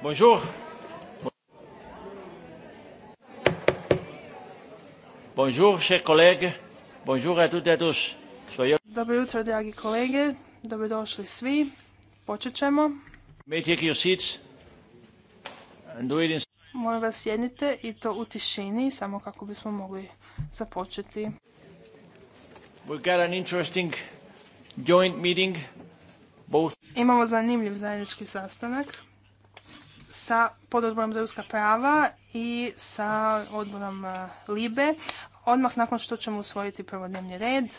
Bonjour. Bonjour, chers collègues. Bonjour à toutes et à tous. Soyez... Dobro jutro, dragi kolege. Dobrodošli svi. Počet ćemo. May take Molim vas sjednite i to u tišini, samo kako bismo mogli započeti. We've got an interesting joint meeting. Both... Imamo zanimljiv zajednički sastanak sa pododborom za ljudska prava i sa odborom e, LIBE odmah nakon što ćemo usvojiti prvodnevni red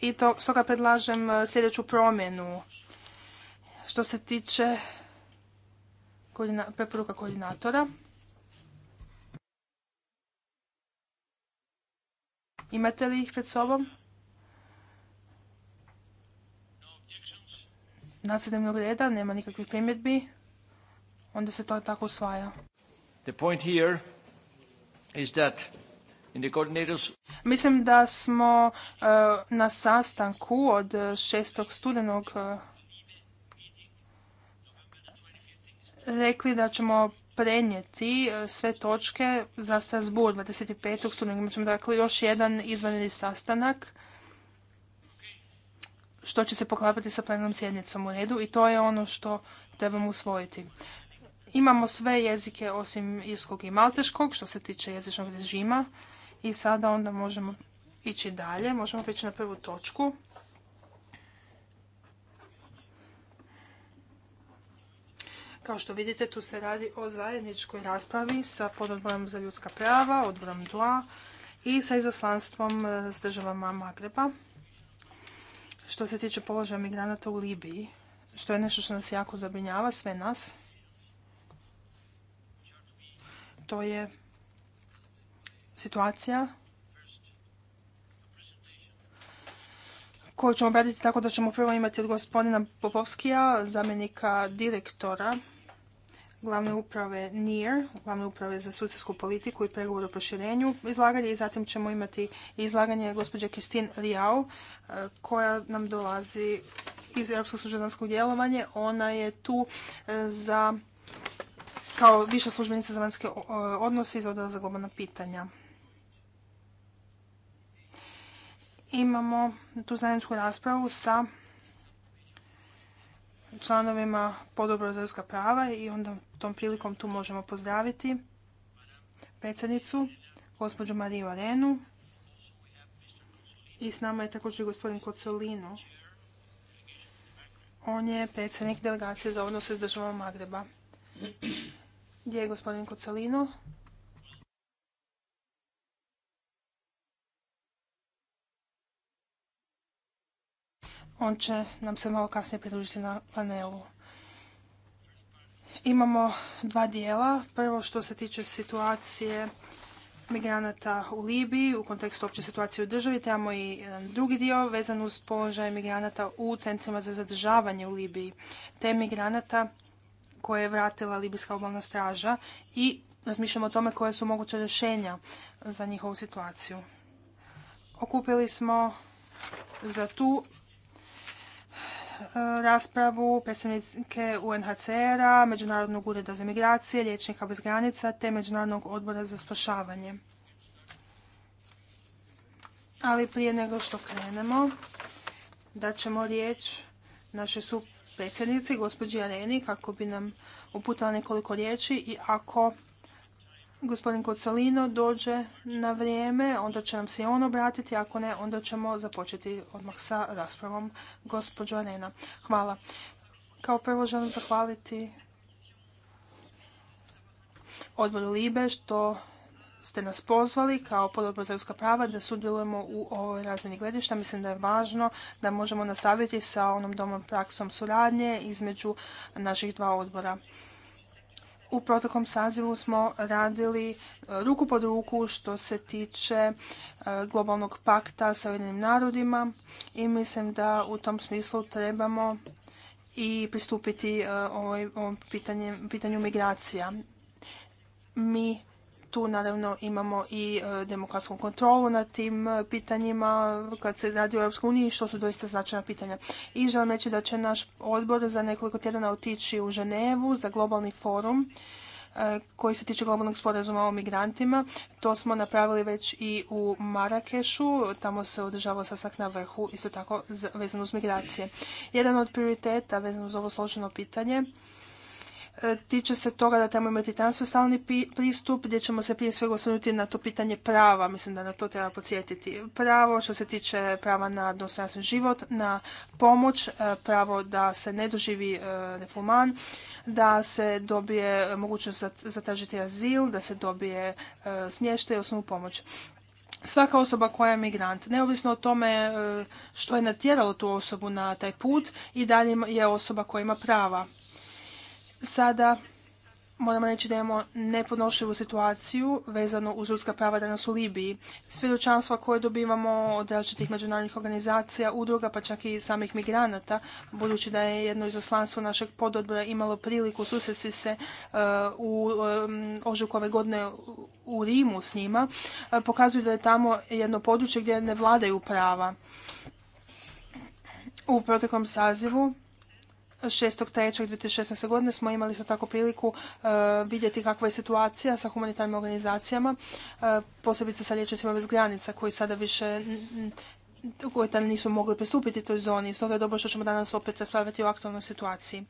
i to stoga predlažem e, sljedeću promjenu što se tiče preporuka koordinatora. Imate li ih pred sobom? Nacrednog reda, nema nikakvih primjedbi onda se to tako usvaja. The point here is that in the coordinators... Mislim da smo e, na sastanku od 6. studenog e, rekli da ćemo prenijeti e, sve točke za Strasbourg 25. studenog. Imat ćemo dakle još jedan izvanredni sastanak što će se poklapati sa plenarnom sjednicom u redu i to je ono što trebamo usvojiti imamo sve jezike osim irskog i malteškog što se tiče jezičnog režima i sada onda možemo ići dalje. Možemo prići na prvu točku. Kao što vidite, tu se radi o zajedničkoj raspravi sa pododborom za ljudska prava, odborom 2 i sa izaslanstvom e, s državama Magreba. Što se tiče položaja migranata u Libiji, što je nešto što nas jako zabrinjava, sve nas. to je situacija koju ćemo obraditi tako da ćemo prvo imati od gospodina Popovskija, zamjenika direktora glavne uprave NIR, glavne uprave za sucijsku politiku i pregovor o proširenju izlaganje i zatim ćemo imati izlaganje gospođe Kristin Riau e, koja nam dolazi iz Europskog službe djelovanja Ona je tu e, za kao viša službenica za vanjske odnose iz odjela za globalna pitanja. Imamo tu zajedničku raspravu sa članovima podobro za ljudska prava i onda tom prilikom tu možemo pozdraviti predsjednicu, gospođu Mariju Arenu i s nama je također gospodin Kocolino. On je predsjednik delegacije za odnose s državom Magreba. Gdje je gospodin Kocelino? On će nam se malo kasnije pridružiti na panelu. Imamo dva dijela. Prvo što se tiče situacije migranata u Libiji u kontekstu opće situacije u državi. Trebamo i jedan drugi dio vezan uz položaj migranata u centrima za zadržavanje u Libiji. Te migranata koje je vratila Libijska obalna straža i razmišljamo o tome koje su moguće rješenja za njihovu situaciju. Okupili smo za tu e, raspravu predstavnike UNHCR-a, Međunarodnog ureda za migracije, Liječnika bez granica te Međunarodnog odbora za spašavanje. Ali prije nego što krenemo, dat ćemo riječ našoj su predsjednici, gospođi Areni, kako bi nam uputala nekoliko riječi i ako gospodin Kocolino dođe na vrijeme, onda će nam se i on obratiti, ako ne, onda ćemo započeti odmah sa raspravom gospođo Arena. Hvala. Kao prvo želim zahvaliti odboru Libe što ste nas pozvali kao podobno za ljudska prava da sudjelujemo u ovoj razmjeni gledišta. Mislim da je važno da možemo nastaviti sa onom domom praksom suradnje između naših dva odbora. U protokom sazivu smo radili e, ruku pod ruku što se tiče e, globalnog pakta sa Ujedinim narodima i mislim da u tom smislu trebamo i pristupiti e, ovom pitanju migracija. Mi tu naravno imamo i e, demokratsku kontrolu nad tim e, pitanjima kad se radi o Europskoj uniji, što su doista značajna pitanja. I želim reći da će naš odbor za nekoliko tjedana otići u Ženevu za globalni forum e, koji se tiče globalnog sporazuma o migrantima. To smo napravili već i u Marakešu, tamo se održavao sasak na vrhu, isto tako vezano uz migracije. Jedan od prioriteta vezano uz ovo složeno pitanje tiče se toga da trebamo imati transversalni pristup gdje ćemo se prije svega osvrnuti na to pitanje prava, mislim da na to treba podsjetiti. Pravo što se tiče prava na dostojanstven život, na pomoć, e, pravo da se ne doživi e, refuman, da se dobije mogućnost zatražiti azil, da se dobije e, smještaj i osnovnu pomoć. Svaka osoba koja je migrant, neovisno o tome što je natjeralo tu osobu na taj put i dalje je osoba koja ima prava Sada moramo reći da imamo nepodnošljivu situaciju vezano uz ljudska prava danas u Libiji. Svjedočanstva koje dobivamo od različitih međunarodnih organizacija, udruga pa čak i samih migranata, budući da je jedno izaslanstvo našeg pododbora imalo priliku susresti se uh, u um, ožujku ove godine u Rimu s njima, uh, pokazuju da je tamo jedno područje gdje ne vladaju prava. U proteklom sazivu 6.3.2016. godine smo imali su tako priliku e, vidjeti kakva je situacija sa humanitarnim organizacijama, e, posebice sa liječnicima bez granica koji sada više nisu mogli pristupiti toj zoni. Stoga je dobro što ćemo danas opet raspravljati o aktualnoj situaciji.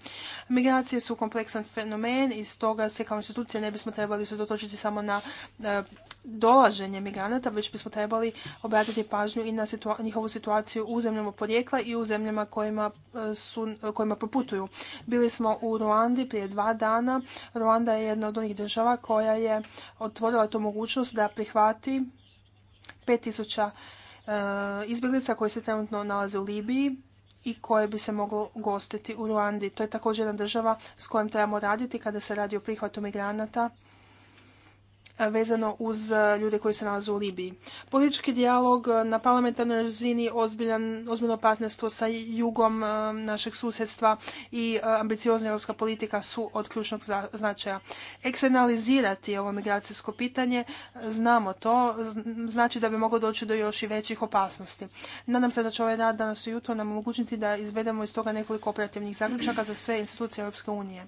Migracije su kompleksan fenomen i stoga se kao institucije ne bismo trebali se dotočiti samo na e, dolaženje migranata, već bismo trebali obratiti pažnju i na njihovu situaciju u zemljama porijekla i u zemljama kojima, e, su, kojima poputuju. Bili smo u Ruandi prije dva dana. Ruanda je jedna od onih država koja je otvorila tu mogućnost da prihvati 5000 e, izbjeglica koji se trenutno nalaze u Libiji i koje bi se moglo gostiti u Ruandi. To je također jedna država s kojom trebamo raditi kada se radi o prihvatu migranata vezano uz e, ljude koji se nalaze u Libiji. Politički dijalog e, na parlamentarnoj razini, ozbiljno partnerstvo sa jugom e, našeg susjedstva i ambiciozna europska politika su od ključnog značaja. Eksternalizirati ovo migracijsko pitanje, znamo to, znači da bi moglo doći do još i većih opasnosti. Nadam se da će ovaj rad danas ujutro nam omogućiti da izvedemo iz toga nekoliko operativnih zaključaka za sve institucije Europske unije.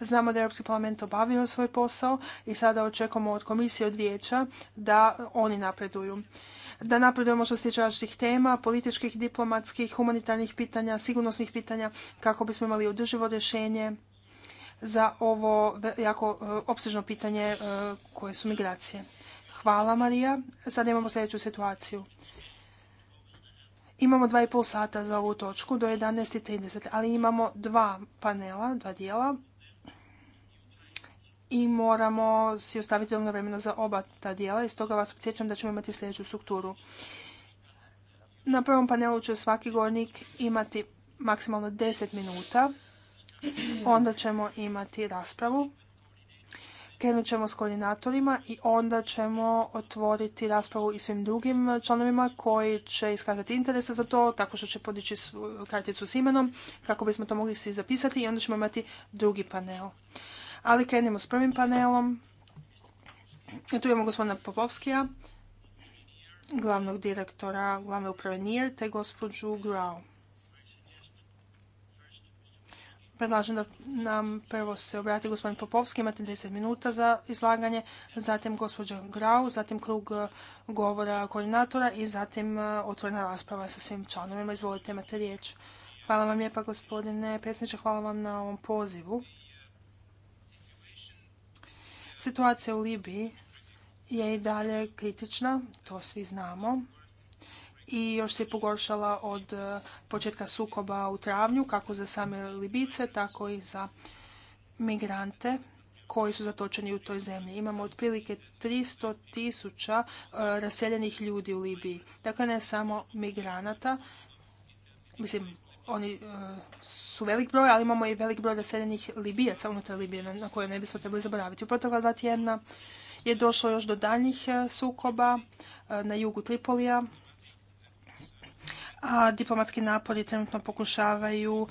Znamo da je Europski parlament obavio svoj posao i sada očekujemo od komisije od vijeća da oni napreduju da napredujemo što se tiče različitih tema, političkih, diplomatskih, humanitarnih pitanja, sigurnosnih pitanja, kako bismo imali održivo rješenje za ovo jako e, opsežno pitanje e, koje su migracije. Hvala Marija. Sada imamo sljedeću situaciju. Imamo dva i pol sata za ovu točku do 11.30, ali imamo dva panela, dva dijela i moramo si ostaviti dovoljno vremena za oba ta dijela i stoga vas podsjećam da ćemo imati sljedeću strukturu. Na prvom panelu će svaki govornik imati maksimalno 10 minuta, onda ćemo imati raspravu. Krenut ćemo s koordinatorima i onda ćemo otvoriti raspravu i svim drugim članovima koji će iskazati interese za to, tako što će podići karticu s imenom, kako bismo to mogli svi zapisati i onda ćemo imati drugi panel. Ali krenimo s prvim panelom. Tu imamo gospodina Popovskija, glavnog direktora glavne uprave NIR, te gospođu Grau. Predlažem da nam prvo se obrati gospodin Popovski, imate 10 minuta za izlaganje, zatim gospođa Grau, zatim krug e, govora koordinatora i zatim e, otvorena rasprava sa svim članovima. Izvolite, imate riječ. Hvala vam lijepa gospodine predsjedniče, hvala vam na ovom pozivu Situacija u Libiji je i dalje kritična, to svi znamo. I još se pogoršala od e, početka sukoba u travnju, kako za same Libice, tako i za migrante koji su zatočeni u toj zemlji. Imamo otprilike 300 tisuća e, raseljenih ljudi u Libiji. Dakle, ne samo migranata, mislim, oni e, su velik broj, ali imamo i velik broj raseljenih Libijaca unutar Libije na koje ne bismo trebali zaboraviti. U protekla dva tjedna je došlo još do daljnjih e, sukoba e, na jugu Tripolija, a diplomatski napori trenutno pokušavaju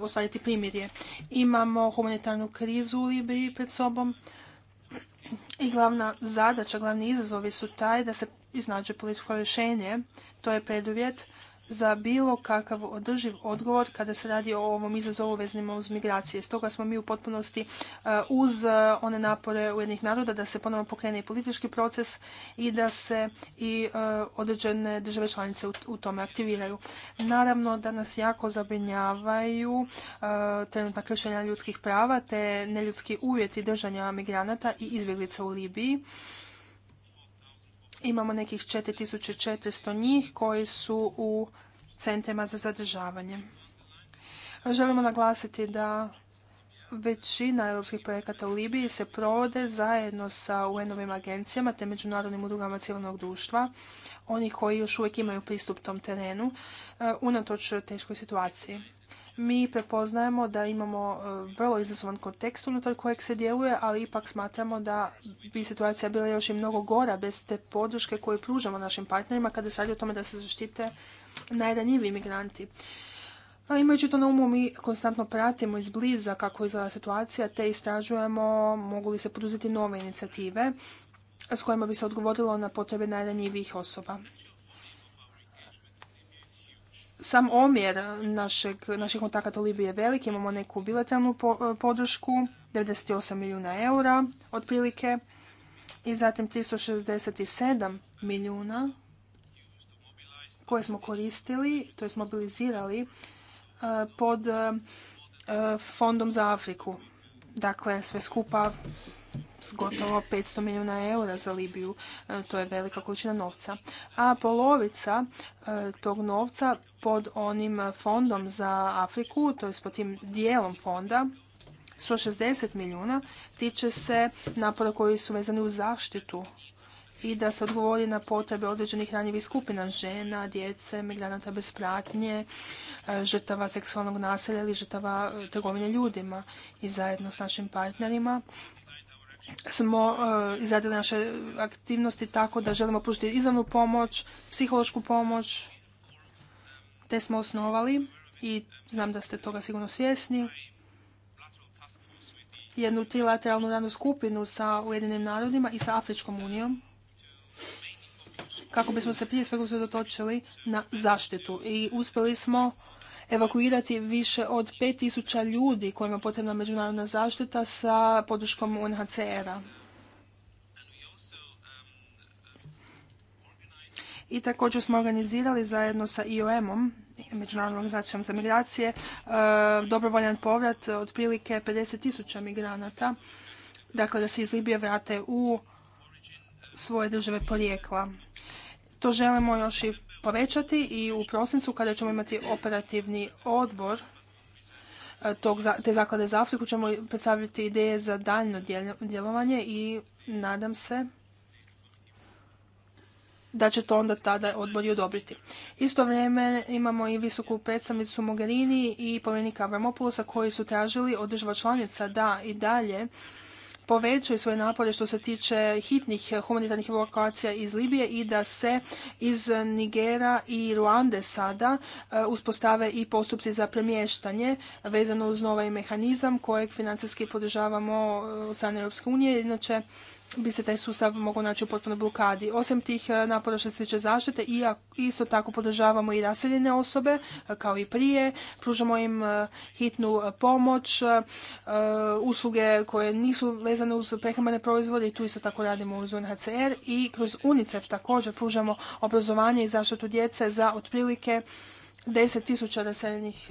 ostvariti primirje. Imamo humanitarnu krizu u Libiji pred sobom i glavna zadaća, glavni izazovi su taj da se iznađe političko rješenje. To je preduvjet za bilo kakav održiv odgovor kada se radi o ovom izazovu veznima uz migracije. Stoga smo mi u potpunosti e, uz e, one napore Ujednih naroda da se ponovno pokrene i politički proces i da se i e, određene države članice u tome aktiviraju. Naravno da nas jako zabrinjavaju trenutna kršenja ljudskih prava te neljudski uvjeti držanja migranata i izbjeglica u Libiji imamo nekih 4400 njih koji su u centrima za zadržavanje. Želimo naglasiti da većina europskih projekata u Libiji se provode zajedno sa UN-ovim agencijama te međunarodnim udrugama civilnog društva, oni koji još uvijek imaju pristup tom terenu, e, unatoč teškoj situaciji mi prepoznajemo da imamo e, vrlo izazovan kontekst unutar kojeg se djeluje, ali ipak smatramo da bi situacija bila još i mnogo gora bez te podrške koju pružamo našim partnerima kada se radi o tome da se zaštite najranjiviji migranti. imajući to na umu, mi konstantno pratimo izbliza kako izgleda situacija, te istražujemo mogu li se poduzeti nove inicijative s kojima bi se odgovorilo na potrebe najranjivijih osoba sam omjer našeg, naših kontakata u Libiji je velik. Imamo neku bilateralnu e, podršku, 98 milijuna eura otprilike i zatim 367 milijuna koje smo koristili, to je mobilizirali e, pod e, fondom za Afriku. Dakle, sve skupa gotovo 500 milijuna eura za Libiju. To je velika količina novca. A polovica tog novca pod onim fondom za Afriku, to je pod tim dijelom fonda, 160 milijuna tiče se napora koji su vezani u zaštitu i da se odgovori na potrebe određenih ranjivih skupina žena, djece, migranata bez pratnje, e, žrtava seksualnog nasilja ili žrtava e, trgovine ljudima. I zajedno s našim partnerima smo e, izradili naše aktivnosti tako da želimo pružiti izravnu pomoć, psihološku pomoć, te smo osnovali i znam da ste toga sigurno svjesni jednu trilateralnu radnu skupinu sa Ujedinim narodima i sa Afričkom unijom kako bismo se prije svega usredotočili na zaštitu i uspjeli smo evakuirati više od 5000 ljudi kojima je potrebna međunarodna zaštita sa podrškom UNHCR-a. i također smo organizirali zajedno sa IOM-om, Međunarodnom organizacijom za migracije, e, dobrovoljan povrat otprilike 50 tisuća migranata, dakle da se iz Libije vrate u svoje države porijekla. To želimo još i povećati i u prosincu kada ćemo imati operativni odbor e, tog, te zaklade za Afriku ćemo predstaviti ideje za daljno djelovanje i nadam se da će to onda tada odbor i odobriti. Isto vrijeme imamo i visoku predstavnicu Mogherini i povjerenika Avramopoulosa koji su tražili od država članica da i dalje povećaju svoje napore što se tiče hitnih humanitarnih evakuacija iz Libije i da se iz Nigera i Ruande sada uh, uspostave i postupci za premještanje vezano uz ovaj mehanizam kojeg financijski podržavamo uh, od strane Europske unije. Inače, bi se taj sustav mogao naći u potpuno blokadi. Osim tih e, napora što se tiče zaštite, isto tako podržavamo i raseljene osobe, e, kao i prije. Pružamo im e, hitnu pomoć, usluge koje nisu vezane uz prehrambene proizvode i tu isto tako radimo uz UNHCR i kroz UNICEF također pružamo obrazovanje i zaštitu djece za otprilike 10.000 raseljenih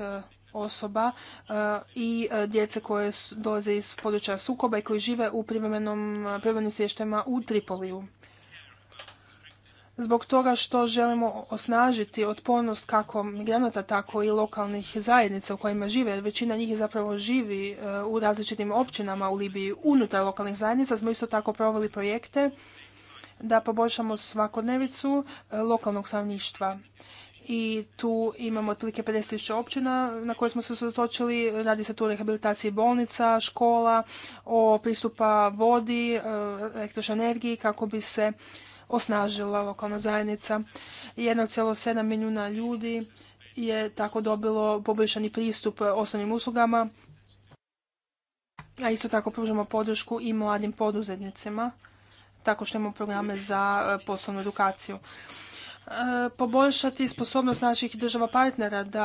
osoba e, i e, djece koje dolaze iz područja sukoba i koji žive u e, privremenim svještajima u Tripoliju. Zbog toga što želimo osnažiti otpornost kako migranata, tako i lokalnih zajednica u kojima žive, jer većina njih zapravo živi u različitim općinama u Libiji unutar lokalnih zajednica, smo isto tako proveli projekte da poboljšamo svakodnevicu lokalnog stanovništva i tu imamo otprilike 50.000 općina na koje smo se usredotočili. Radi se tu o rehabilitaciji bolnica, škola, o pristupa vodi, e, električnoj energiji kako bi se osnažila lokalna zajednica. 1,7 milijuna ljudi je tako dobilo poboljšani pristup osnovnim uslugama, a isto tako pružamo podršku i mladim poduzetnicima tako što imamo programe za e, poslovnu edukaciju poboljšati sposobnost naših država partnera da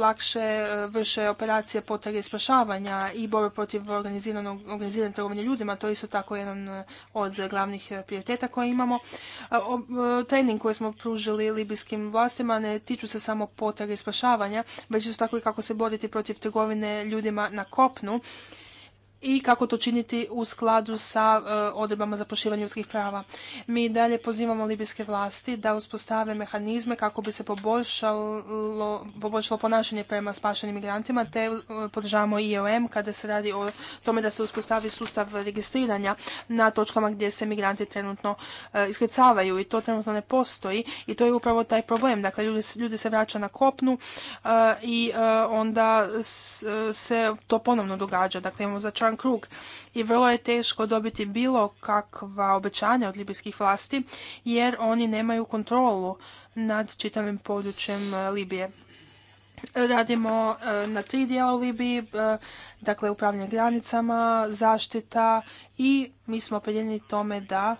lakše e, vrše operacije potrage i spašavanja i borbe protiv organiziranog, organizirane trgovine ljudima. To je isto tako jedan e, od glavnih e, prioriteta koje imamo. Trening koji smo pružili libijskim vlastima ne tiču se samo potrage i spašavanja, već isto tako i kako se boriti protiv trgovine ljudima na kopnu i kako to činiti u skladu sa e, odredbama za poštivanje ljudskih prava. Mi dalje pozivamo libijske vlasti da uspostave mehanizme kako bi se poboljšalo, ponašanje prema spašenim migrantima, te e, podržavamo IOM e kada se radi o tome da se uspostavi sustav registriranja na točkama gdje se migranti trenutno iskrcavaju i to trenutno ne postoji i to je upravo taj problem. Dakle, ljudi, ljudi se vraća na kopnu i onda se to ponovno događa. Dakle, imamo začar začaran krug i vrlo je teško dobiti bilo kakva obećanja od libijskih vlasti jer oni nemaju kontrolu nad čitavim područjem e, Libije. Radimo e, na tri dijela u Libiji, e, dakle upravljanje granicama, zaštita i mi smo opredjeljeni tome da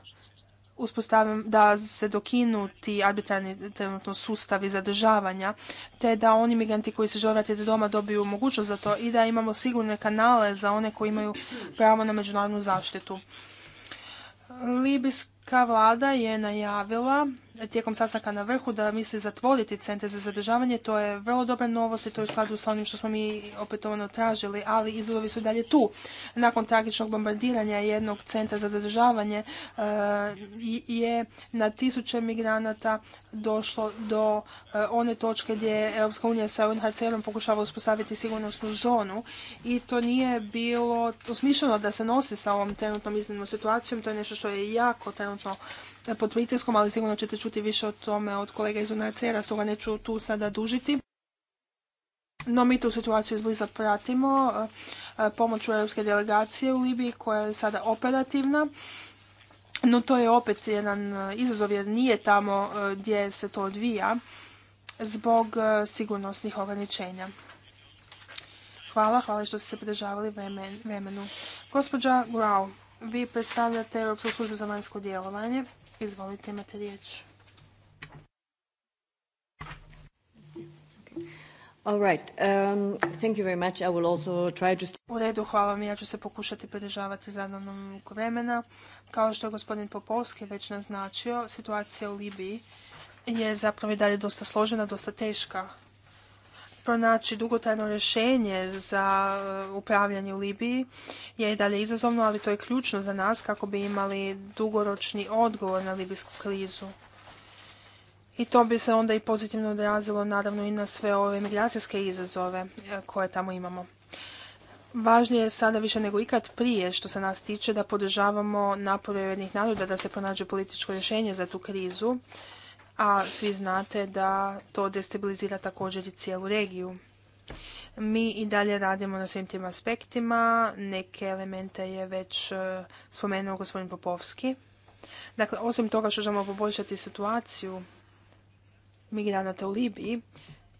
uspostavim, da se dokinu ti arbitrarni trenutno sustavi zadržavanja, te da oni migranti koji se žele vratiti doma dobiju mogućnost za to i da imamo sigurne kanale za one koji imaju pravo na međunarodnu zaštitu. Libijska vlada je najavila tijekom sastanka na vrhu da misli zatvoriti centar za zadržavanje. To je vrlo dobra novost i to je u skladu sa onim što smo mi opetovano tražili, ali izazovi su dalje tu. Nakon tragičnog bombardiranja jednog centra za zadržavanje eh, je na tisuće migranata došlo do eh, one točke gdje je Europska unija sa UNHCR-om pokušava uspostaviti sigurnosnu zonu i to nije bilo osmišljeno da se nosi sa ovom trenutnom iznimnom situacijom. To je nešto što je jako trenutno E, pod pritiskom, ali sigurno ćete čuti više o tome od kolega iz UNHCR-a, stoga neću tu sada dužiti. No mi tu situaciju izbliza pratimo e, e, pomoću europske delegacije u Libiji koja je sada operativna. No to je opet jedan izazov jer nije tamo gdje se to odvija zbog sigurnosnih ograničenja. Hvala, hvala što ste se pridržavali vremenu. Gospođa Grau, vi predstavljate Europsku službu za vanjsko djelovanje. Izvolite, imate riječ. U redu, hvala vam. Ja ću se pokušati pridržavati zadanom vremena. Kao što je gospodin Popovski već naznačio, situacija u Libiji je zapravo i dalje dosta složena, dosta teška pronaći dugotrajno rješenje za e, upravljanje u Libiji je i dalje izazovno, ali to je ključno za nas kako bi imali dugoročni odgovor na libijsku krizu. I to bi se onda i pozitivno odrazilo naravno i na sve ove migracijske izazove e, koje tamo imamo. Važnije je sada više nego ikad prije što se nas tiče da podržavamo napore jednih naroda da se pronađe političko rješenje za tu krizu a svi znate da to destabilizira također i cijelu regiju. Mi i dalje radimo na svim tim aspektima, neke elemente je već e, spomenuo gospodin Popovski. Dakle, osim toga što želimo poboljšati situaciju migranata u Libiji,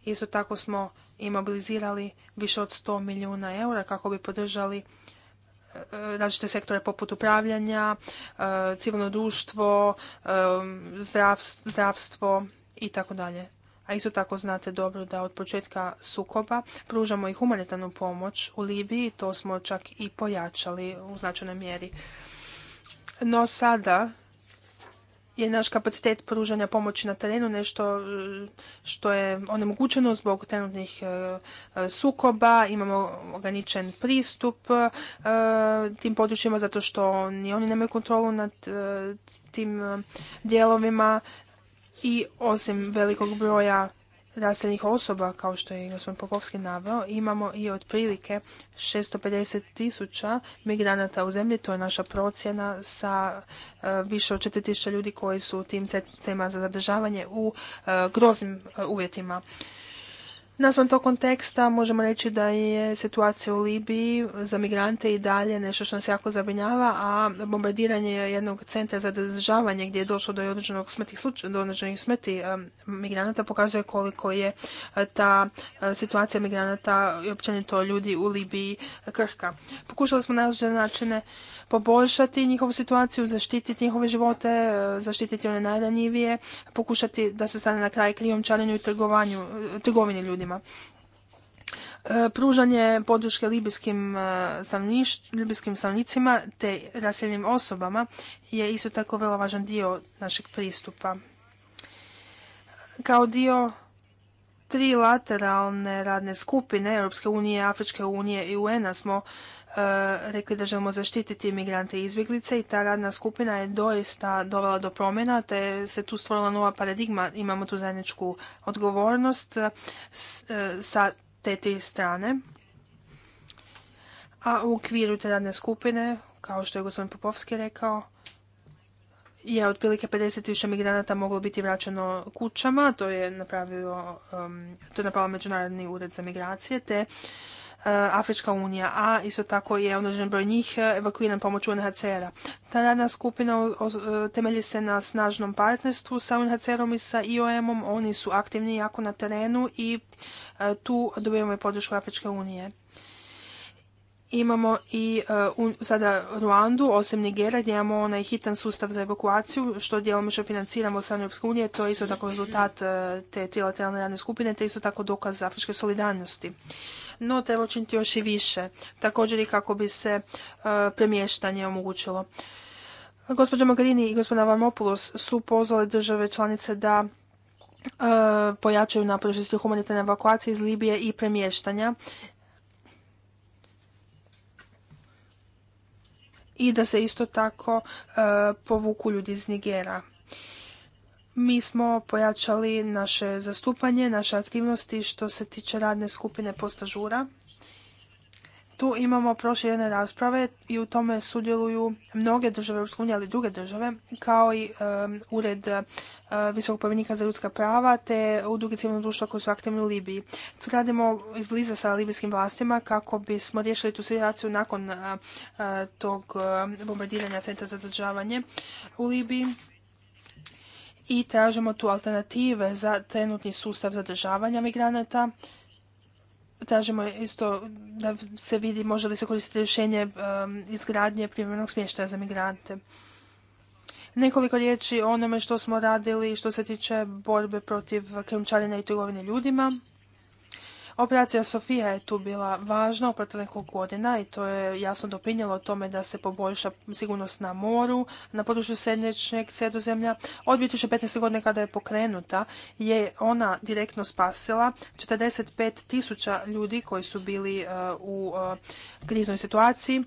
isto tako smo imobilizirali više od 100 milijuna eura kako bi podržali različite sektore poput upravljanja, e, civilno društvo, e, zdravstvo i tako dalje. A isto tako znate dobro da od početka sukoba pružamo i humanitarnu pomoć u Libiji, to smo čak i pojačali u značajnoj mjeri. No sada je naš kapacitet pružanja pomoći na terenu nešto e, što je onemogućeno zbog trenutnih e, sukoba, imamo ograničen pristup e, tim područjima zato što ni oni nemaju kontrolu nad tim dijelovima i osim velikog broja raseljenih osoba, kao što je gospodin Popovski naveo, imamo i otprilike 650 tisuća migranata u zemlji, to je naša procjena sa e, više od 4000 ljudi koji su u tim centrima za zadržavanje u e, groznim e, uvjetima. Nazvan tog konteksta možemo reći da je situacija u Libiji za migrante i dalje nešto što nas jako zabrinjava, a bombardiranje jednog centra za zadržavanje gdje je došlo do određenog smrti, do određenih smrti migranata pokazuje koliko je e, ta e, situacija migranata i općenito ljudi u Libiji krhka. Pokušali smo na različite načine poboljšati njihovu situaciju, zaštititi njihove živote, e, zaštititi one najranjivije, pokušati da se stane na kraj krijomčarenju i trgovanju, trgovini ljudima E, pružanje podrške libijskim, e, libijskim stanovnicima te raseljenim osobama je isto tako vrlo važan dio našeg pristupa. Kao dio trilateralne radne skupine Europske unije, Afričke unije i UN-a smo E, rekli da želimo zaštititi migrante i izbjeglice i ta radna skupina je doista dovela do promjena te se tu stvorila nova paradigma, imamo tu zajedničku odgovornost e, sa te tri strane. A u okviru te radne skupine, kao što je gospodin Popovski rekao, je otprilike više migranata moglo biti vraćeno kućama, to je napravio, to je napravio Međunarodni ured za migracije, te Eh, Afrička unija, a isto tako je određen broj njih eh, evakuiran pomoću UNHCR-a. Ta radna skupina eh, temelji se na snažnom partnerstvu sa UNHCR-om i sa IOM-om. Oni su aktivni jako na terenu i tu dobijemo i podršku Afričke unije. Imamo i sada Ruandu, osim Nigera, gdje imamo onaj hitan sustav za evakuaciju, što djelomično financiramo od strane Europske unije. To je isto tako rezultat te trilateralne radne skupine, te isto tako dokaz afričke solidarnosti no treba učiniti još i više, također i kako bi se e, premještanje omogućilo. Gospođa Mogherini i gospodina Varmopoulos su pozvali države članice da e, pojačaju naprožnosti humanitarne evakuacije iz Libije i premještanja i da se isto tako e, povuku ljudi iz Nigera. Mi smo pojačali naše zastupanje, naše aktivnosti što se tiče radne skupine postažura. Tu imamo proširene rasprave i u tome sudjeluju mnoge države EU, ali i druge države, kao i ured uh, visokog povjerenika za ljudska prava, te udruge civilnog društva koji su aktivni u Libiji. Tu radimo izbliza sa libijskim vlastima kako bismo riješili tu situaciju nakon tog uh, bombardiranja centra za državanje u Libiji i tražimo tu alternative za trenutni sustav zadržavanja migranata. Tražimo isto da se vidi može li se koristiti rješenje um, izgradnje privremenog smještaja za migrante. Nekoliko riječi o onome što smo radili što se tiče borbe protiv krijumčarenja i trgovine ljudima. Operacija Sofija je tu bila važna u proteklih godina i to je jasno o tome da se poboljša sigurnost na moru, na području srednječnjeg sredozemlja. Od 2015. godine kada je pokrenuta je ona direktno spasila 45 tisuća ljudi koji su bili e, u e, kriznoj situaciji.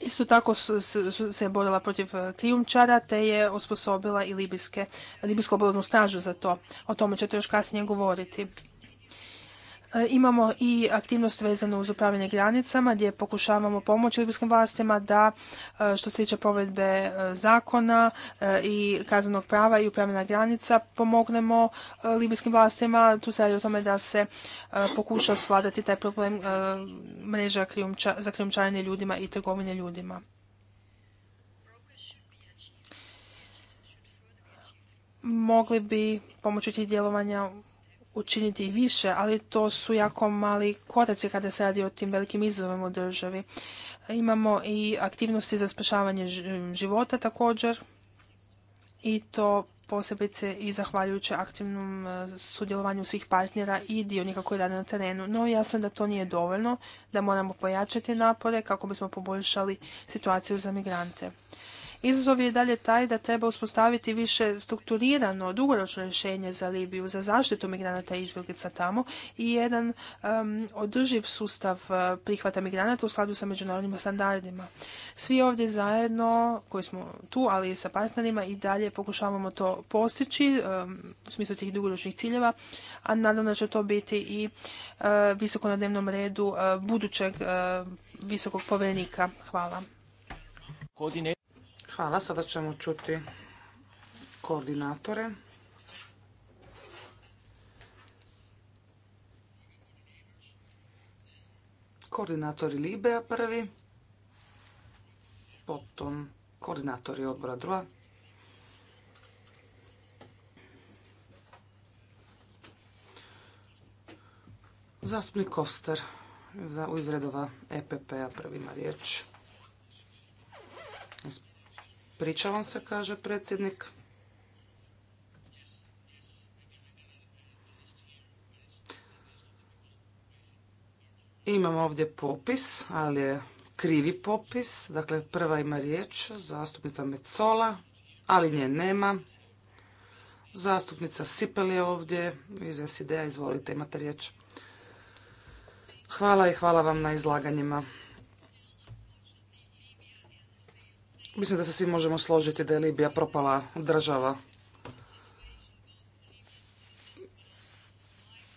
Isto tako se je borila protiv e, krijumčara te je osposobila i libijsku obalnu stražu za to. O tome ćete još kasnije govoriti. E, imamo i aktivnost vezanu uz upravljanje granicama gdje pokušavamo pomoći libijskim vlastima da e, što se tiče provedbe e, zakona i kaznenog prava i upravljanja granica pomognemo libijskim vlastima. Tu se radi o tome da se pokuša svladati taj problem mreža za krijumčarenje ljudima i trgovine ljudima. Mogli bi pomoći tih djelovanja učiniti i više, ali to su jako mali koraci kada se radi o tim velikim izazovima u državi. Imamo i aktivnosti za spašavanje života također i to posebice i zahvaljujući aktivnom e, sudjelovanju svih partnera i dionika koji rade na terenu. No jasno je da to nije dovoljno, da moramo pojačati napore kako bismo poboljšali situaciju za migrante. Izazov je dalje taj da treba uspostaviti više strukturirano, dugoročno rješenje za Libiju, za zaštitu migranata i izbjeglica tamo i jedan održiv sustav eh, prihvata migranata u skladu sa međunarodnim standardima. Svi ovdje zajedno, koji smo tu, ali i sa partnerima, i dalje pokušavamo to postići u smislu tih dugoročnih ciljeva, a naravno da će to biti i eh, visoko na dnevnom redu eh, budućeg visokog povjerenika. Hvala. Hvala, sada ćemo čuti koordinatore. Koordinatori Libea prvi, potom koordinatori odbora druga. Zastupnik Koster za, u izredova EPP-a prvima riječ. Ispričavam se, kaže predsjednik. Imam ovdje popis, ali je krivi popis. Dakle, prva ima riječ, zastupnica Mecola, ali nje nema. Zastupnica Sipel je ovdje iz SID-a, izvolite, imate riječ. Hvala i hvala vam na izlaganjima. Mislim da se svi možemo složiti da je Libija propala država.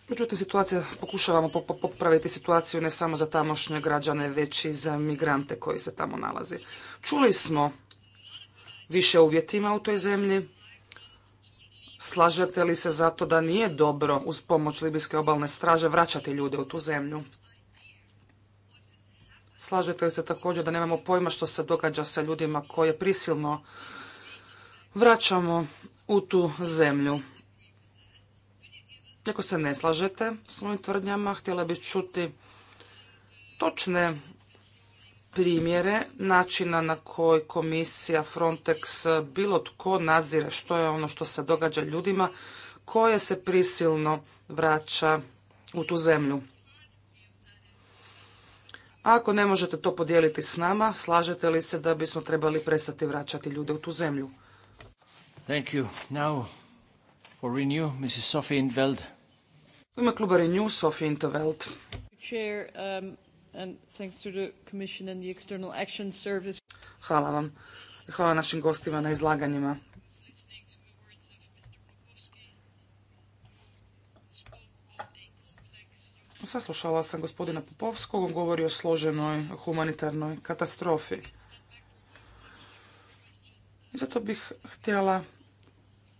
Međutim, situacija, pokušavamo popraviti situaciju ne samo za tamošnje građane, već i za migrante koji se tamo nalazi. Čuli smo više uvjetima u toj zemlji. Slažete li se zato da nije dobro uz pomoć Libijske obalne straže vraćati ljude u tu zemlju? Slažete li se također da nemamo pojma što se događa sa ljudima koje prisilno vraćamo u tu zemlju? Ako se ne slažete s mojim tvrdnjama, htjela bih čuti točne primjere načina na koji komisija Frontex bilo tko nadzire što je ono što se događa ljudima koje se prisilno vraća u tu zemlju. Ako ne možete to podijeliti s nama, slažete li se da bismo trebali prestati vraćati ljude u tu zemlju? Thank you. Now for Renew, Mrs. Sophie Intveld. U ime kluba Renew, Sophie Intveld. Chair, um, and thanks to the Commission and the External Action Service. Hvala vam. Hvala našim gostima na izlaganjima. Saslušala sam gospodina Popovskog, on govori o složenoj humanitarnoj katastrofi. I zato bih htjela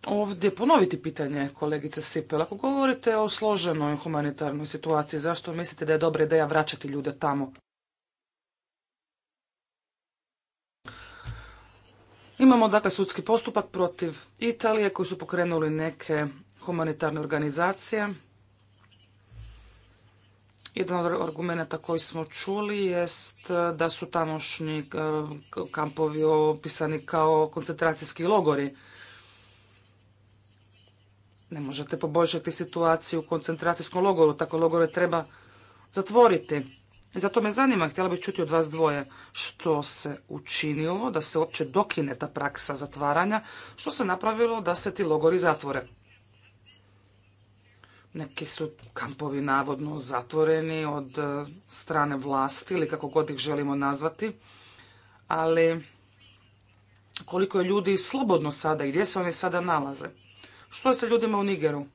ovdje ponoviti pitanje kolegice Sipel. Ako govorite o složenoj humanitarnoj situaciji, zašto mislite da je dobra ideja vraćati ljude tamo? Imamo dakle sudski postupak protiv Italije koji su pokrenuli neke humanitarne organizacije. Jedan od argumenta koji smo čuli jest da su tamošnji e, kampovi opisani kao koncentracijski logori. Ne možete poboljšati situaciju u koncentracijskom logoru, tako logore treba zatvoriti. I zato me zanima, htjela bih čuti od vas dvoje, što se učinilo da se uopće dokine ta praksa zatvaranja, što se napravilo da se ti logori zatvore. Neki su kampovi navodno zatvoreni od e, strane vlasti ili kako god ih želimo nazvati. Ali koliko je ljudi slobodno sada i gdje se oni sada nalaze? Što je sa ljudima u Nigeru?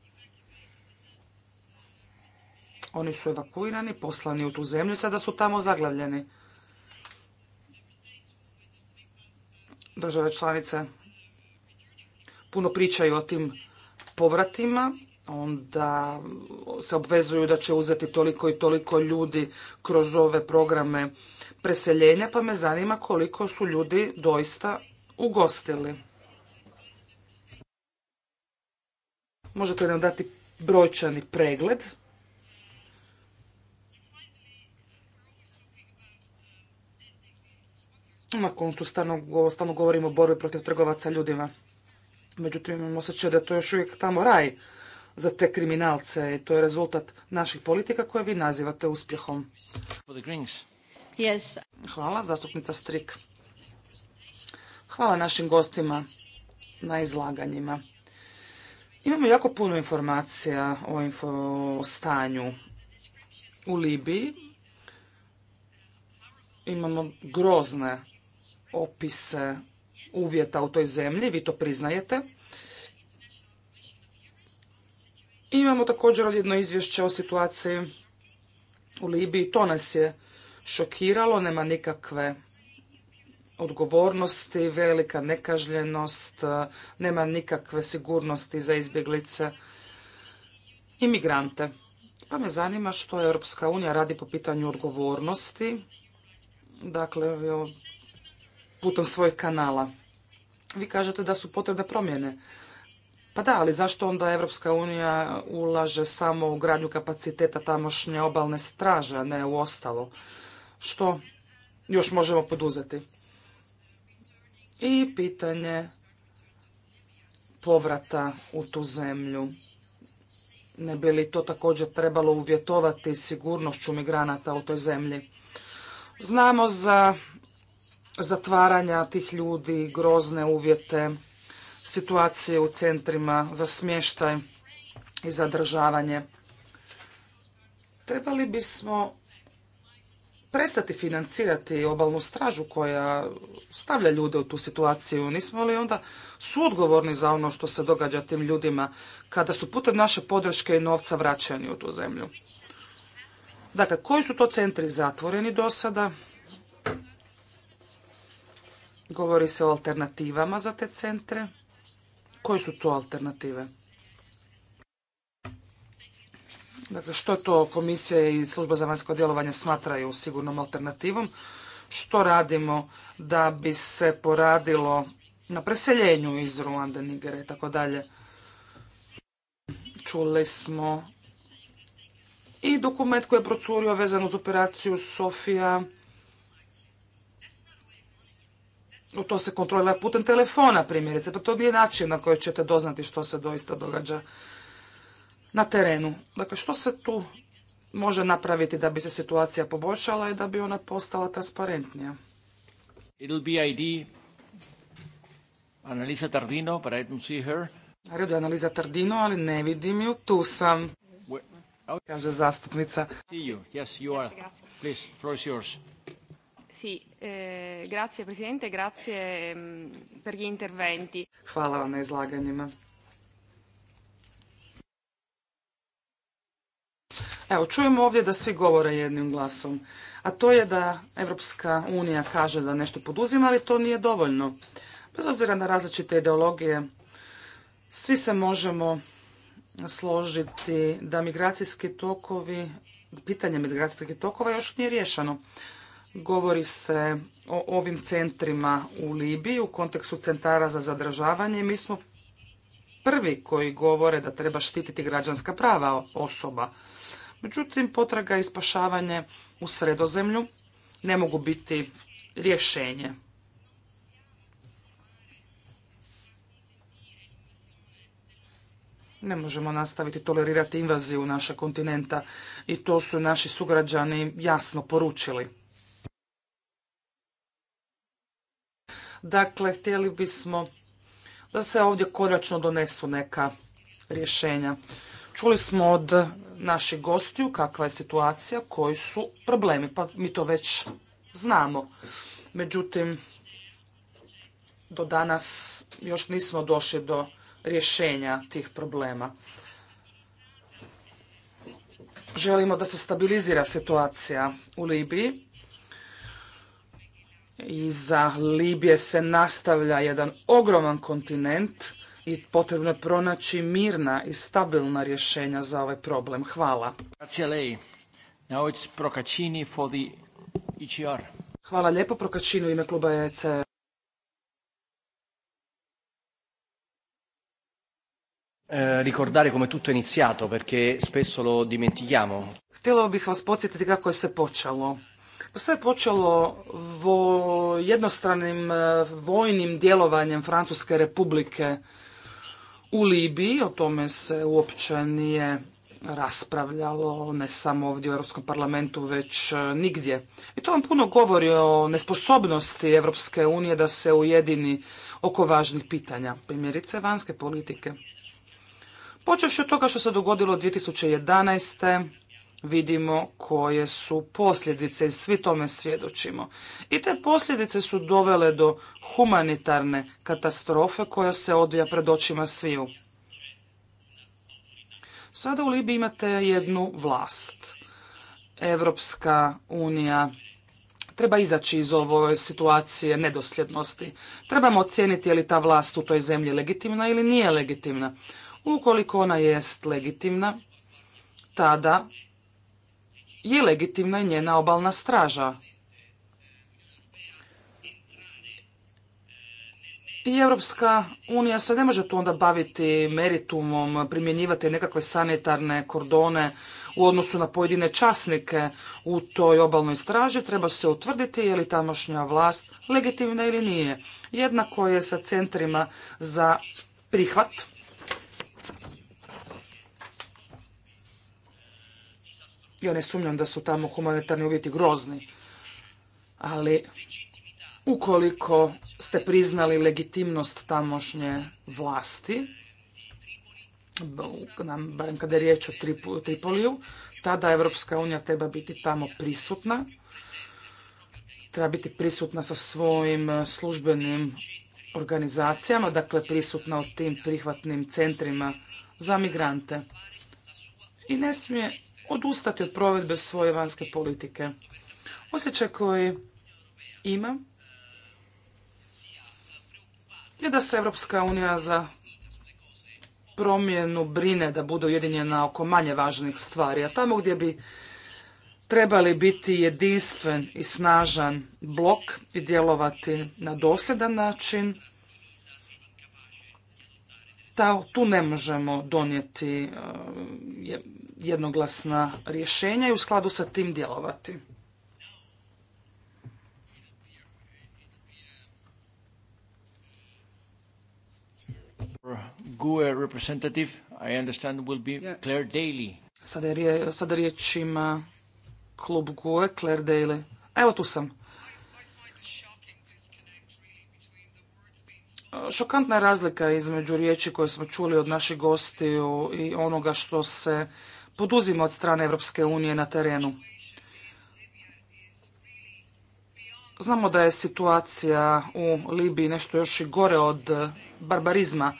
Oni su evakuirani, poslani u tu zemlju i sada su tamo zaglavljeni. Države članice puno pričaju o tim povratima, onda se obvezuju da će uzeti toliko i toliko ljudi kroz ove programe preseljenja, pa me zanima koliko su ljudi doista ugostili. Možete nam dati brojčani pregled. Na koncu stalno, govorimo o borbi protiv trgovaca ljudima. Međutim, imam osjećaj da to još uvijek tamo raj za te kriminalce i to je rezultat naših politika koje vi nazivate uspjehom. Hvala, zastupnica Strik. Hvala našim gostima na izlaganjima. Imamo jako puno informacija o, o stanju u Libiji. Imamo grozne opise uvjeta u toj zemlji, vi to priznajete. Imamo također jedno izvješće o situaciji u Libiji. To nas je šokiralo, nema nikakve odgovornosti, velika nekažljenost, nema nikakve sigurnosti za izbjeglice i migrante. Pa me zanima što je Europska unija radi po pitanju odgovornosti, dakle, putem svojih kanala. Vi kažete da su potrebne promjene pa da, ali zašto onda Evropska unija ulaže samo u gradnju kapaciteta tamošnje obalne straže, a ne u ostalo? Što još možemo poduzeti? I pitanje povrata u tu zemlju. Ne bi li to također trebalo uvjetovati sigurnošću migranata u toj zemlji? Znamo za zatvaranja tih ljudi, grozne uvjete, situacije u centrima za smještaj i zadržavanje. Trebali bismo prestati financirati obalnu stražu koja stavlja ljude u tu situaciju. Nismo li onda suodgovorni za ono što se događa tim ljudima kada su putem naše podrške i novca vraćani u tu zemlju? Dakle, koji su to centri zatvoreni do sada? Govori se o alternativama za te centre. Koje su to alternative? Dakle, što to komisija i služba za vanjsko djelovanje smatraju sigurnom alternativom? Što radimo da bi se poradilo na preseljenju iz Ruande nigere i tako dalje? Čuli smo i dokument koji je procurio vezan uz operaciju Sofija, to se kontrolira putem telefona primjerice, pa to nije način na koji ćete doznati što se doista događa na terenu. Dakle, što se tu može napraviti da bi se situacija poboljšala i da bi ona postala transparentnija? It'll be ID. Analiza Tardino, but I don't see her. Na redu je Analiza Tardino, ali ne vidim ju. Tu sam, kaže zastupnica. Yes, you are. Please, floor yours. Sì, eh, grazie presidente, mm, Hvala vam na izlaganjima. Evo, čujemo ovdje da svi govore jednim glasom, a to je da Evropska unija kaže da nešto poduzima, ali to nije dovoljno. Bez obzira na različite ideologije, svi se možemo složiti da migracijski tokovi, pitanje migracijskih tokova još nije riješeno. Govori se o ovim centrima u Libiji u kontekstu centara za zadržavanje. Mi smo prvi koji govore da treba štititi građanska prava osoba. Međutim, potraga i spašavanje u sredozemlju ne mogu biti rješenje. Ne možemo nastaviti tolerirati invaziju naša kontinenta i to su naši sugrađani jasno poručili. Dakle, htjeli bismo da se ovdje konačno donesu neka rješenja. Čuli smo od naših gostiju kakva je situacija, koji su problemi, pa mi to već znamo. Međutim, do danas još nismo došli do rješenja tih problema. Želimo da se stabilizira situacija u Libiji Iza Libije se nastavlja jedan ogroman kontinent i potrebno je pronaći mirna i stabilna rješenja za ovaj problem. Hvala. E Hvala lijepo Prokačini u ime kluba ECR. Eh, ricordare come tutto è iniziato perché spesso lo dimentichiamo. Htjela bih vas podsjetiti kako je se počelo. Sve je počelo vo jednostranim e, vojnim djelovanjem Francuske republike u Libiji. O tome se uopće nije raspravljalo, ne samo ovdje u Europskom parlamentu, već e, nigdje. I to vam puno govori o nesposobnosti Europske unije da se ujedini oko važnih pitanja, primjerice vanjske politike. Počevši od toga što se dogodilo 2011 vidimo koje su posljedice i svi tome svjedočimo. I te posljedice su dovele do humanitarne katastrofe koja se odvija pred očima sviju. Sada u Libiji imate jednu vlast. Evropska unija treba izaći iz ove situacije nedosljednosti. Trebamo ocijeniti je li ta vlast u toj zemlji legitimna ili nije legitimna. Ukoliko ona jest legitimna, tada je legitimna i njena obalna straža. I Europska unija se ne može tu onda baviti meritumom, primjenjivati nekakve sanitarne kordone u odnosu na pojedine časnike u toj obalnoj straži. Treba se utvrditi je li tamošnja vlast legitimna ili nije. Jednako je sa centrima za prihvat Ja ne sumnjam da su tamo humanitarni uvjeti grozni, ali ukoliko ste priznali legitimnost tamošnje vlasti, barem kada je riječ o Tripoliju, tada Evropska unija treba biti tamo prisutna, treba biti prisutna sa svojim e, službenim organizacijama, dakle prisutna u tim prihvatnim centrima za migrante. I ne smije odustati od provedbe svoje vanjske politike. Osjećaj koji imam je da se Europska unija za promjenu brine da bude ujedinjena oko manje važnih stvari, a tamo gdje bi trebali biti jedinstven i snažan blok i djelovati na dosljedan način, tu ne možemo donijeti eh, jednoglasna rješenja i u skladu sa tim djelovati. GUE representative, I understand, Claire Daly. Sada, riječ ima klub GUE, Claire Daly. Evo tu sam. Šokantna je razlika između riječi koje smo čuli od naših gostiju i onoga što se poduzima od strane Europske unije na terenu. Znamo da je situacija u Libiji nešto još i gore od barbarizma,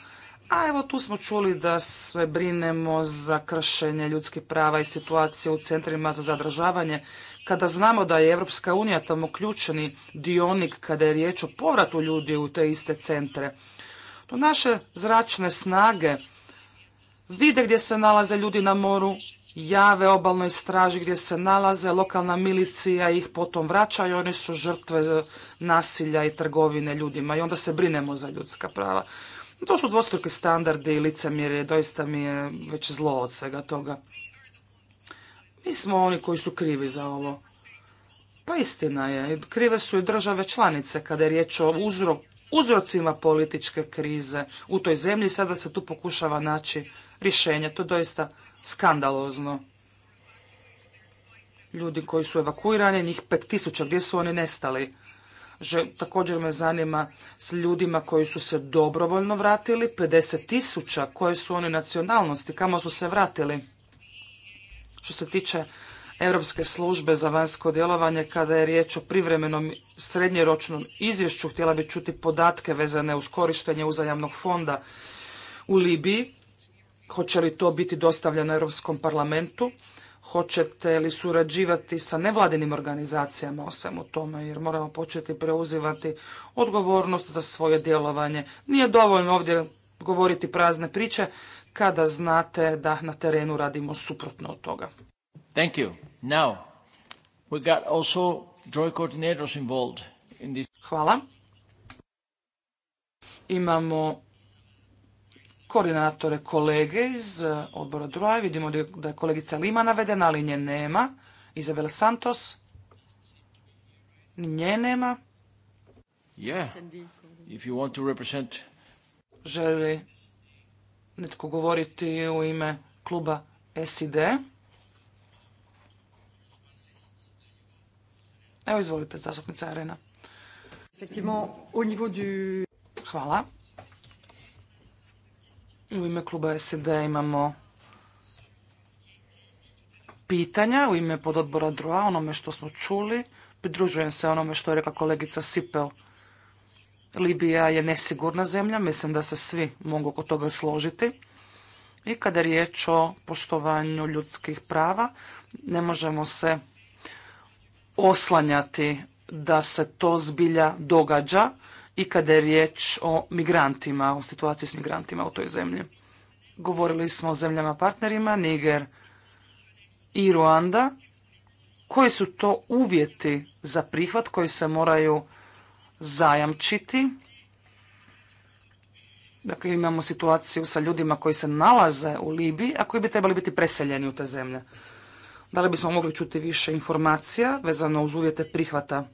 a evo tu smo čuli da sve brinemo za kršenje ljudskih prava i situacije u centrima za zadržavanje, kada znamo da je Europska unija tamo ključni dionik kada je riječ o povratu ljudi u te iste centre. To naše zračne snage vide gdje se nalaze ljudi na moru, jave obalnoj straži gdje se nalaze, lokalna milicija ih potom vraća i oni su žrtve nasilja i trgovine ljudima i onda se brinemo za ljudska prava. To su dvostruki standardi i licemjerje, doista mi je već zlo od svega toga. Mi smo oni koji su krivi za ovo. Pa istina je, krive su i države članice kada je riječ o uzrocima političke krize u toj zemlji. Sada se tu pokušava naći rješenje. To je doista skandalozno. Ljudi koji su evakuirani, njih tisuća, gdje su oni nestali? također me zanima s ljudima koji su se dobrovoljno vratili, 50 tisuća, koje su oni nacionalnosti, kamo su se vratili. Što se tiče Europske službe za vanjsko djelovanje, kada je riječ o privremenom srednjeročnom izvješću, htjela bi čuti podatke vezane uz korištenje uzajamnog fonda u Libiji. Hoće li to biti dostavljeno Europskom parlamentu? Hoćete li surađivati sa nevladinim organizacijama o svemu tome? Jer moramo početi preuzivati odgovornost za svoje djelovanje. Nije dovoljno ovdje govoriti prazne priče kada znate da na terenu radimo suprotno od toga. Thank you. Now, we got also coordinators involved in this. Hvala. Imamo koordinatore kolege iz e, odbora Droja. Vidimo da je kolegica Lima navedena, ali nje nema. Izabel Santos. Nje nema. je If Želi netko govoriti u ime kluba SID. Evo izvolite, zastupnica Arena. Hvala. U ime kluba SED imamo pitanja u ime pododbora DROA, onome što smo čuli. Pridružujem se onome što je rekla kolegica Sipel. Libija je nesigurna zemlja, mislim da se svi mogu oko toga složiti. I kada je riječ o poštovanju ljudskih prava, ne možemo se oslanjati da se to zbilja događa i kada je riječ o migrantima, o situaciji s migrantima u toj zemlji. Govorili smo o zemljama partnerima, Niger i Ruanda. Koji su to uvjeti za prihvat koji se moraju zajamčiti? Dakle, imamo situaciju sa ljudima koji se nalaze u Libiji, a koji bi trebali biti preseljeni u te zemlje. Da li bismo mogli čuti više informacija vezano uz uvjete prihvata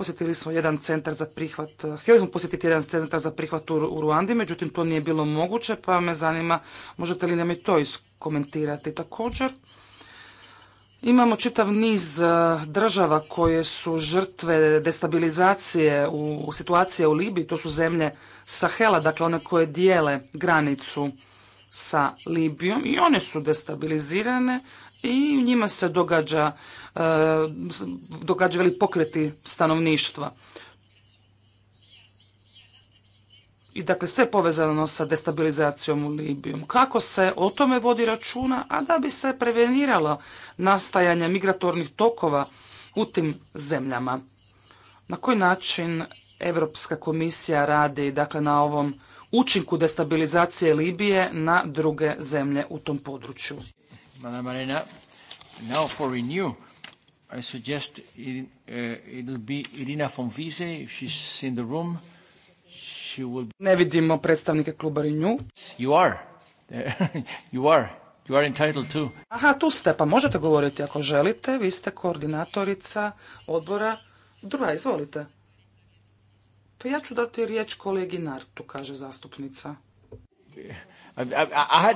Posjetili smo jedan centar za prihvat, eh, htjeli smo posjetiti jedan centar za prihvat u Ruandi, međutim to nije bilo moguće, pa me zanima možete li nam i to iskomentirati također. Imamo čitav niz eh, država koje su žrtve destabilizacije u situacije u Libiji, to su zemlje Sahela, dakle one koje dijele granicu sa Libijom i one su destabilizirane, i njima se događa, e, događa veli pokreti stanovništva. I dakle sve povezano sa destabilizacijom u Libiju. Kako se o tome vodi računa, a da bi se preveniralo nastajanje migratornih tokova u tim zemljama. Na koji način Europska komisija radi dakle, na ovom učinku destabilizacije Libije na druge zemlje u tom području? Madam Arena. Now for renew, I suggest it, uh, it'll be Irina von Wiese, if she's in the room. She will... Ne vidimo predstavnike kluba Renew. You are. you are. You are entitled to. Aha, tu ste, pa možete govoriti ako želite. Vi ste koordinatorica odbora. Druga, izvolite. Pa ja ću dati riječ kolegi Nartu, kaže zastupnica. Ja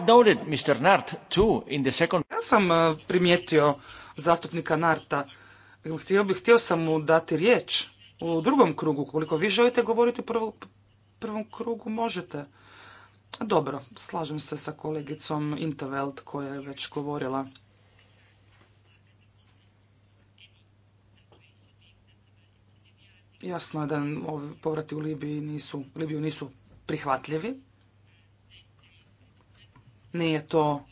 sam eh, primijetio zastupnika Narta. Htio, bih, htio sam mu dati riječ u drugom krugu. Koliko vi želite govoriti u prvom, krugu, možete. Dobro, slažem se sa kolegicom Interveld koja je već govorila. Jasno je da povrati u Libiji nisu, Libiju nisu prihvatljivi. Nije to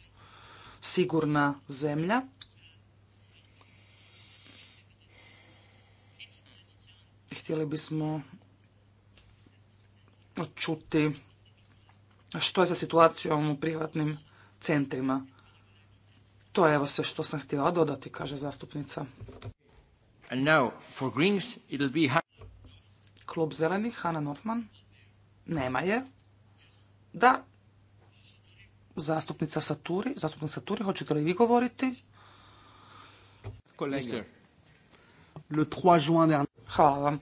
sigurna zemlja. Htjeli bismo čuti što je sa situacijom u privatnim centrima. To je evo sve što sam htjela dodati, kaže zastupnica. And now for Klub zelenih, Hanna Norman. Nema je. Da, Zastupnica Saturi, zastupnica Saturi, hoćete li vi govoriti? Hvala vam.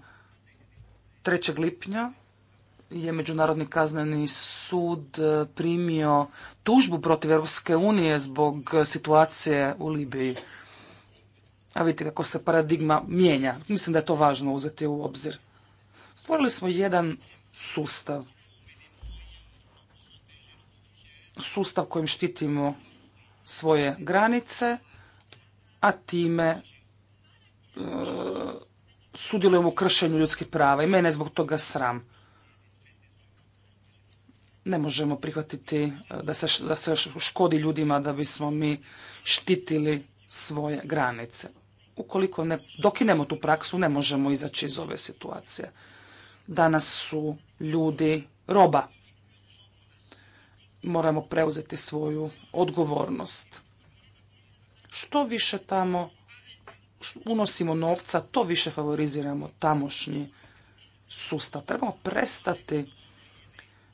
3. lipnja je Međunarodni kazneni sud e, primio tužbu protiv Europske unije zbog situacije u Libiji. A vidite kako se paradigma mijenja. Mislim da je to važno uzeti u obzir. Stvorili smo jedan sustav sustav kojim štitimo svoje granice, a time e, sudjelujemo u kršenju ljudskih prava i mene je zbog toga sram. Ne možemo prihvatiti e, da se, da se škodi ljudima da bismo mi štitili svoje granice. Ukoliko ne dokinemo tu praksu, ne možemo izaći iz ove situacije. Danas su ljudi roba moramo preuzeti svoju odgovornost. Što više tamo unosimo novca, to više favoriziramo tamošnji sustav. Trebamo prestati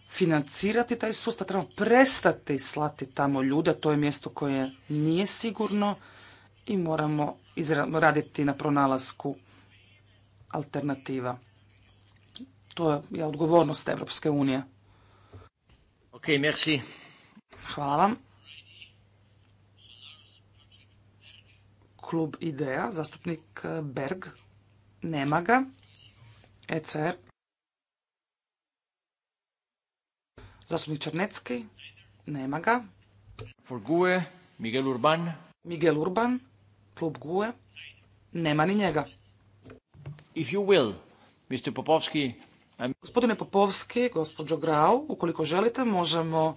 financirati taj sustav, trebamo prestati slati tamo ljude, to je mjesto koje nije sigurno i moramo raditi na pronalasku alternativa. To je odgovornost Evropske unije. Ok, merci. Hvala vam. Klub IDEA, zastupnik eh, Berg. Nema ga. ECR. Zastupnik Črnecki. Nema ga. For GUE, Miguel Urban. Miguel Urban, klub GUE. Nema ni njega. If you will, Mr. Popovski, Gospodine Popovski, gospođo Grau, ukoliko želite možemo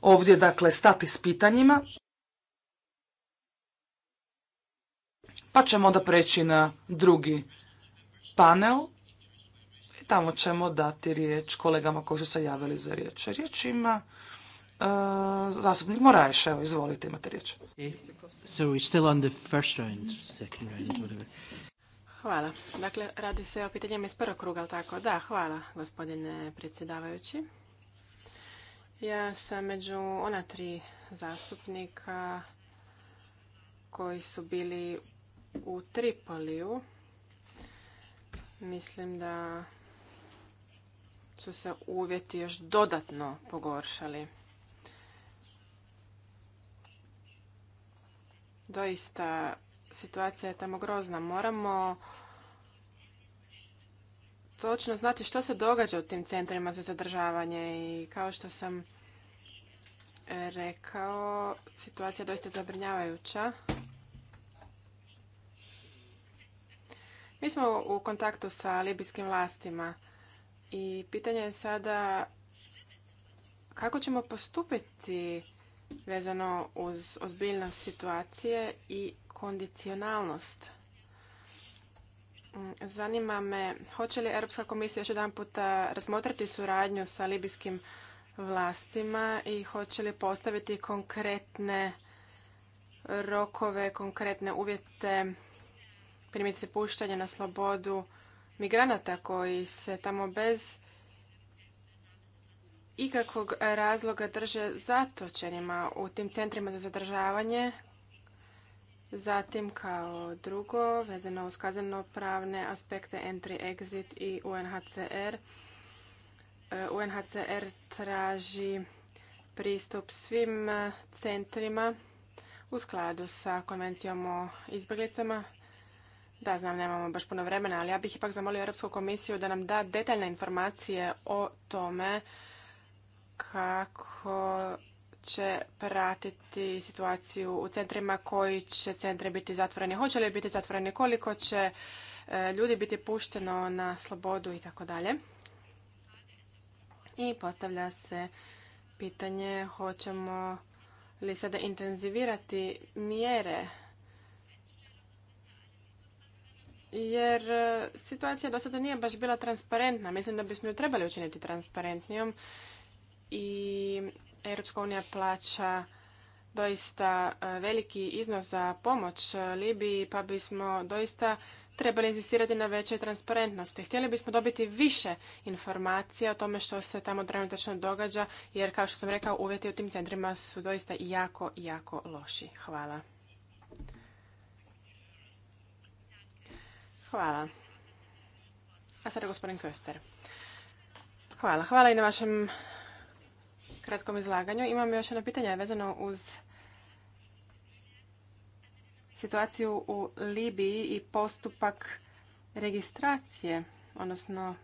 ovdje dakle stati s pitanjima. Pa ćemo onda preći na drugi panel i tamo ćemo dati riječ kolegama koji su se javili za riječ. Riječ ima e, zastupnik Moraješ, evo izvolite imate riječ. So still on the first second whatever. Hvala. Dakle, radi se o pitanjima iz prvog kruga, ali tako? Da, hvala, gospodine predsjedavajući. Ja sam među ona tri zastupnika koji su bili u Tripoliju. Mislim da su se uvjeti još dodatno pogoršali. Doista situacija je tamo grozna. Moramo točno znati što se događa u tim centrima za zadržavanje i kao što sam rekao, situacija je doista zabrinjavajuća. Mi smo u kontaktu sa libijskim vlastima i pitanje je sada kako ćemo postupiti vezano uz ozbiljnost situacije i kondicionalnost. Mm, Zanima me, hoće li Europska komisija još jedan puta razmotriti suradnju sa libijskim vlastima i hoće li postaviti konkretne rokove, konkretne uvjete, se puštanje na slobodu migranata koji se tamo bez ikakvog razloga drže zatočenima u tim centrima za zadržavanje Zatim kao drugo, vezano uz kazneno pravne aspekte entry exit i UNHCR. E, UNHCR traži pristup svim e, centrima u skladu sa konvencijom o izbjeglicama. Da, znam, nemamo baš puno vremena, ali ja bih ipak zamolio Europsku komisiju da nam da detaljne informacije o tome kako će pratiti situaciju u centrima, koji će centri biti zatvoreni, hoće li biti zatvoreni, koliko će e, ljudi biti pušteno na slobodu i tako dalje. I postavlja se pitanje hoćemo li sada intenzivirati mjere jer e, situacija do sada nije baš bila transparentna. Mislim da bismo ju trebali učiniti transparentnijom i Europska unija plaća doista e, veliki iznos za pomoć e, Libiji, pa bismo doista trebali inzistirati na većoj transparentnosti. Htjeli bismo dobiti više informacija o tome što se tamo trenutačno događa, jer kao što sam rekao, uvjeti u tim centrima su doista jako, jako loši. Hvala. Hvala. A sada gospodin Köster. Hvala. Hvala i na vašem kratkom izlaganju. Imam još jedno pitanje vezano uz situaciju u Libiji i postupak registracije, odnosno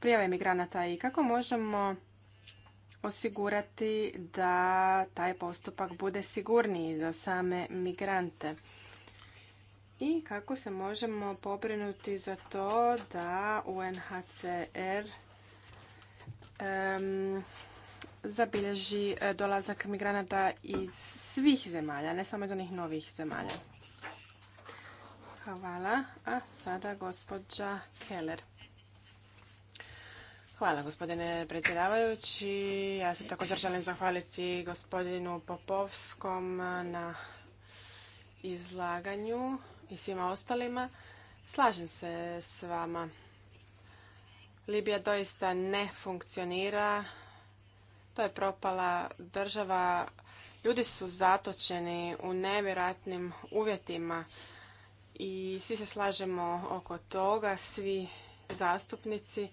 prijave migranata i kako možemo osigurati da taj postupak bude sigurniji za same migrante i kako se možemo pobrinuti za to da UNHCR zabilježi e, dolazak migranata iz svih zemalja, ne samo iz onih novih zemalja. Hvala. A sada gospođa Keller. Hvala gospodine predsjedavajući. Ja se također želim zahvaliti gospodinu Popovskom e, na izlaganju i svima ostalima. Slažem se s vama. Libija doista ne funkcionira to je propala država. Ljudi su zatočeni u nevjerojatnim uvjetima i svi se slažemo oko toga, svi zastupnici,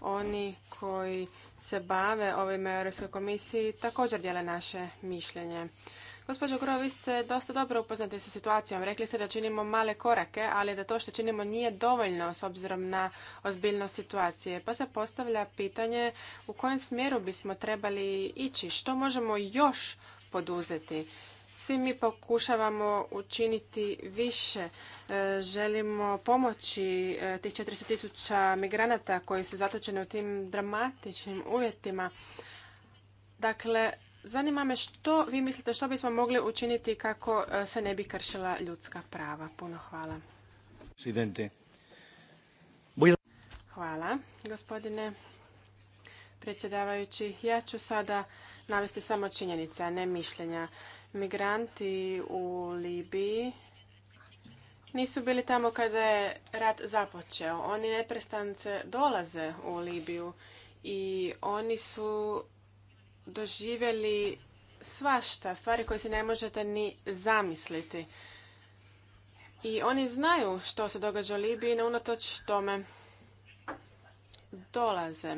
oni koji se bave ovime u Europskoj komisiji također dijele naše mišljenje. Gospođo Gro, vi ste dosta dobro upoznati sa situacijom. Rekli ste da činimo male korake, ali da to što činimo nije dovoljno s obzirom na ozbiljnost situacije. Pa se postavlja pitanje u kojem smjeru bismo trebali ići, što možemo još poduzeti. Svi mi pokušavamo učiniti više. E, želimo pomoći e, tih 400 tisuća migranata koji su zatočeni u tim dramatičnim uvjetima. Dakle, Zanima me što vi mislite što bismo mogli učiniti kako e, se ne bi kršila ljudska prava. Puno hvala. Hvala, gospodine predsjedavajući. Ja ću sada navesti samo činjenice, a ne mišljenja. Migranti u Libiji nisu bili tamo kada je rat započeo. Oni neprestance dolaze u Libiju i oni su doživjeli svašta, stvari koje si ne možete ni zamisliti. I oni znaju što se događa u Libiji, na unatoč tome dolaze.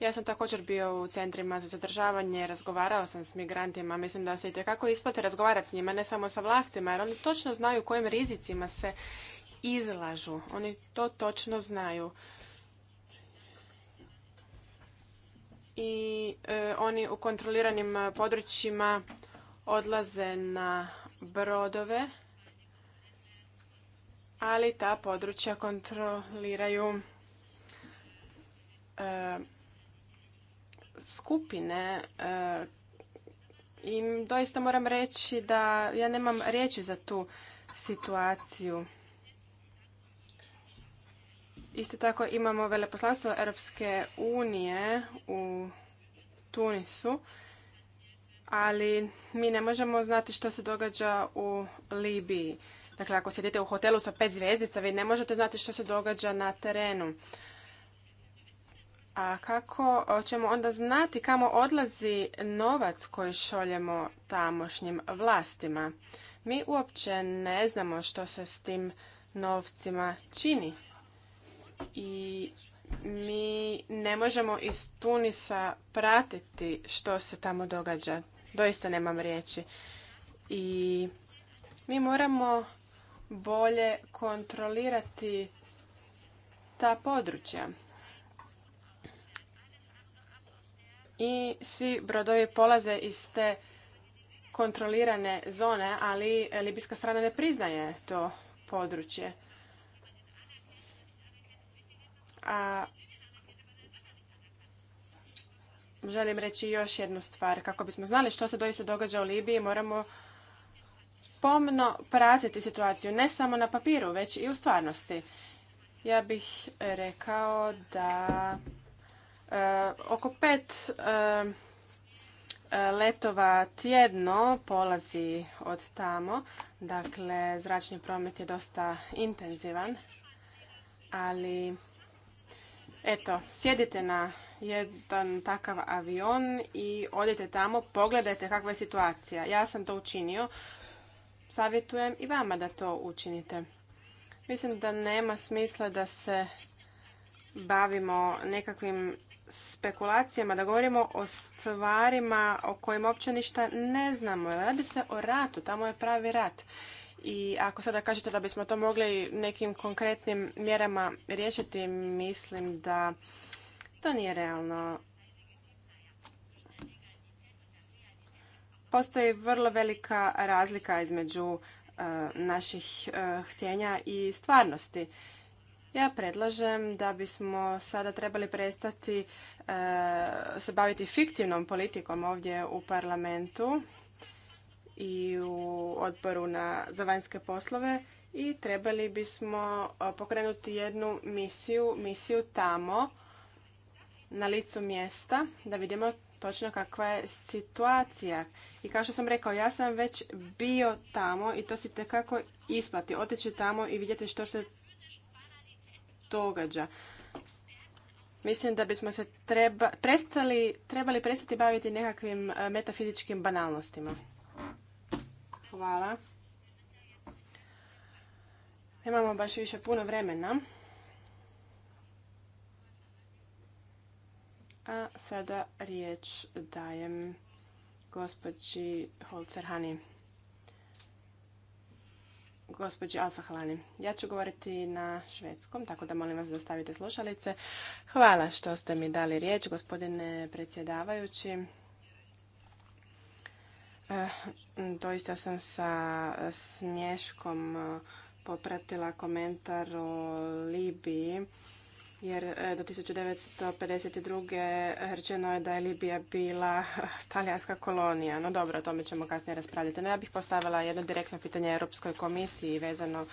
Ja sam također bio u centrima za zadržavanje, razgovarao sam s migrantima, mislim da se itekako isplati razgovarati s njima, ne samo sa vlastima, jer oni točno znaju kojim rizicima se izlažu. Oni to točno znaju. i e, oni u kontroliranim e, područjima odlaze na brodove, ali ta područja kontroliraju e, skupine i doista moram reći da ja nemam riječi za tu situaciju. Isto tako imamo veleposlanstvo Europske unije u Tunisu, ali mi ne možemo znati što se događa u Libiji. Dakle, ako sjedite u hotelu sa pet zvjezdica, vi ne možete znati što se događa na terenu. A kako ćemo onda znati kamo odlazi novac koji šoljemo tamošnjim vlastima? Mi uopće ne znamo što se s tim novcima čini i mi ne možemo iz Tunisa pratiti što se tamo događa. Doista nemam riječi. I mi moramo bolje kontrolirati ta područja. I svi brodovi polaze iz te kontrolirane zone, ali libijska strana ne priznaje to područje. A želim reći još jednu stvar. Kako bismo znali što se doista događa u Libiji, moramo pomno praziti situaciju, ne samo na papiru, već i u stvarnosti. Ja bih rekao da e, oko pet e, e, letova tjedno polazi od tamo. Dakle, zračni promet je dosta intenzivan, ali Eto, sjedite na jedan takav avion i odite tamo, pogledajte kakva je situacija. Ja sam to učinio. Savjetujem i vama da to učinite. Mislim da nema smisla da se bavimo nekakvim spekulacijama, da govorimo o stvarima o kojima uopće ništa ne znamo. Radi se o ratu, tamo je pravi rat. I ako sada kažete da bismo to mogli nekim konkretnim mjerama riješiti, mislim da to nije realno. Postoji vrlo velika razlika između e, naših e, htjenja i stvarnosti. Ja predlažem da bismo sada trebali prestati e, se baviti fiktivnom politikom ovdje u parlamentu i u odboru na, za vanjske poslove i trebali bismo pokrenuti jednu misiju, misiju tamo na licu mjesta da vidimo točno kakva je situacija. I kao što sam rekao, ja sam već bio tamo i to si tekako isplati. Otići tamo i vidjeti što se događa. Mislim da bismo se prestali, trebali prestati baviti nekakvim metafizičkim banalnostima. Hvala. Imamo baš više puno vremena. A sada riječ dajem gospođi Holzerhani. Gospođi Asahlani. Ja ću govoriti na švedskom, tako da molim vas da stavite slušalice. Hvala što ste mi dali riječ, gospodine predsjedavajući. Eh, doista sam sa smješkom eh, popratila komentar o Libiji, jer eh, do 1952. rečeno je da je Libija bila talijanska kolonija. No dobro, o tome ćemo kasnije raspravljati. No, ja bih postavila jedno direktno pitanje Europskoj komisiji vezano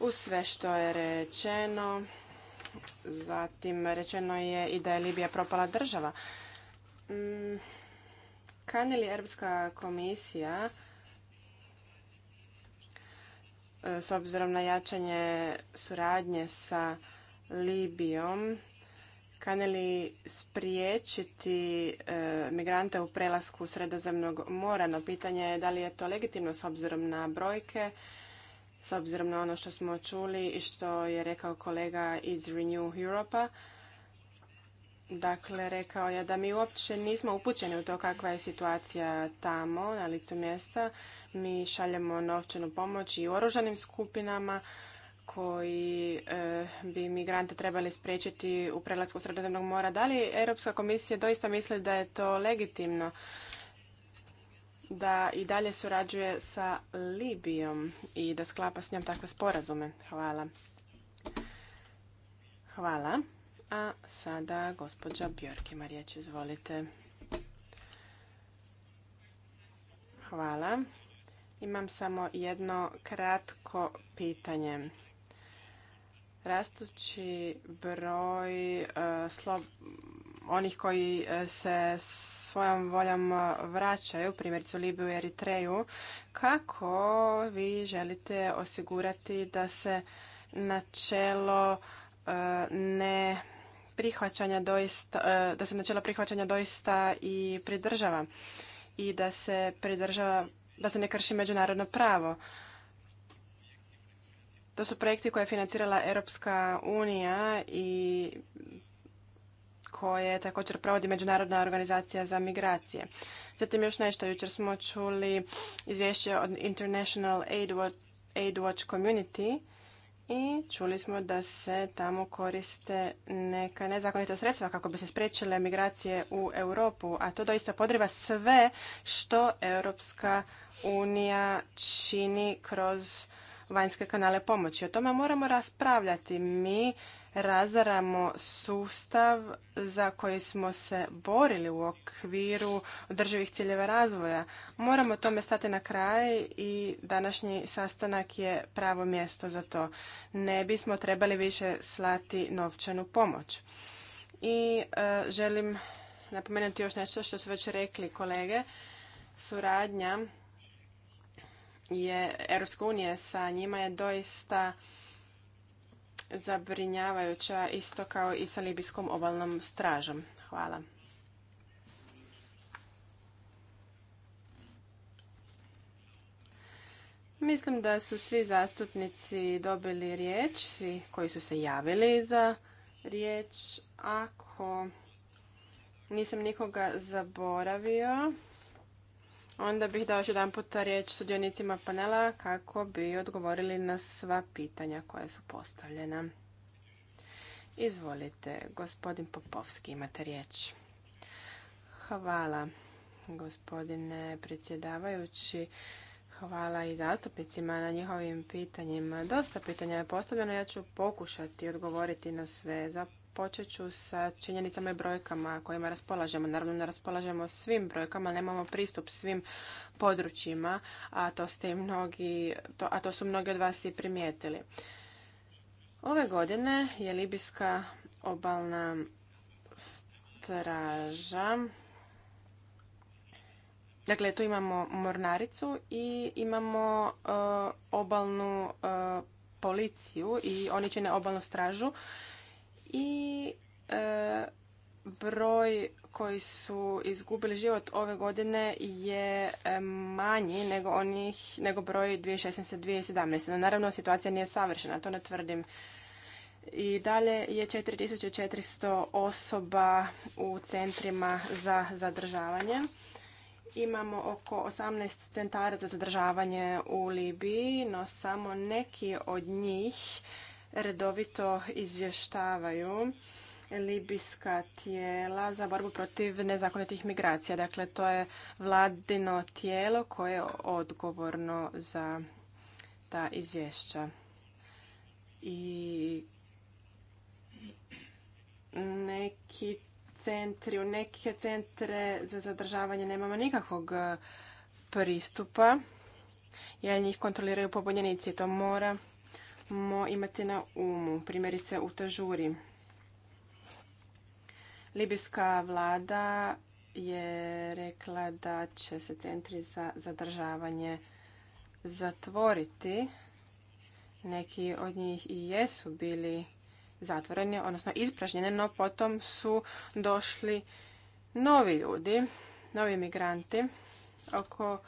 u sve što je rečeno. Zatim rečeno je i da je Libija propala država. Mm, Kani li Europska komisija e, s obzirom na jačanje suradnje sa Libijom kane li spriječiti e, migrante u prelasku Sredozemnog mora, no pitanje je da li je to legitimno s obzirom na brojke, s obzirom na ono što smo čuli i što je rekao kolega iz Renew Europa. Dakle, rekao je da mi uopće nismo upućeni u to kakva je situacija tamo, na licu mjesta. Mi šaljemo novčanu pomoć i oružanim skupinama koji e, bi migrante trebali spriječiti u prelasku Sredozemnog mora. Da li Europska komisija doista misli da je to legitimno da i dalje surađuje sa Libijom i da sklapa s njom takve sporazume? Hvala. Hvala. A sada gospođa Bjork ima riječ, izvolite. Hvala. Imam samo jedno kratko pitanje. Rastući broj e, onih koji e, se svojom voljom vraćaju, primjerice u Libiju i Eritreju, kako vi želite osigurati da se načelo e, ne prihvaćanja doista, e, da se načela prihvaćanja doista i pridržava i da se pridržava, da se ne krši međunarodno pravo. To su projekti koje je financirala Europska unija i koje također provodi Međunarodna organizacija za migracije. Zatim još nešto, jučer smo čuli izvješće od International Aid Aid Watch Community i čuli smo da se tamo koriste neka nezakonita sredstva kako bi se spriječile migracije u Europu, a to doista podriva sve što Europska unija čini kroz vanjske kanale pomoći. O tome moramo raspravljati. Mi razaramo sustav za koji smo se borili u okviru održivih ciljeva razvoja. Moramo tome stati na kraj i današnji sastanak je pravo mjesto za to. Ne bismo trebali više slati novčanu pomoć. I e, želim napomenuti još nešto što su već rekli kolege. Suradnja je europska sa njima je doista zabrinjavajuća isto kao i sa Libijskom obalnom stražom. Hvala. Mislim da su svi zastupnici dobili riječ, svi koji su se javili za riječ. Ako nisam nikoga zaboravio, Onda bih dao još jedan puta riječ sudionicima panela kako bi odgovorili na sva pitanja koja su postavljena. Izvolite, gospodin Popovski, imate riječ. Hvala, gospodine predsjedavajući. Hvala i zastupnicima na njihovim pitanjima. Dosta pitanja je postavljeno, ja ću pokušati odgovoriti na sve. Za Počet ću sa činjenicama i brojkama kojima raspolažemo. Naravno, ne raspolažemo svim brojkama, nemamo pristup svim područjima, a to, ste mnogi, a to su mnogi od vas i primijetili. Ove godine je Libijska obalna straža Dakle, tu imamo mornaricu i imamo e, obalnu e, policiju i oni čine obalnu stražu i e, broj koji su izgubili život ove godine je e, manji nego onih nego broj 2016. 2017. No, naravno situacija nije savršena, to ne tvrdim. I dalje je 4400 osoba u centrima za zadržavanje. Imamo oko 18 centara za zadržavanje u Libiji, no samo neki od njih redovito izvještavaju libijska tijela za borbu protiv nezakonitih migracija. Dakle, to je vladino tijelo koje je odgovorno za ta izvješća. I neki centri, u neke centre za zadržavanje nemamo nikakvog e, pristupa, jer njih kontroliraju pobunjenici. To mora imati na umu, primjerice u Tažuri. Libijska vlada je rekla da će se centri za zadržavanje zatvoriti. Neki od njih i jesu bili zatvoreni, odnosno ispražnjeni, no potom su došli novi ljudi, novi migranti. Oko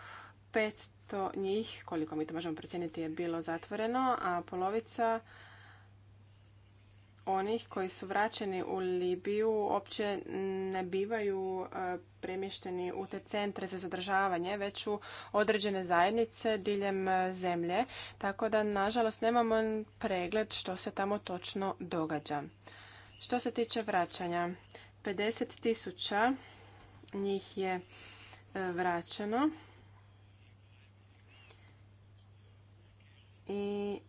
500 to njih, koliko mi to možemo procijeniti, je bilo zatvoreno, a polovica onih koji su vraćeni u Libiju uopće ne bivaju e, premješteni u te centre za zadržavanje, već u određene zajednice diljem e, zemlje, tako da nažalost nemamo pregled što se tamo točno događa. Što se tiče vraćanja, 50 tisuća njih je e, vraćeno i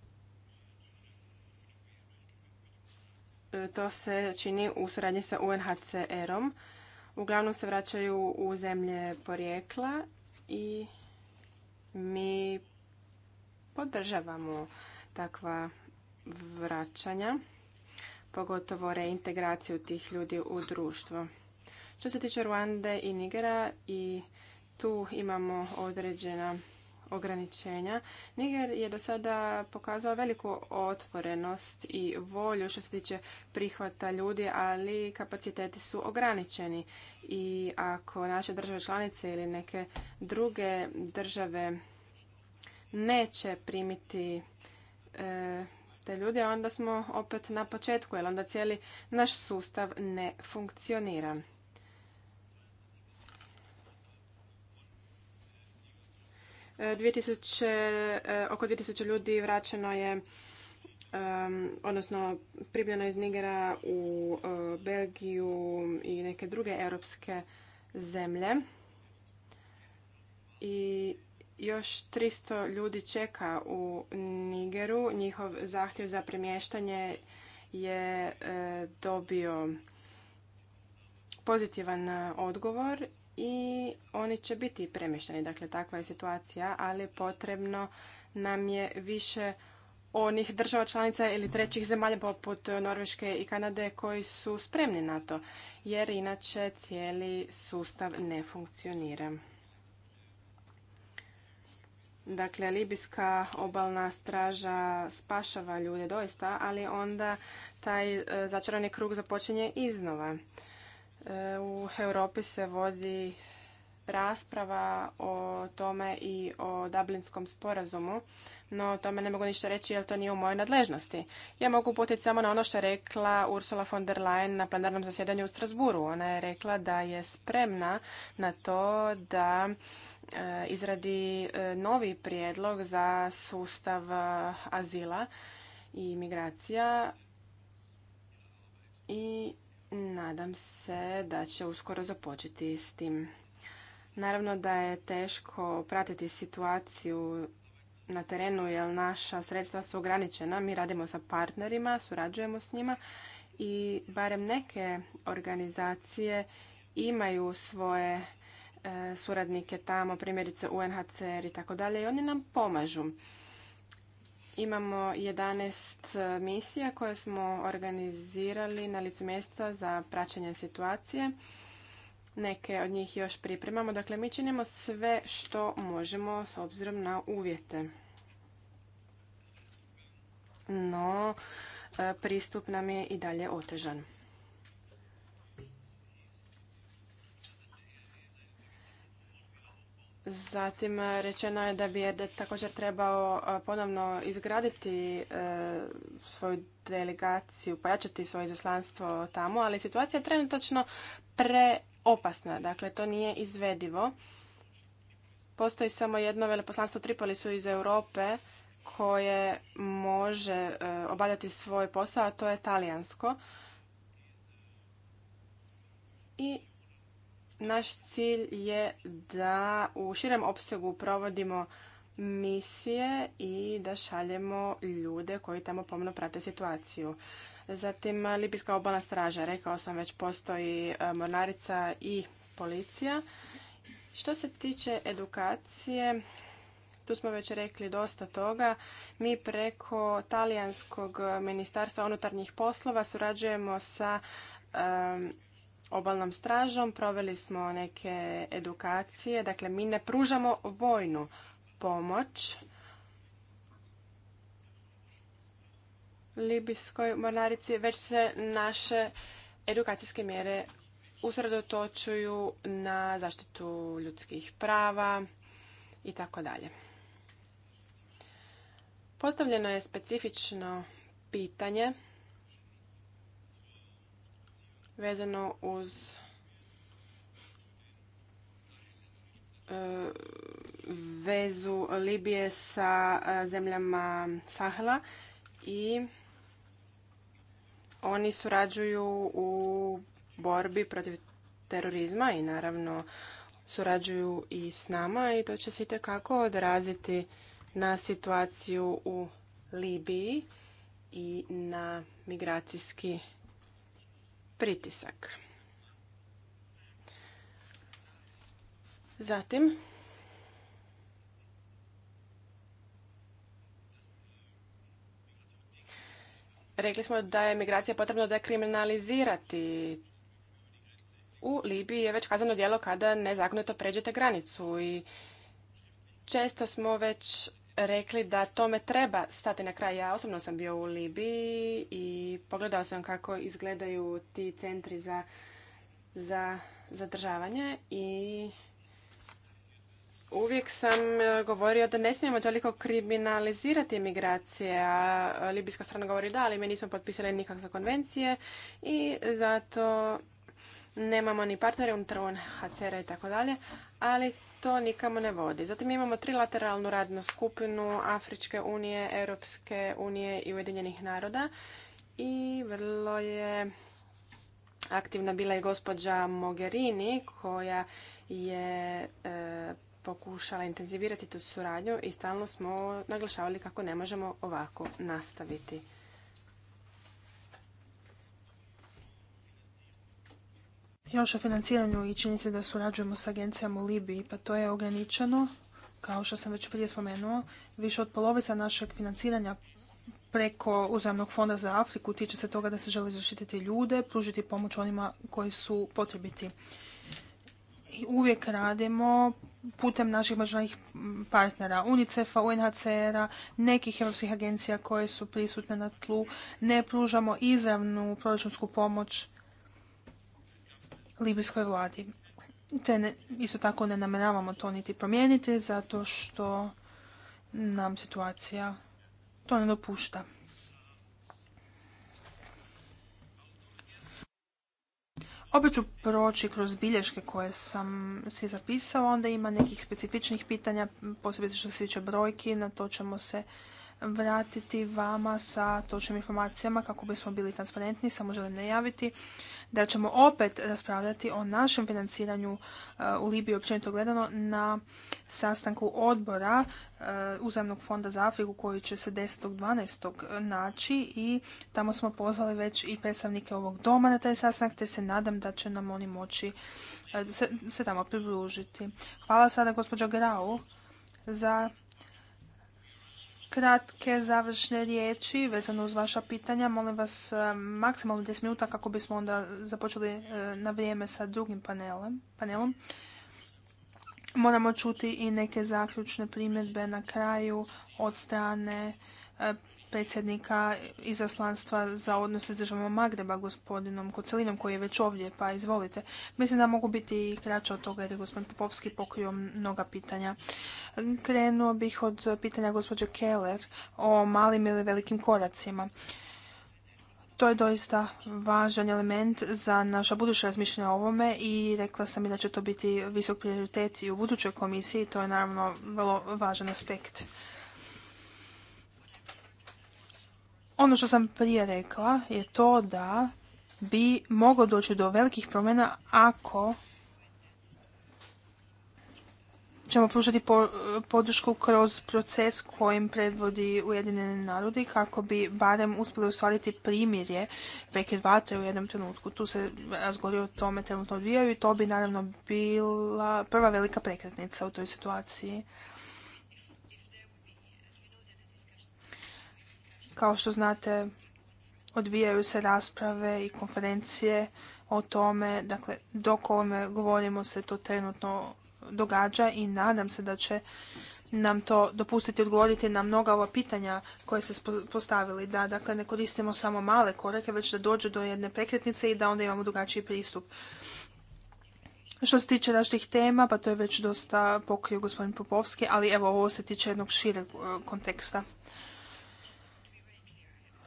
e, to se čini u suradnji sa UNHCR-om. Uglavnom se vraćaju u zemlje porijekla i mi podržavamo takva vraćanja, pogotovo reintegraciju tih ljudi u društvo. Što se tiče Ruande i Nigera i tu imamo određena ograničenja. Niger je do sada pokazao veliku otvorenost i volju što se tiče prihvata ljudi, ali kapaciteti su ograničeni. I ako naše države članice ili neke druge države neće primiti e, te ljude, onda smo opet na početku, jer onda cijeli naš sustav ne funkcionira. oko 2000 ljudi vraćeno je odnosno pribljeno iz Nigera u e, Belgiju i neke druge europske zemlje. I još 300 ljudi čeka u Nigeru. Njihov zahtjev za premještanje je e, dobio pozitivan odgovor i oni će biti premješteni. Dakle, takva je situacija, ali potrebno nam je više onih država članica ili trećih zemalja poput Norveške i Kanade koji su spremni na to, jer inače cijeli sustav ne funkcionira. Dakle, Libijska obalna straža spašava ljude doista, ali onda taj e, začarani krug započinje iznova. E, u Europi se vodi rasprava o tome i o Dublinskom sporazumu, no o tome ne mogu ništa reći jer to nije u mojoj nadležnosti. Ja mogu uputiti samo na ono što je rekla Ursula von der Leyen na plenarnom zasjedanju u Strasburu. Ona je rekla da je spremna na to da e, izradi e, novi prijedlog za sustav azila i migracija i Nadam se da će uskoro započeti s tim. Naravno da je teško pratiti situaciju na terenu jer naša sredstva su ograničena. Mi radimo sa partnerima, surađujemo s njima i barem neke organizacije imaju svoje e, suradnike tamo, primjerice UNHCR i tako dalje i oni nam pomažu. Imamo 11 e, misija koje smo organizirali na licu mjesta za praćenje situacije. Neke od njih još pripremamo. Dakle, mi činimo sve što možemo s obzirom na uvjete. No, e, pristup nam je i dalje otežan. Zatim e, rečeno je da bi je također trebao e, ponovno izgraditi e, svoju delegaciju, pojačati svoje izaslanstvo tamo, ali situacija je trenutačno preopasna, dakle to nije izvedivo. Postoji samo jedno veleposlanstvo Tripolisu iz Europe koje može obavljati svoj posao, a to je talijansko. I naš cilj je da u širem opsegu provodimo misije i da šaljemo ljude koji tamo pomno prate situaciju. Zatim, Libijska obalna straža, rekao sam već, postoji e, mornarica i policija. Što se tiče edukacije, tu smo već rekli dosta toga. Mi preko talijanskog ministarstva unutarnjih poslova surađujemo sa obalnom stražom, proveli smo neke edukacije, dakle mi ne pružamo vojnu pomoć libijskoj mornarici, već se naše edukacijske mjere usredotočuju na zaštitu ljudskih prava i tako dalje. Postavljeno je specifično pitanje vezano uz e, vezu Libije sa e, zemljama Sahela i oni surađuju u borbi protiv terorizma i naravno surađuju i s nama i to će se itekako odraziti na situaciju u Libiji i na migracijski pritisak. Zatim, rekli smo da je migracija potrebno da kriminalizirati. U Libiji je već kazano djelo kada nezakonito pređete granicu i često smo već rekli da tome treba stati na kraj. Ja osobno sam bio u Libiji i pogledao sam kako izgledaju ti centri za, za zadržavanje i uvijek sam e, govorio da ne smijemo toliko kriminalizirati migracije, a libijska strana govori da, ali mi nismo potpisali nikakve konvencije i zato nemamo ni partnere unutar HCR a i tako dalje, ali to nikamo ne vodi. Zatim imamo trilateralnu radnu skupinu Afričke unije, Europske unije i Ujedinjenih naroda i vrlo je aktivna bila i gospođa Mogherini koja je e, pokušala intenzivirati tu suradnju i stalno smo naglašavali kako ne možemo ovako nastaviti. Još o financiranju i činjenici da surađujemo s agencijama u Libiji, pa to je ograničeno, kao što sam već prije spomenuo. Više od polovica našeg financiranja preko uzajamnog fonda za Afriku tiče se toga da se želi zaštititi ljude, pružiti pomoć onima koji su potrebiti. I uvijek radimo putem naših međunarodnih partnera, UNICEF-a, UNHCR-a, nekih europskih agencija koje su prisutne na tlu. Ne pružamo izravnu proračunsku pomoć libijskoj vladi. Te ne, isto tako ne namjeravamo to niti promijeniti zato što nam situacija to ne dopušta. Opet ću proći kroz bilješke koje sam si zapisao, onda ima nekih specifičnih pitanja, posebice što se tiče brojki, na to ćemo se vratiti vama sa točnim informacijama kako bismo bili transparentni. Samo želim najaviti da ćemo opet raspravljati o našem financiranju eh, u Libiji općenito gledano na sastanku odbora eh, uzajemnog fonda za Afriku koji će se 10.12. naći i tamo smo pozvali već i predstavnike ovog doma na taj sastanak te se nadam da će nam oni moći eh, se, se tamo pridružiti. Hvala sada gospođo Grau za kratke završne riječi vezano uz vaša pitanja. Molim vas e, maksimalno 10 minuta kako bismo onda započeli e, na vrijeme sa drugim panelem, panelom. Moramo čuti i neke zaključne primjedbe na kraju od strane e, predsjednika izaslanstva za odnose s državom Magreba, gospodinom Kocelinom, koji je već ovdje, pa izvolite. Mislim da mogu biti i kraće od toga jer je gospodin Popovski pokrio mnoga pitanja. Krenuo bih od pitanja gospođe Keller o malim ili velikim koracima. To je doista važan element za naša buduća razmišljanja o ovome i rekla sam i da će to biti visok prioritet i u budućoj komisiji. To je naravno vrlo važan aspekt. Ono što sam prije rekla je to da bi moglo doći do velikih promjena ako ćemo pružati podršku kroz proces kojim predvodi Ujedinjene narodi kako bi barem uspjeli ostvariti primirje peke u jednom trenutku. Tu se razgovori o tome trenutno odvijaju i to bi naravno bila prva velika prekretnica u toj situaciji. Kao što znate, odvijaju se rasprave i konferencije o tome, dakle, dok ovome govorimo se to trenutno događa i nadam se da će nam to dopustiti odgovoriti na mnoga ova pitanja koje ste postavili. Da, dakle, ne koristimo samo male korake, već da dođe do jedne prekretnice i da onda imamo drugačiji pristup. Što se tiče naših tema, pa to je već dosta pokrio gospodin Popovski, ali evo ovo se tiče jednog šireg e, konteksta.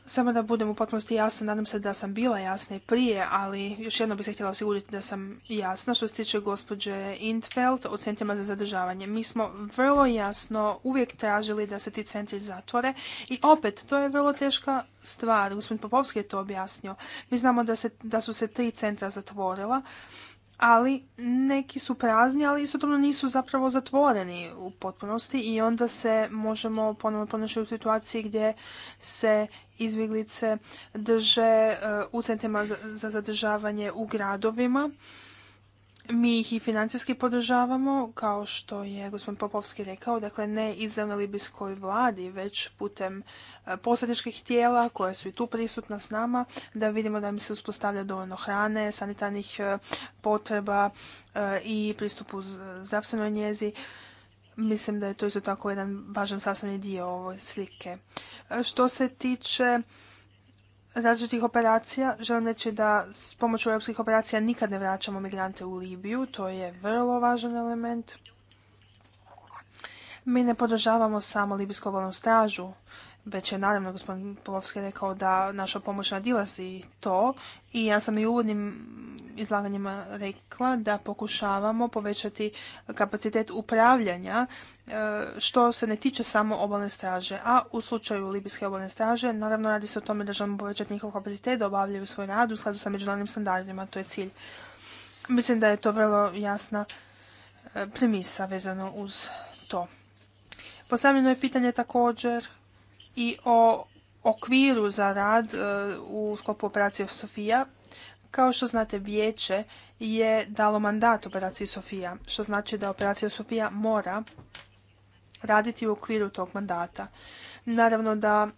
Samo da budem u potpunosti jasna, nadam se da sam bila jasna i prije, ali još jedno bih se htjela osigurati da sam jasna. Što se tiče gospođe Intfeld o centrima za zadržavanje, mi smo vrlo jasno uvijek tražili da se ti centri zatvore i opet, to je vrlo teška stvar. Gospodin Popovski je to objasnio. Mi znamo da, se, da su se tri centra zatvorila ali neki su prazni, ali istodobno nisu zapravo zatvoreni u potpunosti i onda se možemo ponovno ponašati u situaciji gdje se izbjeglice drže e, u centrima za zadržavanje u gradovima mi ih i financijski podržavamo, kao što je gospodin Popovski rekao, dakle ne izravno libijskoj vladi, već putem e, posredničkih tijela koja su i tu prisutna s nama, da vidimo da im se uspostavlja dovoljno hrane, sanitarnih e, potreba e, i pristupu zdravstvenoj njezi. Mislim da je to isto tako jedan važan sastavni dio ove slike. Što se tiče različitih operacija. Želim reći da s pomoću europskih operacija nikad ne vraćamo migrante u Libiju. To je vrlo važan element. Mi ne podržavamo samo Libijsku obalnu stražu, već je naravno gospodin Polovski rekao da naša pomoć nadilazi to i ja sam i u uvodnim izlaganjima rekla da pokušavamo povećati kapacitet upravljanja e, što se ne tiče samo obalne straže, a u slučaju libijske obalne straže naravno radi se o tome da želimo povećati njihov kapacitet da obavljaju svoj rad u skladu sa međunarodnim standardima, to je cilj. Mislim da je to vrlo jasna e, premisa vezano uz to. Postavljeno je pitanje također i o okviru za rad e, u sklopu operacije Sofija. Kao što znate, vijeće je dalo mandat operaciji Sofija, što znači da operacija Sofija mora raditi u okviru tog mandata. Naravno da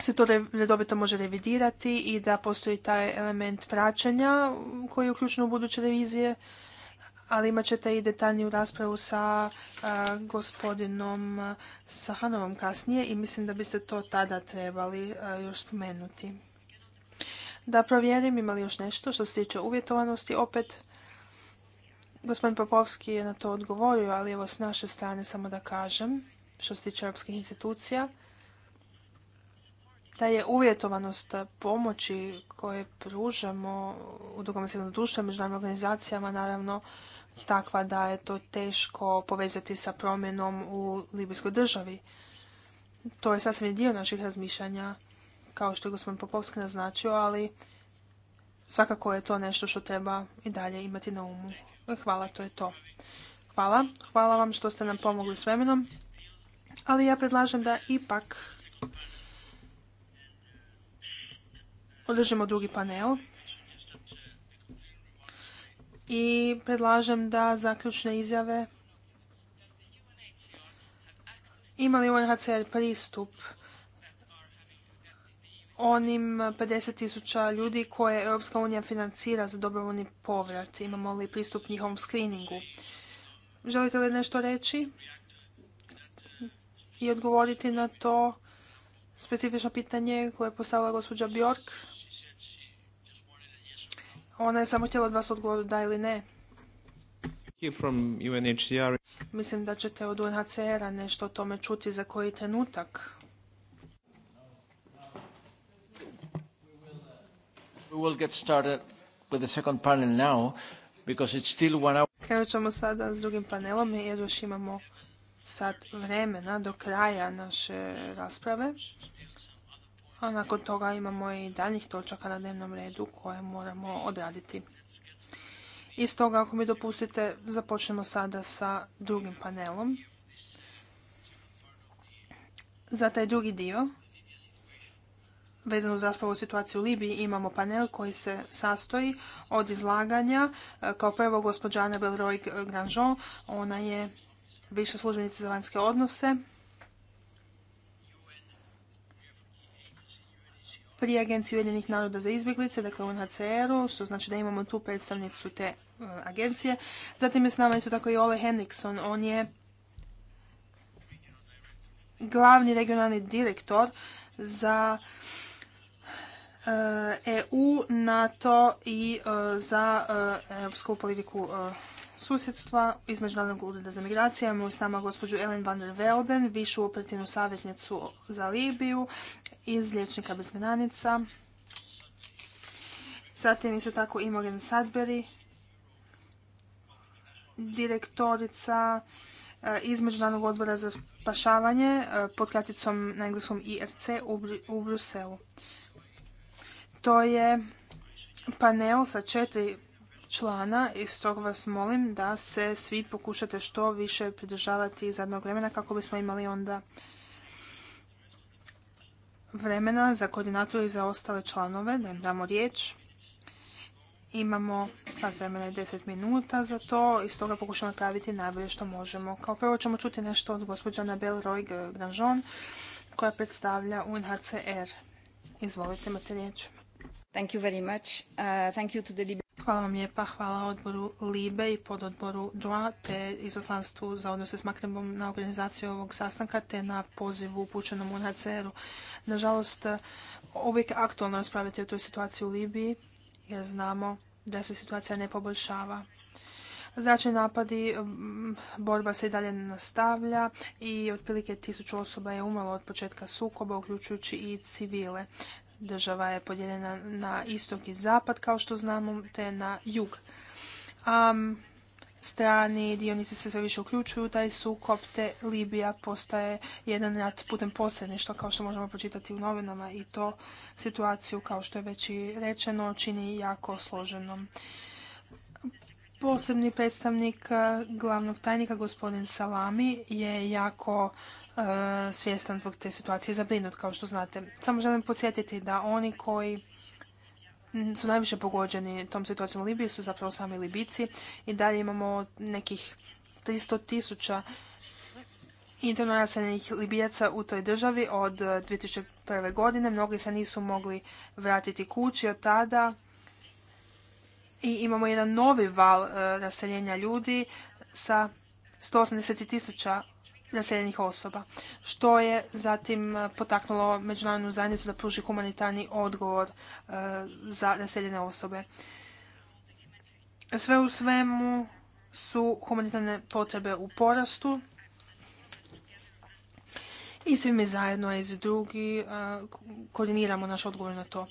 se to redovito može revidirati i da postoji taj element praćanja koji je uključen u buduće revizije ali imat ćete i detaljniju raspravu sa gospodinom Sahanovom kasnije i mislim da biste to tada trebali još spomenuti. Da provjerim imali li još nešto što se tiče uvjetovanosti. Opet, gospodin Popovski je na to odgovorio, ali evo s naše strane samo da kažem, što se tiče europskih institucija, da je uvjetovanost pomoći koje pružamo u drugom civilnom društvu, međunarodnim organizacijama, naravno, takva da je to teško povezati sa promjenom u Libijskoj državi. To je sasvim dio naših razmišljanja, kao što je gospodin Popovski naznačio, ali svakako je to nešto što treba i dalje imati na umu. Hvala, to je to. Hvala. Hvala vam što ste nam pomogli s vremenom. Ali ja predlažem da ipak održimo drugi panel i predlažem da zaključne izjave imali UNHCR pristup onim 50 tisuća ljudi koje Europska unija financira za dobrovoljni povrat? Imamo li pristup njihovom screeningu? Želite li nešto reći i odgovoriti na to specifično pitanje koje je postavila gospođa Bjork? Ona je samo htjela od vas odgovoru da ili ne. Mislim da ćete od UNHCR-a nešto o tome čuti za koji trenutak. Krenut ćemo sada s drugim panelom jer još imamo sat vremena do kraja naše rasprave. A nakon toga imamo i daljih točaka na dnevnom redu koje moramo odraditi. I stoga, ako mi dopustite, započnemo sada sa drugim panelom. Za taj drugi dio, vezano uz raspravu situaciju u Libiji, imamo panel koji se sastoji od izlaganja. Kao prvo, gospođa Anabel Roy Granjon, ona je više službenica za vanjske odnose pri Agenciji Ujedinjenih naroda za izbjeglice, dakle UNHCR-u, što znači da imamo tu predstavnicu te e, agencije. Zatim je s nama isto tako i Ole Henikson, on je glavni regionalni direktor za EU, e NATO i e, za europsku politiku susjedstva iz Međunarodnog ureda za migracije. Imamo s nama gospođu Ellen van der Velden, višu operativnu savjetnicu za Libiju iz Liječnika bez granica. Zatim isto tako Imogen Sadberi, direktorica eh, iz Međunarodnog odbora za spašavanje eh, pod kraticom na engleskom IRC u Bruselu. To je panel sa četiri člana i stoga vas molim da se svi pokušate što više pridržavati zadnog vremena kako bismo imali onda vremena za koordinatora i za ostale članove, da im damo riječ. Imamo sad vremena i 10 minuta za to i stoga pokušamo praviti najbolje što možemo. Kao prvo ćemo čuti nešto od gospođa Nabel Roy Granjon koja predstavlja UNHCR. Izvolite, imate riječ. Thank you uh, Hvala vam lijepa, hvala odboru LIBE i pododboru DOA te izaslanstvu za odnose s Makrebom na organizaciju ovog sastanka te na pozivu upućenom nacr u Nažalost, uvijek aktualno raspravljati o toj situaciji u Libiji jer znamo da se situacija ne poboljšava. Zračni napadi, mm, borba se i dalje nastavlja i otprilike tisuću osoba je umalo od početka sukoba, uključujući i civile. Država je podijeljena na istok i zapad, kao što znamo, te na jug. A strani dionici se sve više uključuju u taj sukop, te Libija postaje jedan rat putem posredništva, kao što možemo pročitati u novinama i to situaciju, kao što je već i rečeno, čini jako složenom. Posebni predstavnik glavnog tajnika, gospodin Salami, je jako E, svjestan zbog te situacije zabrinut, kao što znate. Samo želim podsjetiti da oni koji su najviše pogođeni tom situacijom u Libiji su zapravo sami Libici i dalje imamo nekih 300 tisuća interno raseljenih Libijaca u toj državi od 2001. godine. Mnogi se nisu mogli vratiti kući od tada i imamo jedan novi val e, raseljenja ljudi sa 180 tisuća naseljenih osoba, što je zatim eh, potaknulo međunarodnu zajednicu da pruži humanitarni odgovor eh, za naseljene osobe. Sve u svemu su humanitarne potrebe u porastu i svi mi zajedno, iz drugi, eh, koordiniramo naš odgovor na to.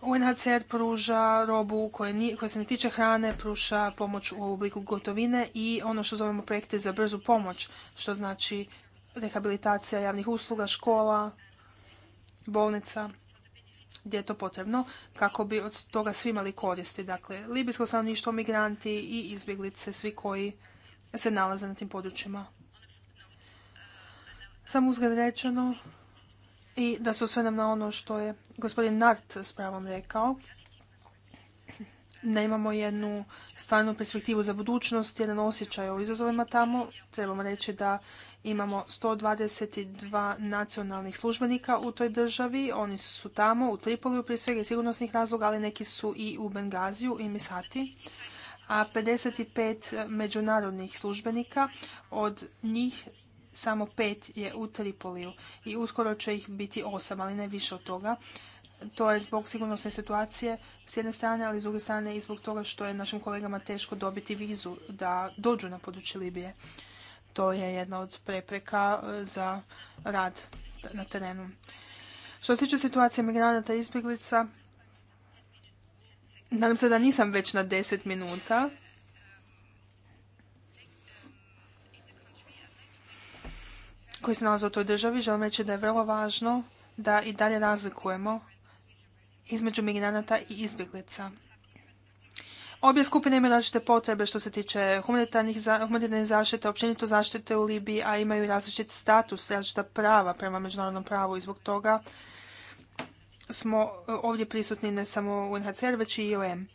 UNHCR pruža robu koja, se ne tiče hrane, pruža pomoć u obliku gotovine i ono što zovemo projekte za brzu pomoć, što znači rehabilitacija javnih usluga, škola, bolnica, gdje je to potrebno, kako bi od toga svi imali koristi. Dakle, libijsko stanovništvo, migranti i izbjeglice, svi koji se nalaze na tim područjima. Samo uzgled rečeno, i da se osvrnem na ono što je gospodin Nart s pravom rekao, nemamo imamo jednu stvarnu perspektivu za budućnost, jedan osjećaj o izazovima tamo. Trebamo reći da imamo 122 nacionalnih službenika u toj državi. Oni su tamo u Tripoliju prije svega i sigurnosnih razloga, ali neki su i u Bengaziju i Misati. A 55 međunarodnih službenika, od njih samo pet je u Tripoliju i uskoro će ih biti osam, ali ne više od toga. To je zbog sigurnosne situacije s jedne strane, ali s druge strane i zbog toga što je našim kolegama teško dobiti vizu da dođu na područje Libije. To je jedna od prepreka e, za rad na terenu. Što se tiče situacije migranata i izbjeglica, nadam se da nisam već na deset minuta. koji se nalaze u toj državi, želim reći da je vrlo važno da i dalje razlikujemo između migranata i izbjeglica. Obje skupine imaju različite potrebe što se tiče humanitarne zaštite, općenito zaštite u Libiji, a imaju različit status, različita prava prema međunarodnom pravu i zbog toga smo e, ovdje prisutni ne samo NHCR, već i IOM.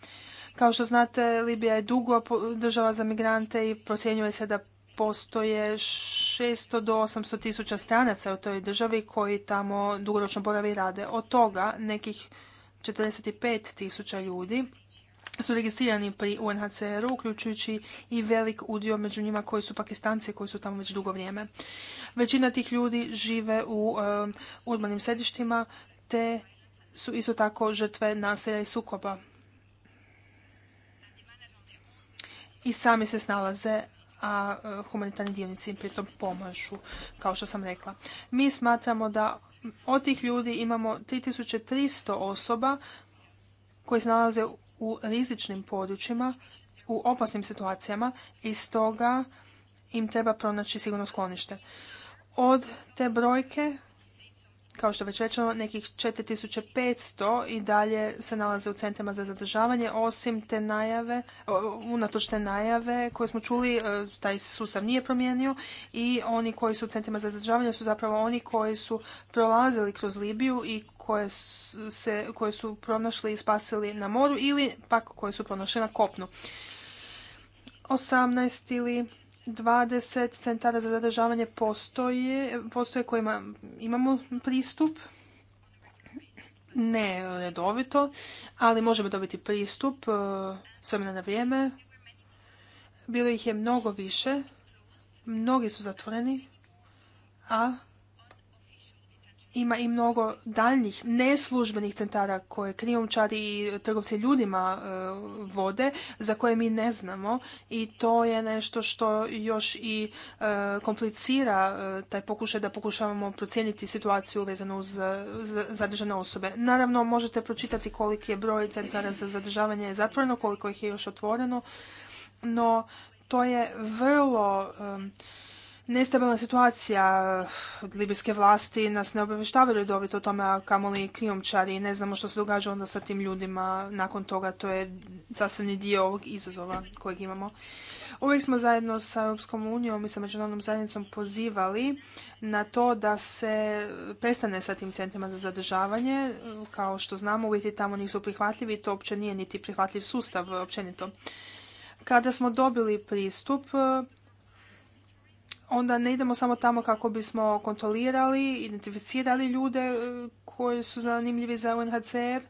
Kao što znate, Libija je dugo država za migrante i procjenjuje se da postoje 600 do 800 tisuća stranaca u toj državi koji tamo dugoročno boravi i rade. Od toga nekih 45 tisuća ljudi su registrirani pri UNHCR-u, uključujući i velik udio među njima koji su pakistanci koji su tamo već dugo vrijeme. Većina tih ljudi žive u um, urbanim središtima te su isto tako žrtve nasilja i sukoba. I sami se snalaze a e, humanitarni dionici im pritom pomažu, kao što sam rekla. Mi smatramo da od tih ljudi imamo 3300 osoba koji se nalaze u rizičnim područjima, u opasnim situacijama i stoga im treba pronaći sigurno sklonište. Od te brojke kao što već rečeno, nekih 4500 i dalje se nalaze u centrima za zadržavanje, osim te najave, unatoč te najave koje smo čuli, e, taj sustav nije promijenio i oni koji su u centrima za zadržavanje su zapravo oni koji su prolazili kroz Libiju i koje su, se, koje su pronašli i spasili na moru ili pak koje su pronašli na kopnu. 18 ili 20 centara za zadržavanje postoje, kojima imamo pristup, ne redovito, ali možemo dobiti pristup e, s vremena na vrijeme. Bilo ih je mnogo više, mnogi su zatvoreni, a ima i mnogo daljnjih neslužbenih centara koje krijumčari i trgovci ljudima e, vode za koje mi ne znamo i to je nešto što još i e, komplicira e, taj pokušaj da pokušavamo procijeniti situaciju vezano uz zadržane osobe. Naravno možete pročitati koliki je broj centara za zadržavanje zatvoreno, koliko ih je još otvoreno, no to je vrlo nestabilna situacija eh, libijske vlasti nas ne obavještavaju dobiti o tome, a kamoli krijomčari i ne znamo što se događa onda sa tim ljudima nakon toga. To je sastavni dio ovog izazova kojeg imamo. Uvijek smo zajedno sa Europskom unijom i sa međunarodnom zajednicom pozivali na to da se prestane sa tim centrima za zadržavanje. Kao što znamo, uvjeti tamo nisu prihvatljivi i to uopće nije niti prihvatljiv sustav općenito. Kada smo dobili pristup onda ne idemo samo tamo kako bismo kontrolirali, identificirali ljude e, koji su zanimljivi za UNHCR,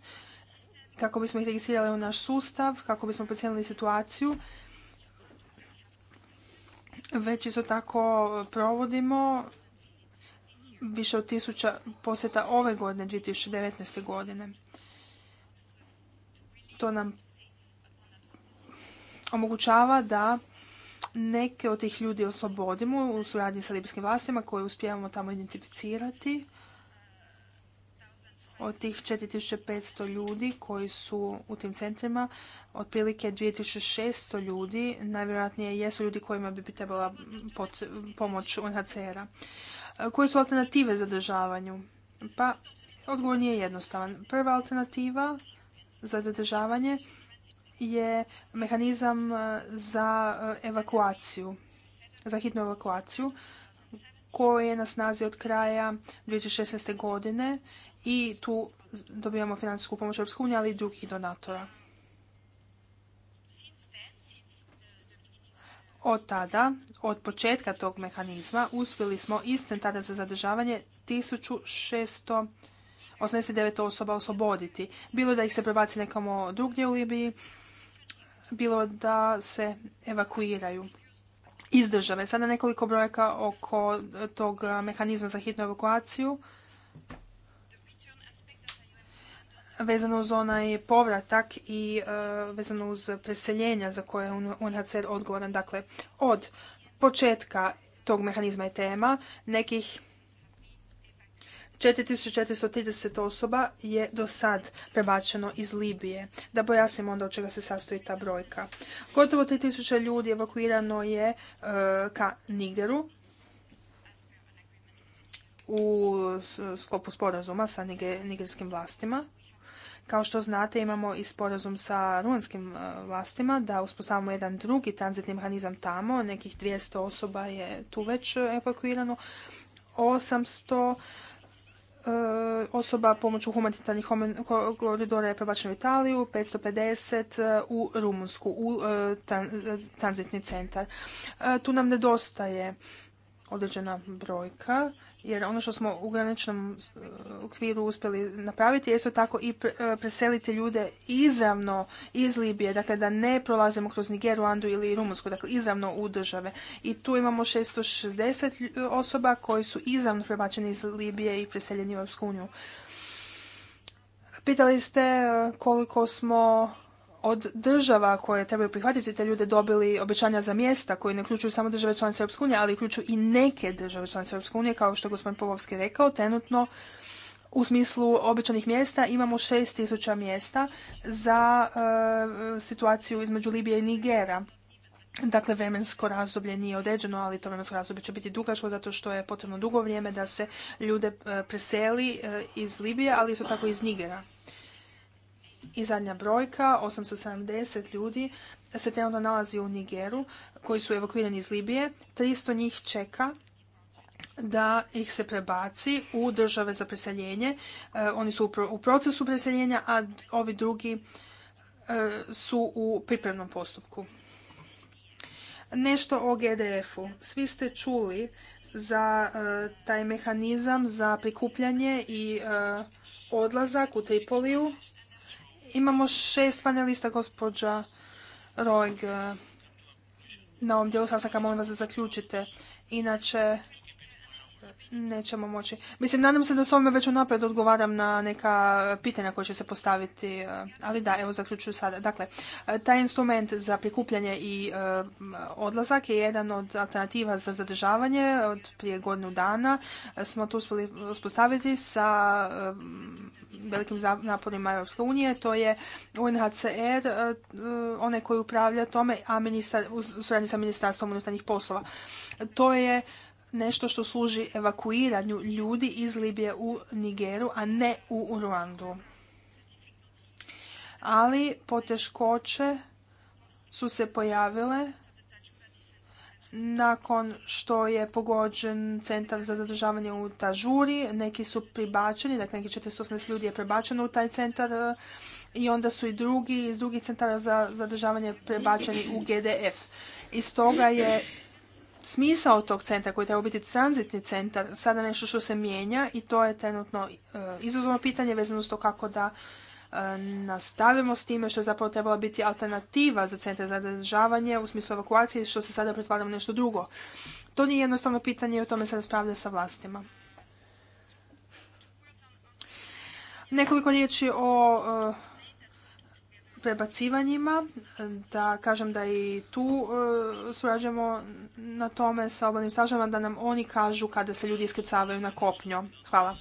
kako bismo ih registrirali u naš sustav, kako bismo procijenili situaciju, već isto tako provodimo više od tisuća posjeta ove godine, 2019. godine. To nam omogućava da neke od tih ljudi oslobodimo u suradnji sa libijskim vlastima koje uspijevamo tamo identificirati. Od tih 4500 ljudi koji su u tim centrima, otprilike 2600 ljudi, najvjerojatnije jesu ljudi kojima bi trebala pomoć UNHCR-a. Koje su alternative zadržavanju? Pa, odgovor nije jednostavan. Prva alternativa za zadržavanje je mehanizam e, za e, evakuaciju, za hitnu evakuaciju koji je na snazi od kraja 2016. godine i tu dobijamo financijsku pomoć Europske unije, ali i drugih donatora. Od tada, od početka tog mehanizma, uspjeli smo iz centara za zadržavanje 1689 osoba osloboditi. Bilo da ih se prebaci nekamo drugdje u Libiji bilo da se evakuiraju iz države. Sada nekoliko brojka oko tog mehanizma za hitnu evakuaciju. Vezano uz onaj povratak i e, vezano uz preseljenja za koje je UNHCR odgovoran. Dakle, od početka tog mehanizma i tema nekih 4430 osoba je do sad prebačeno iz Libije. Da pojasnim onda od čega se sastoji ta brojka. Gotovo 3000 ljudi evakuirano je e, ka Nigeru u sklopu sporazuma sa nigerskim vlastima. Kao što znate, imamo i sporazum sa ruanskim e, vlastima da uspostavimo jedan drugi tranzitni mehanizam tamo. Nekih 200 osoba je tu već e, evakuirano. 800 Eh, osoba pomoću humanitarnih koridora je prebačena u Italiju, 550 eh, u Rumunsku, u eh, tranzitni centar. Tu nam nedostaje određena brojka jer ono što smo u graničnom e, okviru uspjeli napraviti je isto tako i e, preseliti ljude izravno iz Libije, dakle da ne prolazimo kroz Niger, Ruandu ili Rumunsku, dakle izravno u države. I tu imamo 660 e, osoba koji su izravno prebačeni iz Libije i preseljeni u Europsku uniju. Pitali ste koliko smo od država koje trebaju prihvatiti te ljude dobili obećanja za mjesta koji ne uključuju samo države članice Europske unije, ali uključuju i neke države članice Europske unije, kao što je gospodin Popovski rekao, trenutno u smislu obećanih mjesta imamo 6000 mjesta za e, situaciju između Libije i Nigera. Dakle, vremensko razdoblje nije određeno, ali to vremensko razdoblje će biti dugačko zato što je potrebno dugo vrijeme da se ljude e, preseli e, iz Libije, ali isto tako iz Nigera. I zadnja brojka, 870 ljudi se trenutno nalazi u Nigeru, koji su evakuirani iz Libije. 300 njih čeka da ih se prebaci u države za preseljenje. E, oni su u procesu preseljenja, a ovi drugi e, su u pripremnom postupku. Nešto o GDF-u. Svi ste čuli za e, taj mehanizam za prikupljanje i odlazak u Tripoliju Imamo šest panelista, gospođa Rojg, eh, na ovom dijelu sasaka molim vas da zaključite. Inače, nećemo moći. Mislim, nadam se da s ovome već unaprijed odgovaram na neka pitanja koja će se postaviti, eh, ali da, evo zaključuju sada. Dakle, eh, taj instrument za prikupljanje i odlazak je jedan od alternativa za zadržavanje od prije godinu dana. Smo to uspjeli uspostaviti sa velikim naporima Europske unije, to je UNHCR, e, e, onaj koji upravlja tome, a ministar, u suradnji sa ministarstvom unutarnjih poslova. To je nešto što služi evakuiranju ljudi iz Libije u Nigeru, a ne u Ruandu. Ali poteškoće su se pojavile nakon što je pogođen centar za zadržavanje u Tažuri, neki su pribačeni, dakle neki 480 ljudi je prebačeno u taj centar e, i onda su i drugi iz drugih centara za zadržavanje prebačeni u GDF. I stoga je smisao tog centra koji treba biti tranzitni centar sada nešto što se mijenja i to je trenutno e, izazovno pitanje vezano s to kako da E, nastavimo s time što je zapravo trebala biti alternativa za centre za zadržavanje u smislu evakuacije što se sada pretvaramo nešto drugo. To nije jednostavno pitanje i o tome se raspravlja sa vlastima. Nekoliko riječi o e, prebacivanjima, da kažem da i tu e, surađujemo na tome sa obalnim stražama, da nam oni kažu kada se ljudi iskrcavaju na kopnjo. Hvala.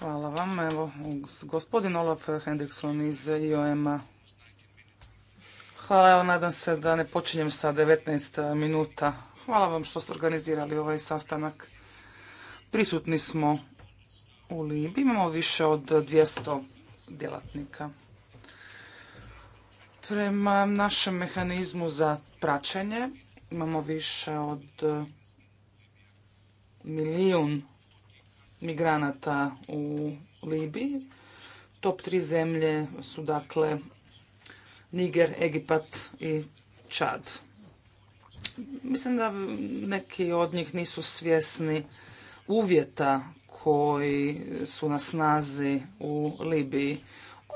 Hvala vam. Evo, gospodin Olaf Hendrickson iz IOM-a. Hvala, evo, nadam se da ne počinjem sa 19 minuta. Hvala vam što ste organizirali ovaj sastanak. Prisutni smo u Libiji, imamo više od 200 djelatnika. Prema našem mehanizmu za praćenje imamo više od milijun migranata u Libiji. Top tri zemlje su dakle Niger, Egipat i Čad. Mislim da neki od njih nisu svjesni uvjeta koji su na snazi u Libiji.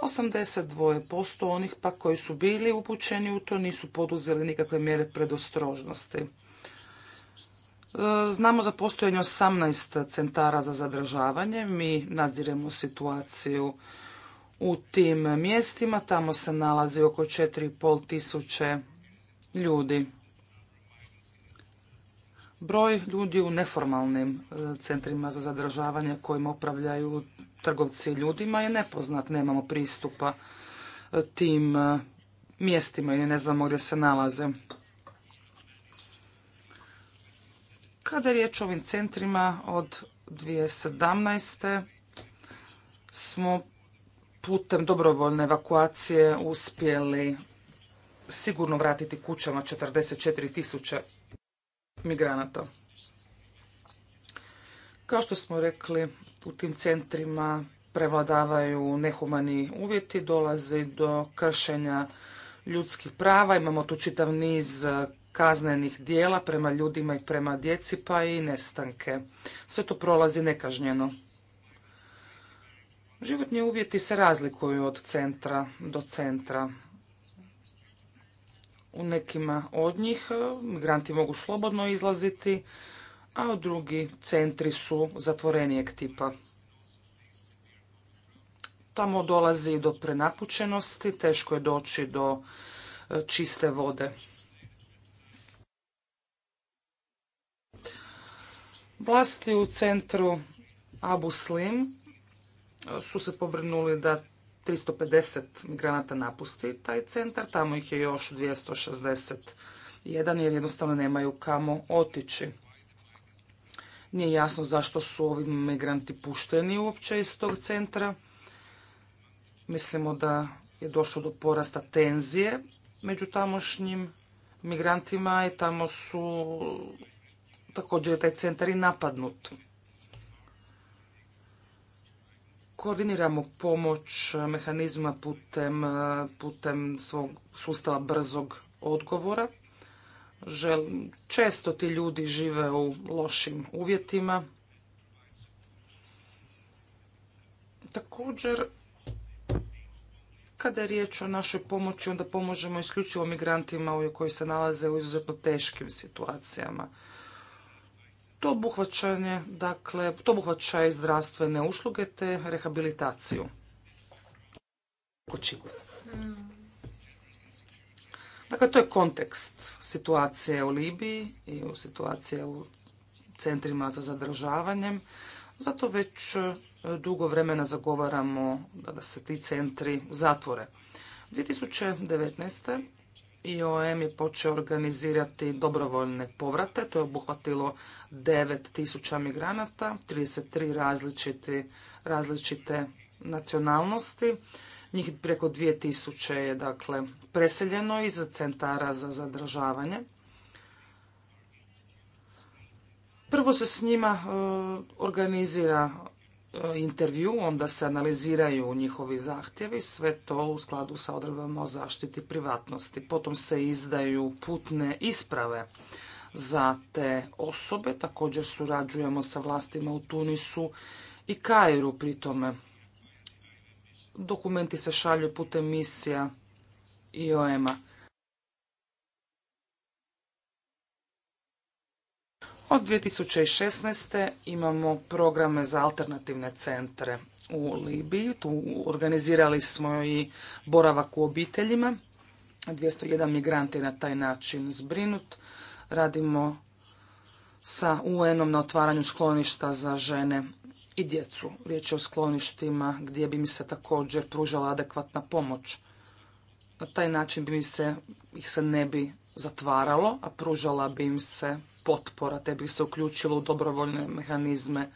82% onih pa koji su bili upućeni u to nisu poduzeli nikakve mjere predostrožnosti. Znamo za postojanje 18 centara za zadržavanje. Mi nadziremo situaciju u tim mjestima. Tamo se nalazi oko 4,5 tisuće ljudi. Broj ljudi u neformalnim e, centrima za zadržavanje kojima upravljaju trgovci ljudima je nepoznat. Nemamo pristupa e, tim e, mjestima i ne znamo gdje se nalaze. Kada je riječ o ovim centrima od 2017. smo putem dobrovoljne evakuacije uspjeli sigurno vratiti kućama 44 tisuće migranata. Kao što smo rekli, u tim centrima prevladavaju nehumani uvjeti, dolazi do kršenja ljudskih prava, imamo tu čitav niz kaznenih dijela prema ljudima i prema djeci, pa i nestanke. Sve to prolazi nekažnjeno. Životni uvjeti se razlikuju od centra do centra. U nekima od njih e, migranti mogu slobodno izlaziti, a u drugi centri su zatvorenijeg tipa. Tamo dolazi do prenapučenosti, teško je doći do e, čiste vode. Vlasti u centru Abu Slim e, su se pobrinuli da 350 migranata napusti taj centar, tamo ih je još 261 jer jednostavno nemaju kamo otići. Nije jasno zašto su ovi migranti pušteni uopće iz tog centra. Mislimo da je došlo do porasta tenzije među tamošnjim migrantima i tamo su također taj centar i napadnut. Koordiniramo pomoć mehanizma putem, svog sustava brzog odgovora. često ti ljudi žive u lošim uvjetima. Također, kada je riječ o našoj pomoći, onda pomožemo isključivo migrantima koji se nalaze u izuzetno teškim situacijama. To obuhvaćanje, dakle, to obuhvaća i zdravstvene usluge te rehabilitaciju. Dakle, to je kontekst situacije u Libiji i situacije u centrima za zadržavanjem. Zato već e, dugo vremena zagovaramo da se ti centri zatvore. 2019. IOM je počeo organizirati dobrovoljne povrate, to je obuhvatilo 9000 migranata, 33 različite, različite nacionalnosti, njih preko 2000 je dakle preseljeno iz centara za zadržavanje. Prvo se s njima e, organizira E, intervju, onda se analiziraju njihovi zahtjevi, sve to u skladu sa odredbama o zaštiti privatnosti. Potom se izdaju putne isprave za te osobe, također surađujemo sa vlastima u Tunisu i Kairu pri tome. Dokumenti se šalju putem misija IOM-a. Od 2016. imamo programe za alternativne centre u Libiji. Tu organizirali smo i boravak u obiteljima. 201 migrant je na taj način zbrinut. Radimo sa UN-om na otvaranju skloništa za žene i djecu. Riječ je o skloništima gdje bi mi se također pružala adekvatna pomoć. Na taj način bi mi se ih se ne bi zatvaralo, a pružala bi im se potpora, te bi se uključilo u dobrovoljne mehanizme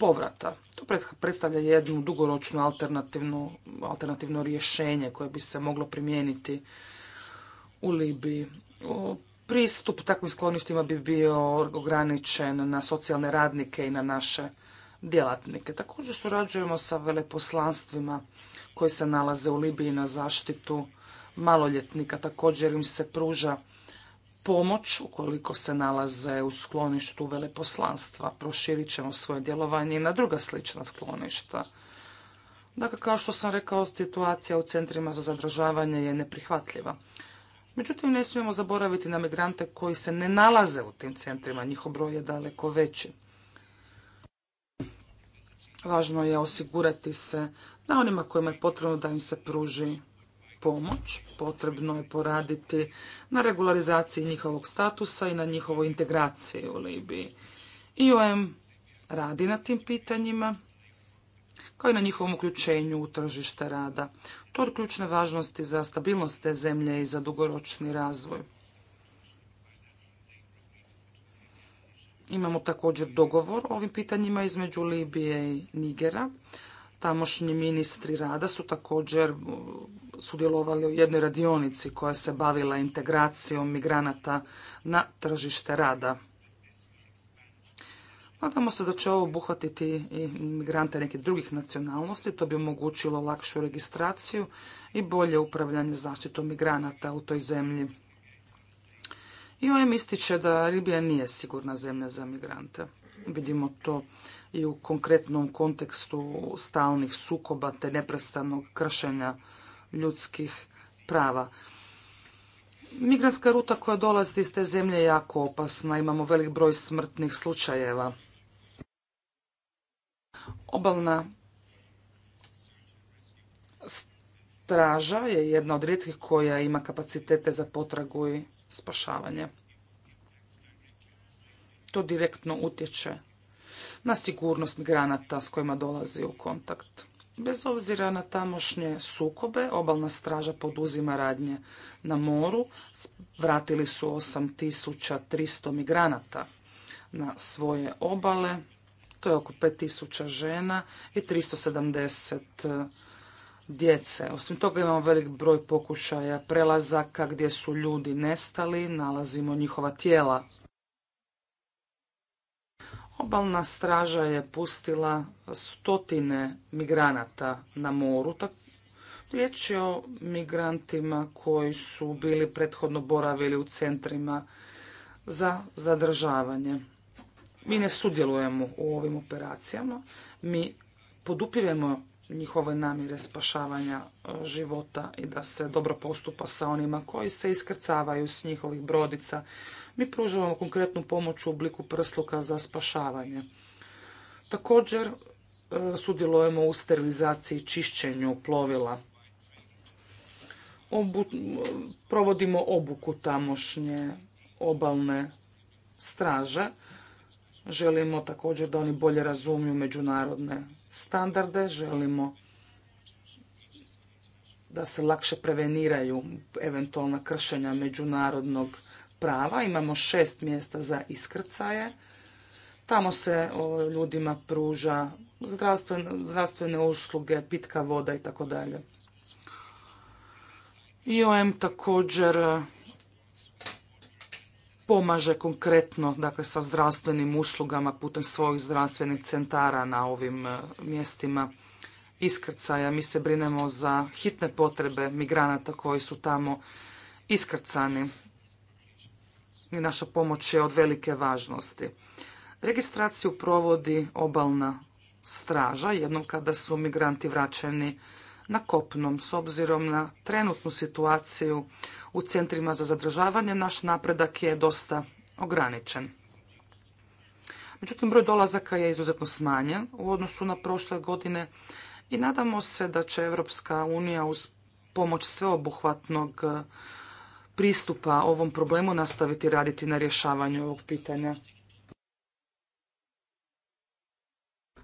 povrata. To predstavlja jednu dugoročnu alternativnu, alternativno rješenje koje bi se moglo primijeniti u Libiji. Pristup takvim skloništima bi bio ograničen na socijalne radnike i na naše djelatnike. Također surađujemo sa veleposlanstvima koji se nalaze u Libiji na zaštitu maloljetnika. Također im se pruža pomoć ukoliko se nalaze u skloništu veleposlanstva. Proširit ćemo svoje djelovanje i na druga slična skloništa. Dakle, kao što sam rekao, situacija u centrima za zadržavanje je neprihvatljiva. Međutim, ne smijemo zaboraviti na migrante koji se ne nalaze u tim centrima. Njihov broj je daleko veći. Važno je osigurati se na onima kojima je potrebno da im se pruži pomoć, potrebno je poraditi na regularizaciji njihovog statusa i na njihovoj integraciji u Libiji. IOM radi na tim pitanjima, kao i na njihovom uključenju u tržište rada. To je ključne važnosti za stabilnost te zemlje i za dugoročni razvoj. Imamo također dogovor o ovim pitanjima između Libije i Nigera. Tamošnji ministri rada su također sudjelovali u jednoj radionici koja se bavila integracijom migranata na tržište rada. Nadamo se da će ovo obuhvatiti i migrante nekih drugih nacionalnosti. To bi omogućilo lakšu registraciju i bolje upravljanje zaštitom migranata u toj zemlji. I OM ističe da Libija nije sigurna zemlja za migrante. Vidimo to i u konkretnom kontekstu stalnih sukoba te neprestanog kršenja ljudskih prava. Migrantska ruta koja dolazi iz te zemlje je jako opasna. Imamo velik broj smrtnih slučajeva. Obalna straža je jedna od rijetkih koja ima kapacitete za potragu i spašavanje. To direktno utječe na sigurnost migranata s kojima dolazi u kontakt. Bez obzira na tamošnje sukobe, obalna straža poduzima radnje na moru. Vratili su 8300 migranata na svoje obale. To je oko 5000 žena i 370 e, djece. Osim toga imamo velik broj pokušaja prelazaka gdje su ljudi nestali, nalazimo njihova tijela. Obalna straža je pustila stotine migranata na moru. Riječ je o migrantima koji su bili prethodno boravili u centrima za zadržavanje. Mi ne sudjelujemo u ovim operacijama, mi podupiremo njihove namjere spašavanja e, života i da se dobro postupa sa onima koji se iskrcavaju s njihovih brodica mi pružavamo konkretnu pomoć u obliku prsluka za spašavanje. Također e, sudjelujemo u sterilizaciji i čišćenju plovila. provodimo obuku tamošnje obalne straže. Želimo također da oni bolje razumiju međunarodne standarde. Želimo da se lakše preveniraju eventualna kršenja međunarodnog prava. Imamo šest mjesta za iskrcaje. Tamo se ljudima pruža zdravstvene, usluge, pitka voda i tako dalje. IOM također e, pomaže konkretno dakle, sa zdravstvenim uslugama putem svojih zdravstvenih centara na ovim e, mjestima iskrcaja. Mi se brinemo za hitne potrebe migranata koji su tamo iskrcani i naša pomoć je od velike važnosti. Registraciju provodi obalna straža jednom kada su migranti vraćeni na kopnom. S obzirom na trenutnu situaciju u centrima za zadržavanje, naš napredak je dosta ograničen. Međutim, broj dolazaka je izuzetno smanjen u odnosu na prošle godine i nadamo se da će Evropska unija uz pomoć sveobuhvatnog pristupa ovom problemu nastaviti raditi na rješavanju ovog pitanja.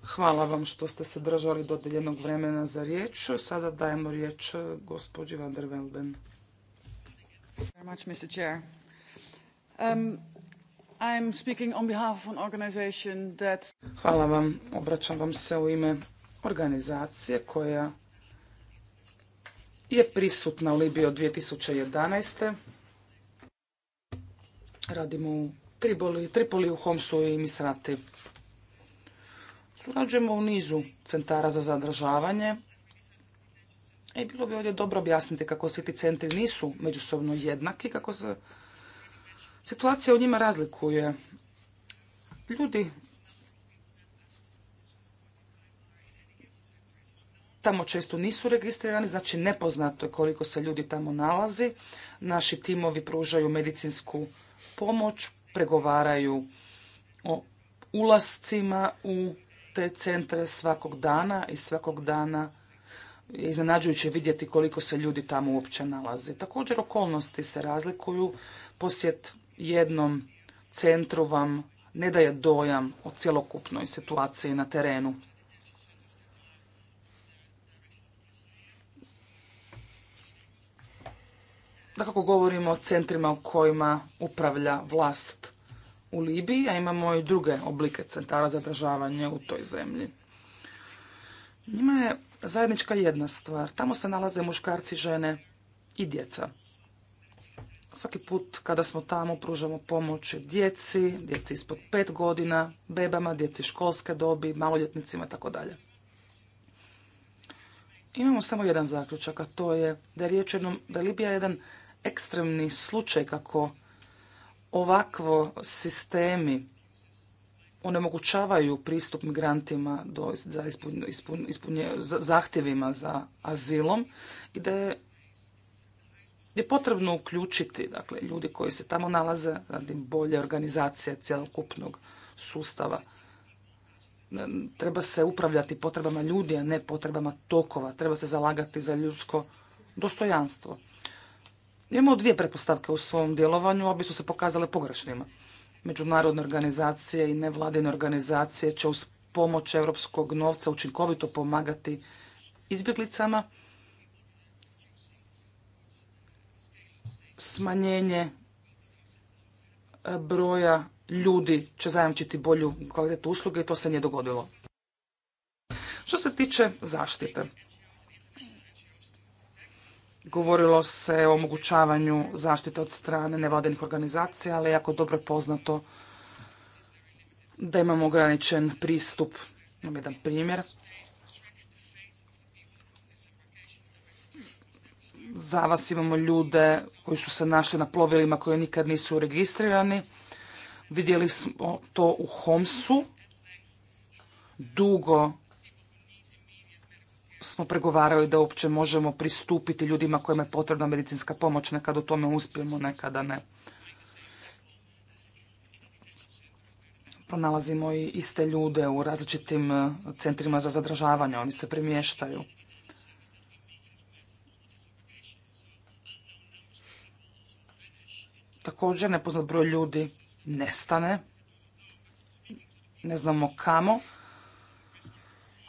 Hvala vam što ste se držali dodeljenog vremena za riječ. Sada dajemo riječ gospođi Van der Velden. Um, Hvala vam. Obraćam vam se u ime organizacije koja je prisutna u Libiji od 2011. Radimo u Triboli, Tripoli, u Homsu i Misrati. Surađujemo u nizu centara za zadržavanje. I bilo bi ovdje dobro objasniti kako svi ti centri nisu međusobno jednaki, kako se situacija u njima razlikuje. Ljudi tamo često nisu registrirani, znači nepoznato je koliko se ljudi tamo nalazi. Naši timovi pružaju medicinsku pomoć, pregovaraju o ulascima u te centre svakog dana i svakog dana je iznenađujuće vidjeti koliko se ljudi tamo uopće nalazi. Također okolnosti se razlikuju. Posjet jednom centru vam ne daje dojam o cjelokupnoj situaciji na terenu. da kako govorimo o centrima u kojima upravlja vlast u Libiji, a imamo i druge oblike centara za državanje u toj zemlji. Njima je zajednička jedna stvar. Tamo se nalaze muškarci, žene i djeca. Svaki put kada smo tamo pružamo pomoć djeci, djeci ispod pet godina, bebama, djeci školske dobi, maloljetnicima dalje. Imamo samo jedan zaključak, a to je da je riječ da Libija jedan ekstremni slučaj kako ovakvo sistemi onemogućavaju pristup migrantima do, za zahtjevima za azilom i da je, potrebno uključiti dakle, ljudi koji se tamo nalaze radi bolje organizacije cjelokupnog sustava. Treba se upravljati potrebama ljudi, a ne potrebama tokova. Treba se zalagati za ljudsko dostojanstvo. Imamo dvije pretpostavke u svom djelovanju, obje su se pokazale pogrešnima. Međunarodne organizacije i nevladine organizacije će uz pomoć europskog novca učinkovito pomagati izbjeglicama. Smanjenje e, broja ljudi će zajamčiti bolju kvalitetu usluge i to se nije dogodilo. Što se tiče zaštite, Govorilo se o omogućavanju zaštite od strane nevladinih organizacija, ali jako dobro je poznato da imamo ograničen pristup. Imam jedan primjer. Za vas imamo ljude koji su se našli na plovilima koji nikad nisu registrirani. Vidjeli smo to u Homsu. Dugo smo pregovarali da uopće možemo pristupiti ljudima kojima je potrebna medicinska pomoć. Nekad u tome uspijemo, nekada ne. Pronalazimo i iste ljude u različitim eh, centrima za zadržavanje. Oni se primještaju. Također, nepoznat broj ljudi nestane. Ne znamo kamo.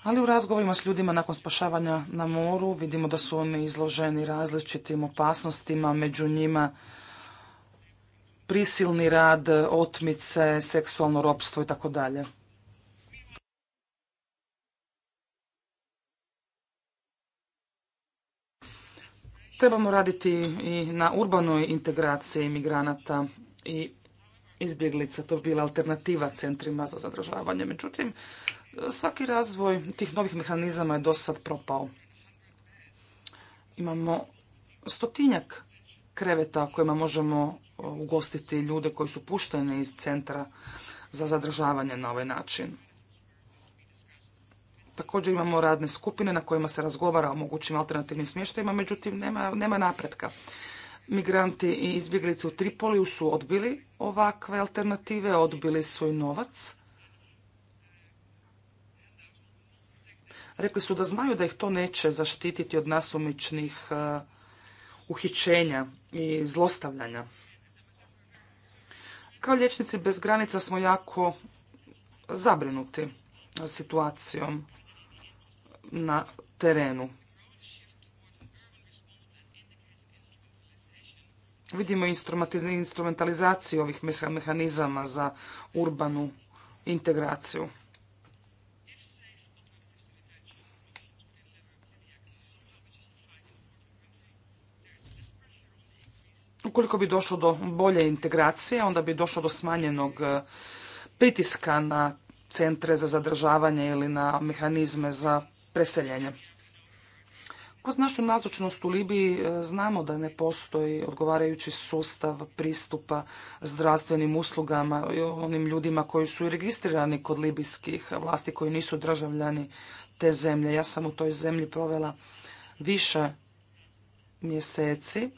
Ali u razgovorima s ljudima nakon spašavanja na moru vidimo da su oni izloženi različitim opasnostima, među njima prisilni rad, otmice, seksualno ropstvo i tako dalje. Trebamo raditi i na urbanoj integraciji migranata i izbjeglica. To je bila alternativa centrima za zadržavanje. Međutim, Svaki razvoj tih novih mehanizama je do sad propao. Imamo stotinjak kreveta kojima možemo e, ugostiti ljude koji su pušteni iz centra za zadržavanje na ovaj način. Također imamo radne skupine na kojima se razgovara o mogućim alternativnim smještajima, međutim nema, nema napretka. Migranti i izbjeglice u Tripoliju su odbili ovakve alternative, odbili su i novac. Rekli su da znaju da ih to neće zaštititi od nasumičnih e, uhićenja i zlostavljanja. Kao liječnici bez granica smo jako zabrinuti situacijom na terenu. Vidimo instrumentalizaciju ovih mehanizama za urbanu integraciju. Ukoliko bi došlo do bolje integracije, onda bi došlo do smanjenog e, pritiska na centre za zadržavanje ili na mehanizme za preseljenje. Kroz našu nazočnost u Libiji e, znamo da ne postoji odgovarajući sustav pristupa zdravstvenim uslugama i onim ljudima koji su registrirani kod libijskih vlasti koji nisu državljani te zemlje. Ja sam u toj zemlji provela više mjeseci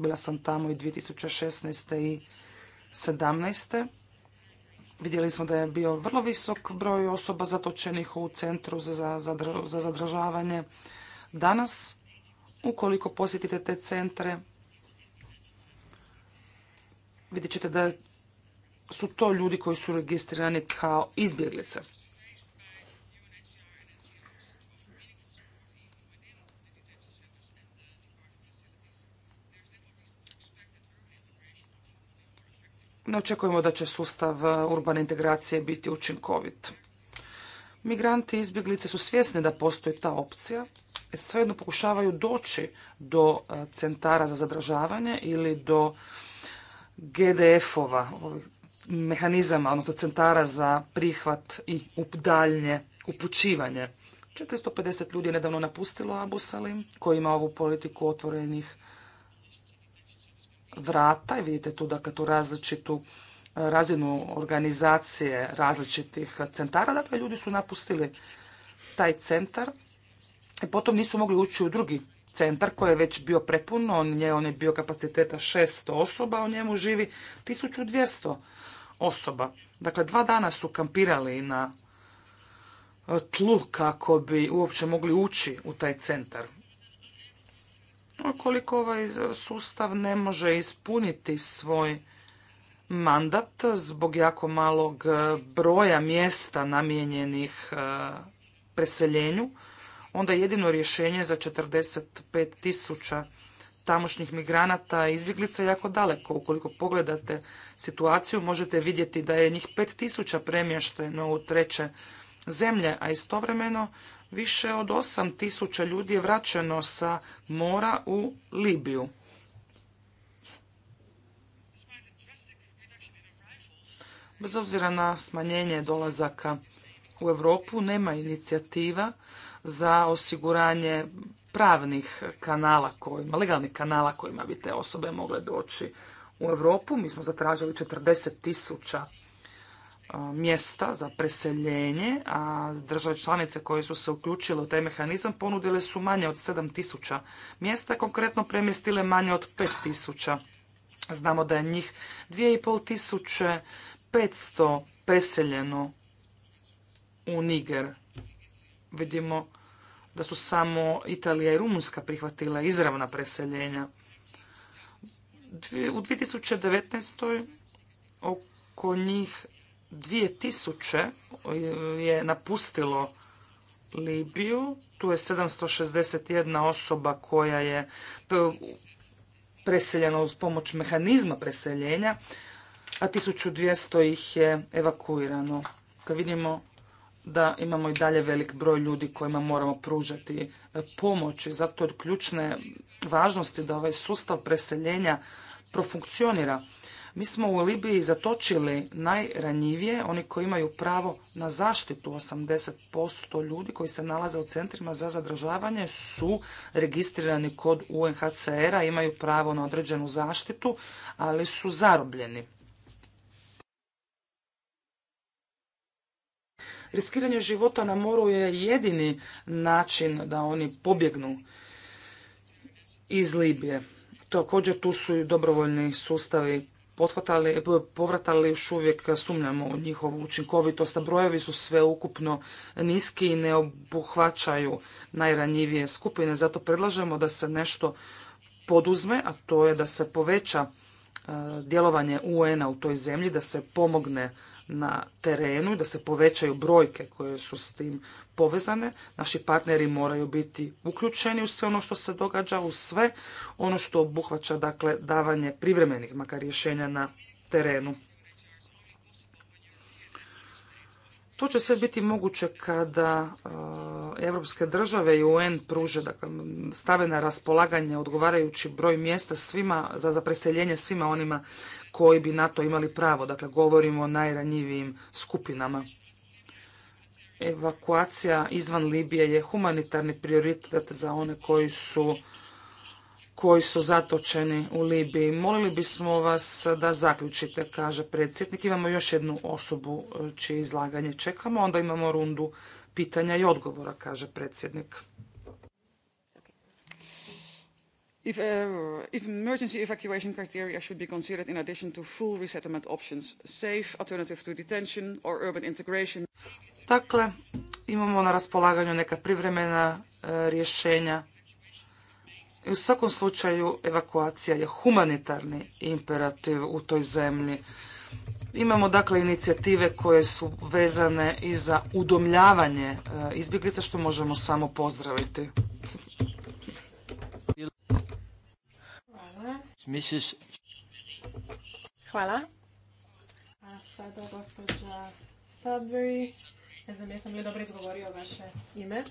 bila sam tamo i 2016. i 2017. Vidjeli smo da je bio vrlo visok broj osoba zatočenih u centru za, zadržavanje. Danas, ukoliko posjetite te centre, vidjet ćete da su to ljudi koji su registrirani kao izbjeglice. Ne očekujemo da će sustav e, urbane integracije biti učinkovit. Migranti i izbjeglice su svjesni da postoji ta opcija, svejedno pokušavaju doći do e, centara za zadržavanje ili do GDF-ova, mehanizama, odnosno centara za prihvat i daljnje upućivanje. 450 ljudi je nedavno napustilo Abu koji ima ovu politiku otvorenih vrata i vidite tu dakle tu različitu e, razinu organizacije različitih centara. Dakle, ljudi su napustili taj centar i potom nisu mogli ući u drugi centar koji je već bio prepun. On je, on je bio kapaciteta 600 osoba, u njemu živi 1200 osoba. Dakle, dva dana su kampirali na e, tlu kako bi uopće mogli ući u taj centar. Koliko ovaj sustav ne može ispuniti svoj mandat zbog jako malog e, broja mjesta namijenjenih e, preseljenju, onda jedino rješenje za 45 tisuća tamošnjih migranata i izbjeglica jako daleko. Ukoliko pogledate situaciju, možete vidjeti da je njih tisuća premješteno u treće zemlje, a istovremeno Više od tisuća ljudi je vraćeno sa mora u Libiju. Bez obzira na smanjenje dolazaka u Europu nema inicijativa za osiguranje pravnih kanala kojima, legalnih kanala kojima bi te osobe mogle doći u Europu. Mi smo zatražili 40 tisuća mjesta za preseljenje, a države članice koje su se uključile u taj mehanizam ponudile su manje od 7000 mjesta, konkretno premjestile manje od 5000. Znamo da je njih 2500 preseljeno u Niger. Vidimo da su samo Italija i Rumunska prihvatila izravna preseljenja. U 2019. oko njih 2000 eh, je napustilo Libiju. Tu je 761 osoba koja je preseljena uz pomoć mehanizma preseljenja, a 1200 ih je evakuirano. Kad vidimo da imamo i dalje velik broj ljudi kojima moramo pružati eh, pomoć i zato je od ključne važnosti da ovaj sustav preseljenja profunkcionira mi smo u Libiji zatočili najranjivije, oni koji imaju pravo na zaštitu. 80% ljudi koji se nalaze u centrima za zadržavanje su registrirani kod UNHCR-a, imaju pravo na određenu zaštitu, ali su zarobljeni. Riskiranje života na moru je jedini način da oni pobjegnu iz Libije. Također tu su i dobrovoljni sustavi pothvatali, povratali još uvijek sumnjamo u njihovu učinkovitost, brojevi su sve ukupno niski i ne obuhvaćaju najranjivije skupine. Zato predlažemo da se nešto poduzme, a to je da se poveća e, djelovanje UN-a u toj zemlji, da se pomogne na terenu da se povećaju brojke koje su s tim povezane. Naši partneri moraju biti uključeni u sve ono što se događa, u sve ono što obuhvaća dakle, davanje privremenih makar rješenja na terenu. To će sve biti moguće kada e, evropske države i UN pruže, dakle, stave na raspolaganje odgovarajući broj mjesta svima, za, za preseljenje svima onima koji bi na to imali pravo. Dakle, govorimo o najranjivijim skupinama. Evakuacija izvan Libije je humanitarni prioritet za one koji su koji su zatočeni u Libiji. Molili bismo vas da zaključite, kaže predsjednik. Imamo još jednu osobu e, čije izlaganje čekamo, onda imamo rundu pitanja i odgovora, kaže predsjednik. If, uh, if emergency evacuation criteria should be considered in addition to full resettlement options, safe alternative to detention or urban integration. Dakle, imamo na raspolaganju neka privremena e, rješenja. I u svakom slučaju evakuacija je humanitarni imperativ u toj zemlji. Imamo dakle inicijative koje su vezane i za udomljavanje e, izbjeglica što možemo samo pozdraviti. Hvala. Hvala. A sada gospođa Sudbury. Ne znam, jesam li dobro izgovorio vaše ime.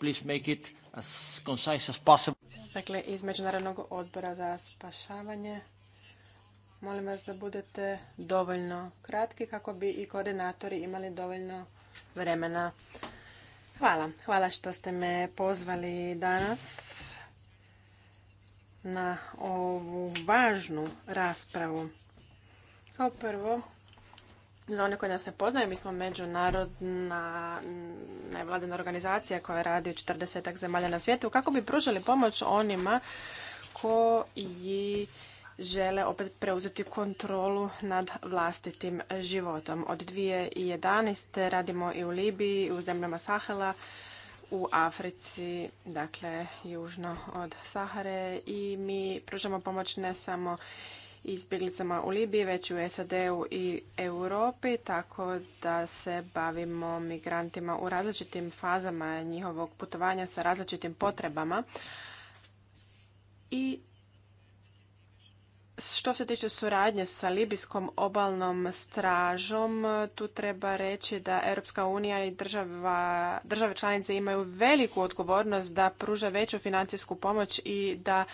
please make it as concise as possible. Dakle, iz Međunarodnog odbora za spašavanje. Molim vas da budete dovoljno kratki kako bi i koordinatori imali dovoljno vremena. Hvala. Hvala što ste me pozvali danas na ovu važnu raspravu. Kao prvo, za one koji nas ne poznaju, mi smo međunarodna nevladina organizacija koja radi u 40 zemalja na svijetu kako bi pružili pomoć onima koji žele opet preuzeti kontrolu nad vlastitim životom. Od 2011. radimo i u Libiji, i u zemljama Sahela, u Africi, dakle južno od Sahare i mi pružamo pomoć ne samo izbjeglicama u Libiji, već u SAD-u i Europi, tako da se bavimo migrantima u različitim fazama njihovog putovanja sa različitim potrebama i što se tiče suradnje sa Libijskom obalnom stražom, tu treba reći da Europska unija i država, države članice imaju veliku odgovornost da pruža veću financijsku pomoć i da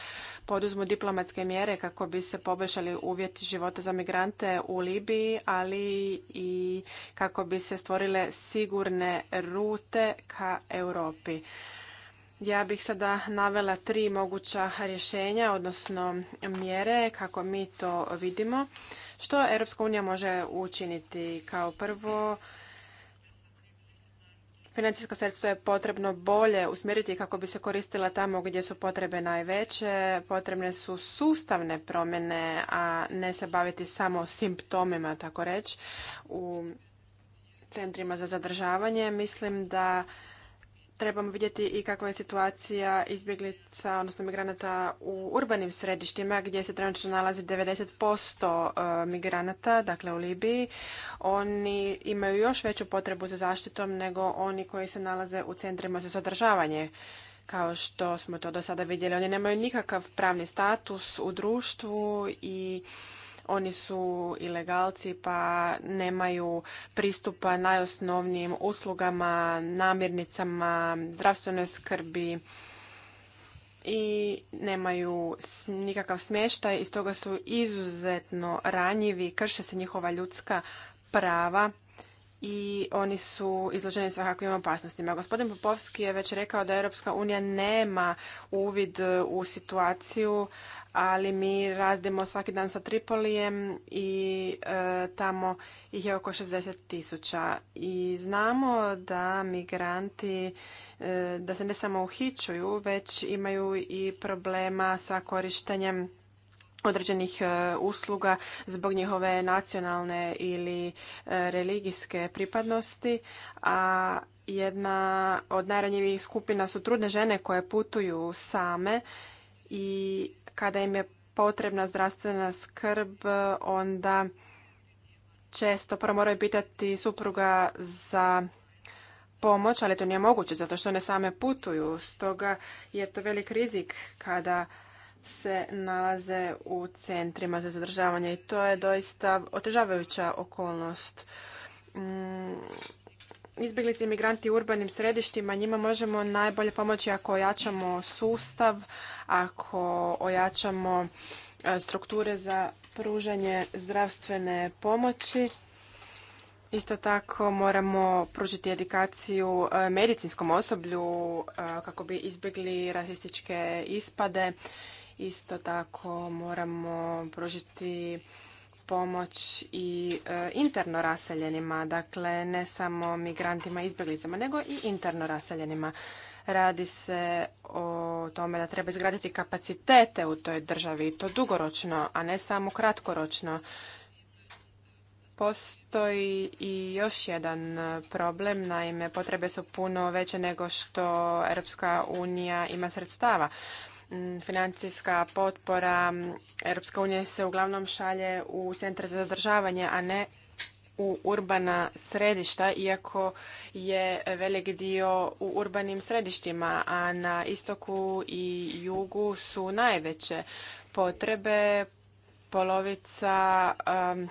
poduzmu diplomatske mjere kako bi se poboljšali uvjeti života za migrante u Libiji, ali i kako bi se stvorile sigurne rute ka Europi. Ja bih sada navela tri moguća rješenja, odnosno mjere, kako mi to vidimo. Što Europska unija može učiniti? Kao prvo, financijska sredstva je potrebno bolje usmjeriti kako bi se koristila tamo gdje su potrebe najveće. Potrebne su sustavne promjene, a ne se baviti samo simptomima, tako reći. U centrima za zadržavanje mislim da trebamo vidjeti i kakva je situacija izbjeglica, odnosno migranata u urbanim središtima gdje se trenutno nalazi 90% e, migranata, dakle u Libiji. Oni imaju još veću potrebu za zaštitom nego oni koji se nalaze u centrima za zadržavanje. Kao što smo to do sada vidjeli, oni nemaju nikakav pravni status u društvu i oni su ilegalci pa nemaju pristupa najosnovnijim uslugama, namirnicama, zdravstvenoj skrbi i nemaju nikakav smještaj i stoga su izuzetno ranjivi, krše se njihova ljudska prava i oni su izloženi svakakvim opasnostima. Gospodin Popovski je već rekao da Europska unija nema uvid u situaciju, ali mi razdimo svaki dan sa Tripolijem i e, tamo ih je oko 60 tisuća. I znamo da migranti, e, da se ne samo uhićuju, već imaju i problema sa korištenjem određenih e, usluga zbog njihove nacionalne ili e, religijske pripadnosti, a jedna od najranjivijih skupina su trudne žene koje putuju same i kada im je potrebna zdravstvena skrb, onda često prvo moraju pitati supruga za pomoć, ali to nije moguće zato što one same putuju. Stoga je to velik rizik kada se nalaze u centrima za zadržavanje i to je doista otežavajuća okolnost. Mm, izbjeglice imigranti u urbanim središtima, njima možemo najbolje pomoći ako ojačamo sustav, ako ojačamo e, strukture za pružanje zdravstvene pomoći. Isto tako moramo pružiti edukaciju e, medicinskom osoblju e, kako bi izbjegli rasističke ispade Isto tako moramo pružiti pomoć i e, interno raseljenima, dakle ne samo migrantima i izbjeglicama, nego i interno raseljenima. Radi se o tome da treba izgraditi kapacitete u toj državi i to dugoročno, a ne samo kratkoročno. Postoji i još jedan problem, naime potrebe su puno veće nego što Europska unija ima sredstava. Mm, financijska potpora mm, Europska unija se uglavnom šalje u centre za zadržavanje, a ne u urbana središta, iako je velik dio u urbanim središtima, a na istoku i jugu su najveće potrebe. Polovica mm,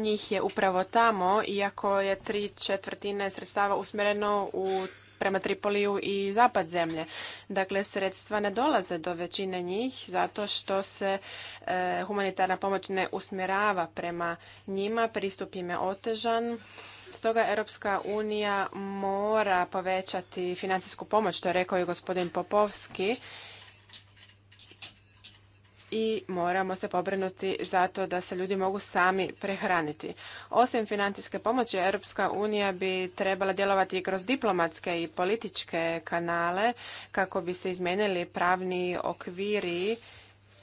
njih je upravo tamo, iako je tri četvrtine sredstava usmjereno u prema Tripoliju i zapad zemlje. Dakle, sredstva ne dolaze do većine njih zato što se e, humanitarna pomoć ne usmjerava prema njima, pristup im je otežan. Stoga Europska unija mora povećati financijsku pomoć, to je rekao i gospodin Popovski i moramo se pobrinuti za to da se ljudi mogu sami prehraniti. Osim financijske pomoći, Europska unija bi trebala djelovati i kroz diplomatske i političke kanale kako bi se izmijenili pravni okviri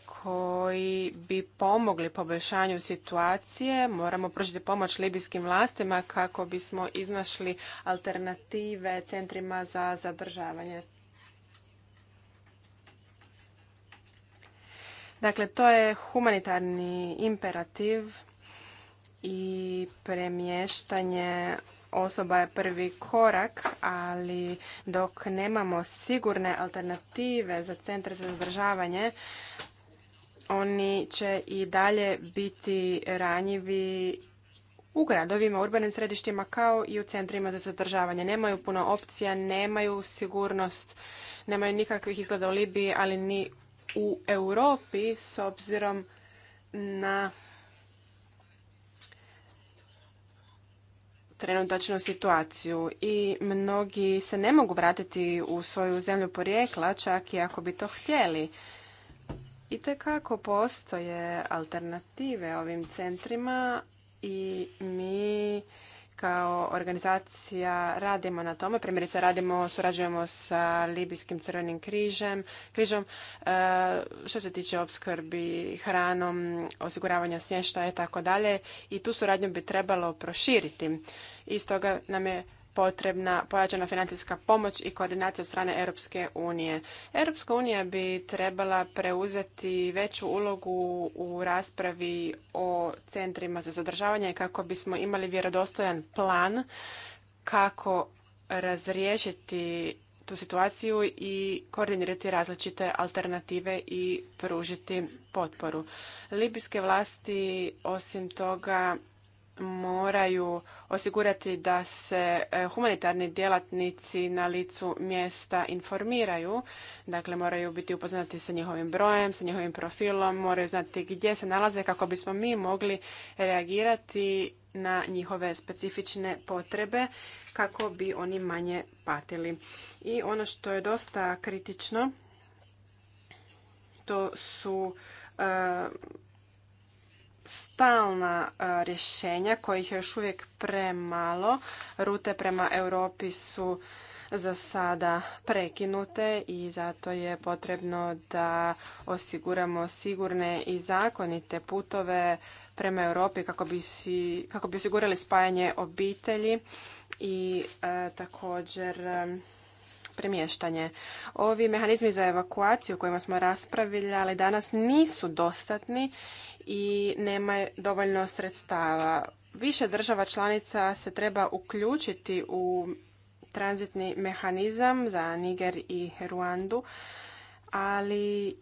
koji bi pomogli poboljšanju situacije. Moramo pružiti pomoć libijskim vlastima kako bismo iznašli alternative centrima za zadržavanje Dakle, to je humanitarni imperativ i premještanje osoba je prvi korak, ali dok nemamo sigurne alternative za centre za zadržavanje, oni će i dalje biti ranjivi u gradovima, urbanim središtima kao i u centrima za zadržavanje. Nemaju puno opcija, nemaju sigurnost, nemaju nikakvih izgleda u Libiji, ali ni u Europi s obzirom na trenutačnu situaciju i mnogi se ne mogu vratiti u svoju zemlju porijekla čak i ako bi to htjeli. I kako postoje alternative ovim centrima i mi kao organizacija radimo na tome. Primjerice radimo, surađujemo sa Libijskim crvenim križem, križom e, što se tiče opskrbi hranom, osiguravanja smještaja i tako dalje. I tu suradnju bi trebalo proširiti. I stoga nam je potrebna pojačana financijska pomoć i koordinacija od strane Europske unije. Europska unija bi trebala preuzeti veću ulogu u raspravi o centrima za zadržavanje kako bismo imali vjerodostojan plan kako razriješiti tu situaciju i koordinirati različite alternative i pružiti potporu. Libijske vlasti osim toga moraju osigurati da se e, humanitarni djelatnici na licu mjesta informiraju. Dakle, moraju biti upoznati sa njihovim brojem, sa njihovim profilom, moraju znati gdje se nalaze kako bismo mi mogli reagirati na njihove specifične potrebe kako bi oni manje patili. I ono što je dosta kritično, to su e, stalna rješenja kojih je još uvijek premalo. Rute prema Europi su za sada prekinute i zato je potrebno da osiguramo sigurne i zakonite putove prema Europi kako bi, si, kako bi osigurali spajanje obitelji i također premještanje. Ovi mehanizmi za evakuaciju o kojima smo raspravljali danas nisu dostatni i nema dovoljno sredstava. Više država članica se treba uključiti u tranzitni mehanizam za Niger i Ruandu, ali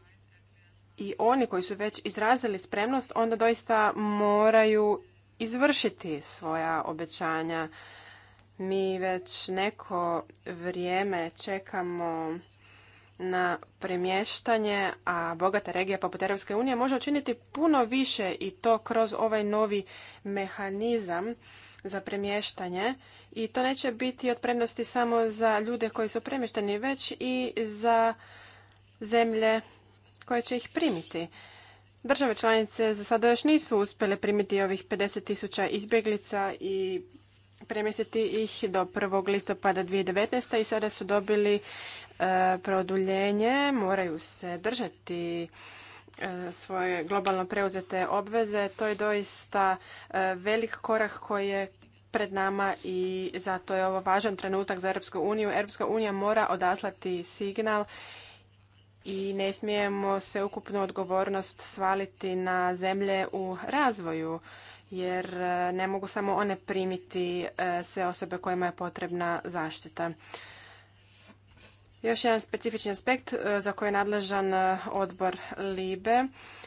i oni koji su već izrazili spremnost onda doista moraju izvršiti svoja obećanja mi već neko vrijeme čekamo na premještanje, a bogata regija poput Europske unije može učiniti puno više i to kroz ovaj novi mehanizam za premještanje i to neće biti od samo za ljude koji su premješteni, već i za zemlje koje će ih primiti. Države članice za sada još nisu uspjele primiti ovih 50 tisuća izbjeglica i premjestiti ih do 1. listopada 2019. i sada su dobili e, produljenje, moraju se držati e, svoje globalno preuzete obveze. To je doista e, velik korak koji je pred nama i zato je ovo važan trenutak za Europsku uniju. Europska unija mora odaslati signal i ne smijemo se ukupnu odgovornost svaliti na zemlje u razvoju jer e, ne mogu samo one primiti e, sve osobe kojima je potrebna zaštita. Još jedan specifični aspekt e, za koji je nadležan odbor LIBE.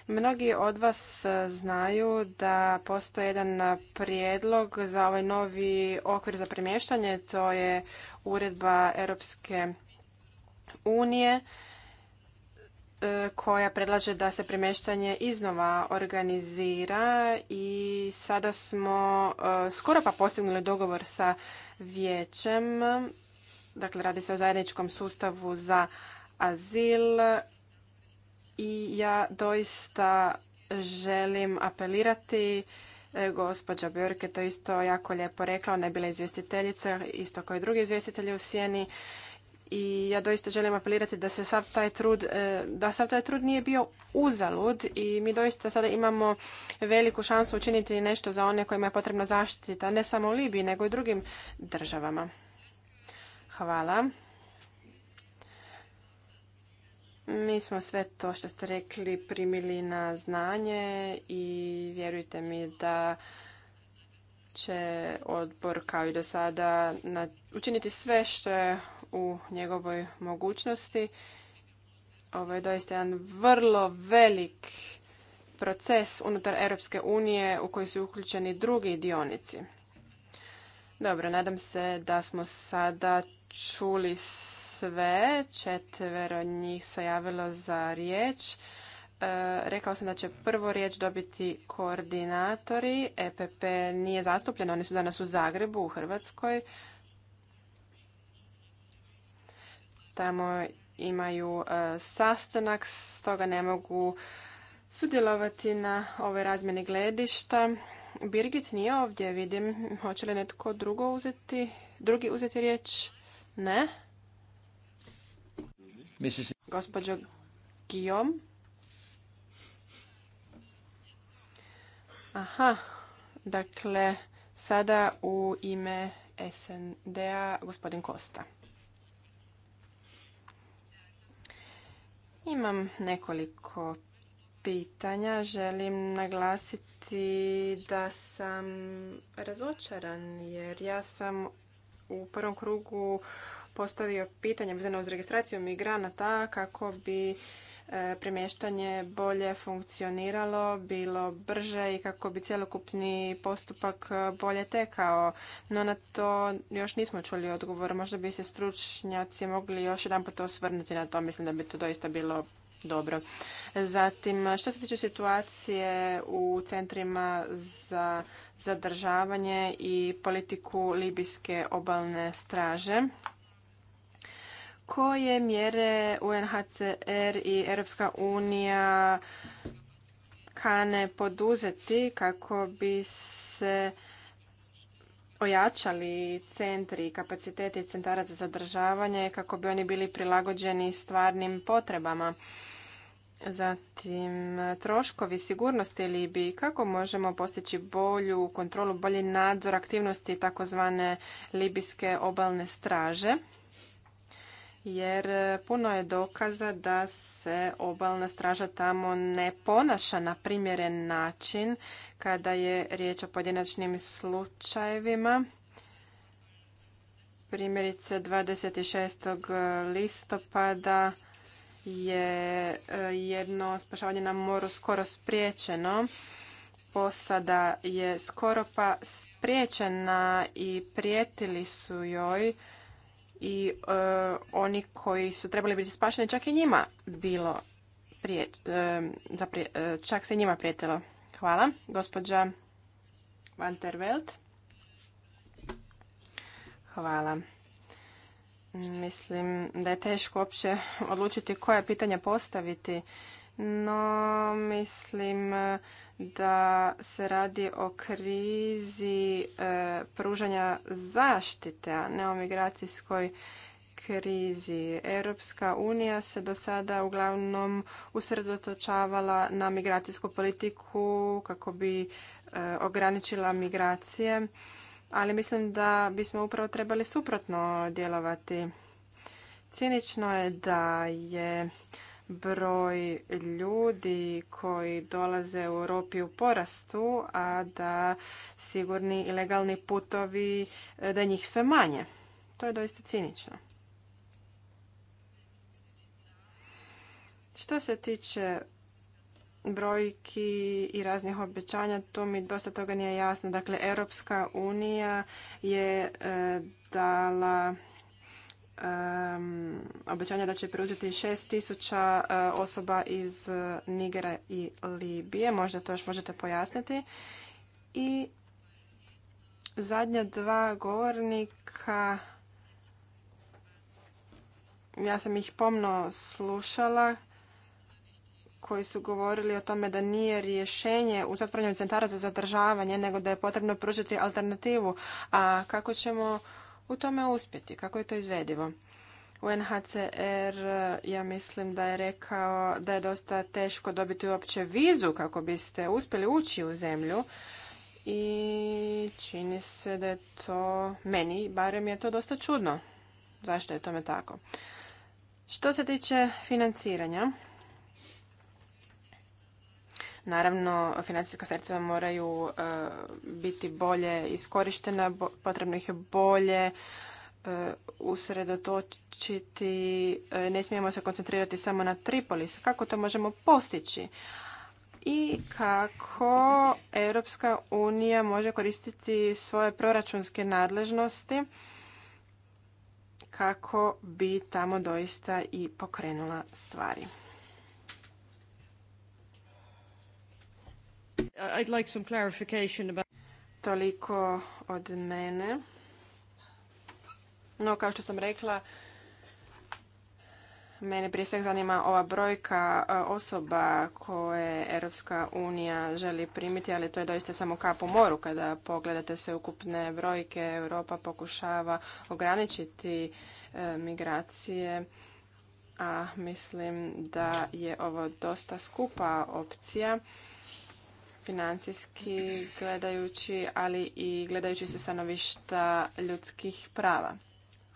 Mnogi od vas znaju da postoji jedan prijedlog za ovaj novi okvir za premještanje, to je uredba Europske unije koja predlaže da se premještanje iznova organizira i sada smo e, skoro pa postignuli dogovor sa vijećem. Dakle, radi se o zajedničkom sustavu za azil i ja doista želim apelirati e, Gospođa Björk je to isto jako lijepo rekla, ona je bila izvjestiteljica, isto kao i drugi izvjestitelji u Sjeni i ja doista želim apelirati da se sav taj trud, e, da sav taj trud nije bio uzalud i mi doista sada imamo veliku šansu učiniti nešto za one kojima je potrebna zaštita, ne samo u Libiji, nego i drugim državama. Hvala. Mi smo sve to što ste rekli primili na znanje i vjerujte mi da će odbor kao i do sada učiniti sve što je u njegovoj mogućnosti. Ovo je doista jedan vrlo velik proces unutar Europske unije u koji su uključeni drugi dionici. Dobro, nadam se da smo sada čuli sve. Četvero njih se javilo za riječ. E, rekao sam da će prvo riječ dobiti koordinatori. EPP nije zastupljeno, oni su danas u Zagrebu, u Hrvatskoj. tamo imaju e, sastanak, stoga ne mogu sudjelovati na ovoj razmjeni gledišta. Birgit nije ovdje, vidim. Hoće li netko drugo uzeti, drugi uzeti riječ? Ne. Gospođo Gijom? Aha, dakle, sada u ime SND-a gospodin Kosta. Imam nekoliko pitanja. Želim naglasiti da sam razočaran jer ja sam u prvom krugu postavio pitanje vezano uz registraciju migranata kako bi E, premještanje bolje funkcioniralo, bilo brže i kako bi cjelokupni postupak e, bolje tekao. No na to još nismo čuli odgovor. Možda bi se stručnjaci mogli još jedan pot osvrnuti na to. Mislim da bi to doista bilo dobro. Zatim, što se tiče situacije u centrima za zadržavanje i politiku Libijske obalne straže, koje mjere UNHCR i Europska unija kane poduzeti kako bi se ojačali centri i kapaciteti centara za zadržavanje kako bi oni bili prilagođeni stvarnim potrebama. Zatim, troškovi sigurnosti Libiji, kako možemo postići bolju kontrolu, bolji nadzor aktivnosti takozvane libijske obalne straže jer e, puno je dokaza da se obalna straža tamo ne ponaša na primjeren način kada je riječ o pojedinačnim slučajevima. Primjerice 26. listopada je e, jedno spašavanje na moru skoro spriječeno. Posada je skoro pa spriječena i prijetili su joj i e, oni koji su trebali biti spašeni, čak i njima bilo prije, e, e, čak se njima prijetilo. Hvala. Gospođa Van Hvala. Mislim da je teško uopće odlučiti koja pitanja postaviti no mislim e, da se radi o krizi e, pružanja zaštite, a ne o migracijskoj krizi. Europska unija se do sada uglavnom usredotočavala na migracijsku politiku kako bi e, ograničila migracije, ali mislim da bismo upravo trebali suprotno djelovati. Cinično je da je broj ljudi koji dolaze u Europi u porastu, a da sigurni i legalni putovi, e, da njih sve manje. To je doista cinično. Što se tiče brojki i raznih obećanja, to mi dosta toga nije jasno. Dakle, Europska unija je e, dala obećanja da će preuzeti 6000 e, osoba iz e, Nigera i Libije. Možda to još možete pojasniti. I zadnja dva govornika, ja sam ih pomno slušala, koji su govorili o tome da nije rješenje u zatvaranju centara za zadržavanje, nego da je potrebno pružiti alternativu. A kako ćemo u tome uspjeti? Kako je to izvedivo? UNHCR ja mislim da je rekao da je dosta teško dobiti uopće vizu kako biste uspjeli ući u zemlju i čini se da je to meni, barem je to dosta čudno. Zašto je tome tako? Što se tiče financiranja, Naravno, financijska sredstva moraju e, biti bolje iskorištena, potrebno ih je bolje e, usredotočiti, e, ne smijemo se koncentrirati samo na Tripolis. Kako to možemo postići? I kako Europska unija može koristiti svoje proračunske nadležnosti kako bi tamo doista i pokrenula stvari. I'd some clarification Toliko od mene. No, kao što sam rekla, mene prije svega zanima ova brojka e, osoba koje Europska unija želi primiti, ali to je doista samo kap u moru. Kada pogledate sve ukupne brojke, Europa pokušava ograničiti e, migracije, a mislim da je ovo dosta skupa opcija financijski gledajući, ali i gledajući se stanovišta ljudskih prava.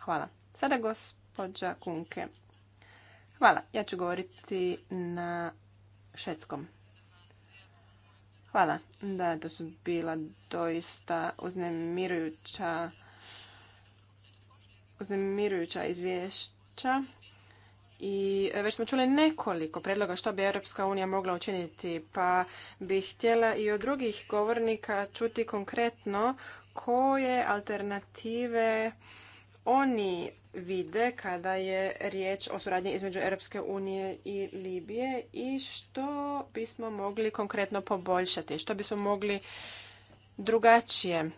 Hvala. Sada gospođa Kunke. Hvala. Ja ću govoriti na švedskom. Hvala. Da, to su bila doista uznemirujuća uznemirujuća izvješća i e, već smo čuli nekoliko predloga što bi Europska unija mogla učiniti, pa bih htjela i od drugih govornika čuti konkretno koje alternative oni vide kada je riječ o suradnji između Europske unije i Libije i što bismo mogli konkretno poboljšati, što bismo mogli drugačije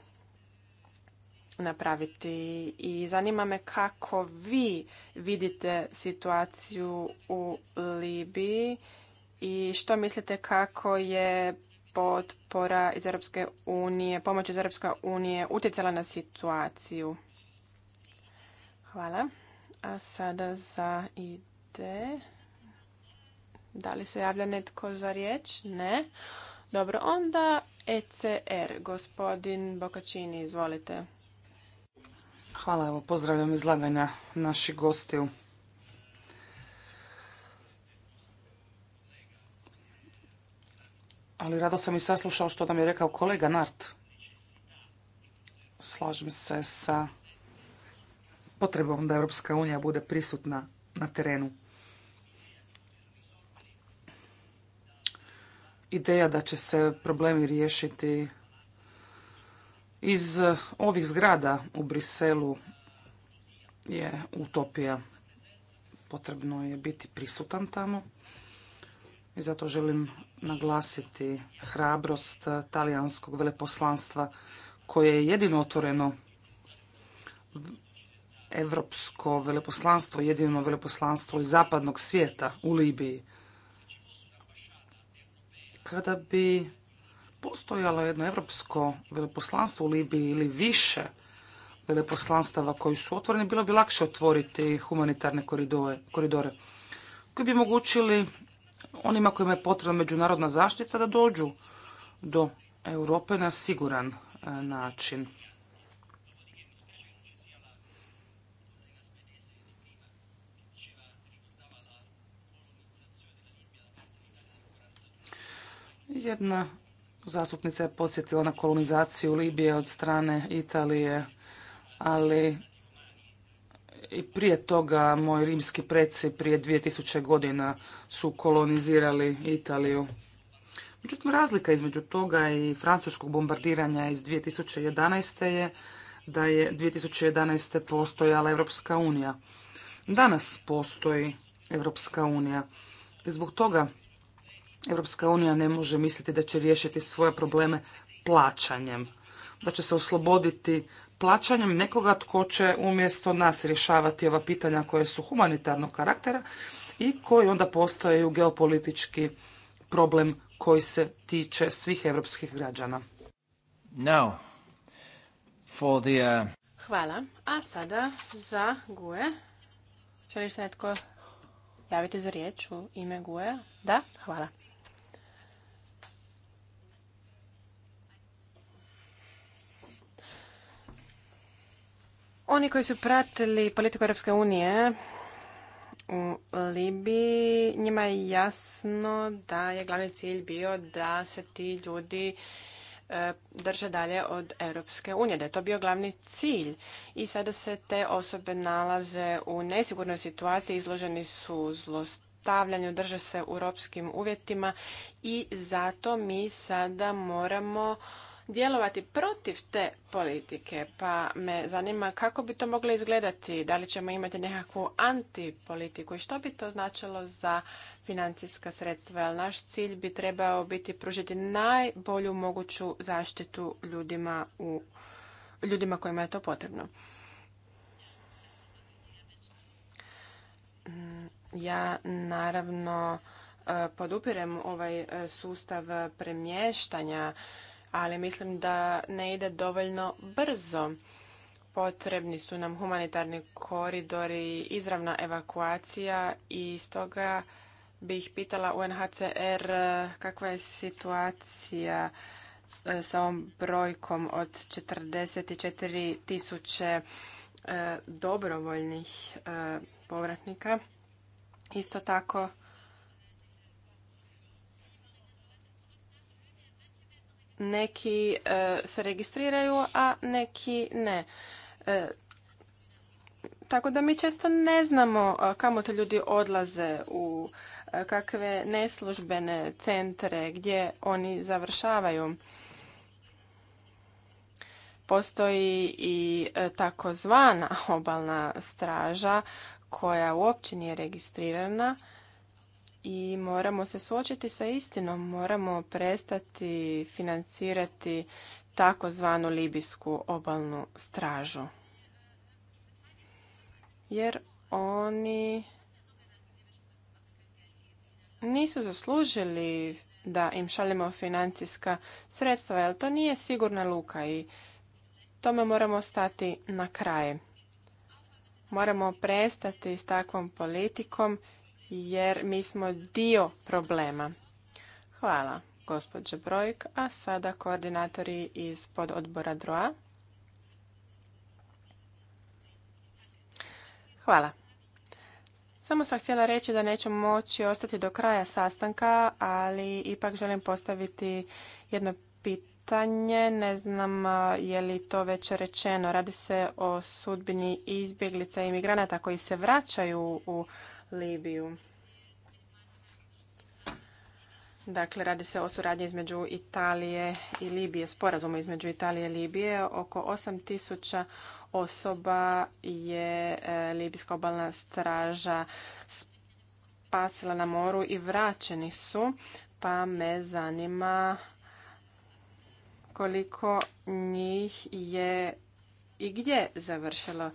napraviti. I zanima me kako vi vidite situaciju u Libiji i što mislite kako je potpora iz Europske unije, pomoć iz Europske unije utjecala na situaciju. Hvala. A sada za ide. Da li se javlja netko za riječ? Ne. Dobro, onda ECR. Gospodin Bokačini, izvolite. Hvala, evo pozdravljam izlaganja naših gostiju. Ali rado sam i saslušao što nam je rekao kolega Nart. Slažem se sa potrebom da Europska unija bude prisutna na terenu. Ideja da će se problemi riješiti iz eh, ovih zgrada u Briselu je utopija. Potrebno je biti prisutan tamo i zato želim naglasiti hrabrost eh, talijanskog veleposlanstva koje je jedino otvoreno evropsko veleposlanstvo, jedino veleposlanstvo iz zapadnog svijeta u Libiji. Kada bi postojalo jedno evropsko veleposlanstvo u Libiji ili više veleposlanstava koji su otvoreni, bilo bi lakše otvoriti humanitarne koridore, koridore koji bi omogućili onima kojima je potrebna međunarodna zaštita da dođu do Europe na siguran e, način. Jedna Zastupnica je podsjetila na kolonizaciju Libije od strane Italije, ali i prije toga moji rimski preci prije 2000 godina su kolonizirali Italiju. Međutim, razlika između toga i francuskog bombardiranja iz 2011. je da je 2011. postojala Europska unija. Danas postoji Europska unija. I zbog toga Europska unija ne može misliti da će riješiti svoje probleme plaćanjem. Da će se osloboditi plaćanjem nekoga tko će umjesto nas rješavati ova pitanja koje su humanitarnog karaktera i koji onda postaju geopolitički problem koji se tiče svih europskih građana. For the, uh... Hvala. A sada za GUE. Želiš se netko javiti za riječ u ime GUE? Da, hvala. Oni koji su pratili politiku Europske unije u Libiji, njima je jasno da je glavni cilj bio da se ti ljudi e, drže dalje od Europske unije, da je to bio glavni cilj. I sada se te osobe nalaze u nesigurnoj situaciji, izloženi su zlostavljanju, drže se u Europskim uvjetima i zato mi sada moramo djelovati protiv te politike, pa me zanima kako bi to moglo izgledati, da li ćemo imati nekakvu antipolitiku i što bi to značilo za financijska sredstva, jer naš cilj bi trebao biti pružiti najbolju moguću zaštitu ljudima, u, ljudima kojima je to potrebno. Mm, ja naravno eh, podupirem ovaj eh, sustav eh, premještanja ali mislim da ne ide dovoljno brzo. Potrebni su nam humanitarni koridori, izravna evakuacija i stoga bih pitala UNHCR eh, kakva je situacija eh, sa ovom brojkom od 44 tisuće eh, dobrovoljnih povratnika. Isto tako neki e, se registriraju, a neki ne. E, tako da mi često ne znamo e, kamo te ljudi odlaze u kakve neslužbene centre gdje oni završavaju. Postoji i takozvana obalna straža koja uopće nije registrirana i moramo se suočiti sa istinom, moramo prestati financirati takozvanu libijsku obalnu stražu. Jer oni nisu zaslužili da im šaljemo financijska sredstva, jer to nije sigurna luka i tome moramo stati na kraj. Moramo prestati s takvom politikom jer mi smo dio problema. Hvala, gospođo Brojk, a sada koordinatori iz pododbora DROA. Hvala. Samo sam htjela reći da neću moći ostati do kraja sastanka, ali ipak želim postaviti jedno pitanje. Ne znam je li to već rečeno. Radi se o sudbini izbjeglica i imigranata koji se vraćaju u Libiju. Dakle, radi se o suradnji između Italije i Libije, sporazumu između Italije i Libije. Oko 8000 osoba je e, Libijska obalna straža spasila na moru i vraćeni su, pa me zanima koliko njih je i gdje završilo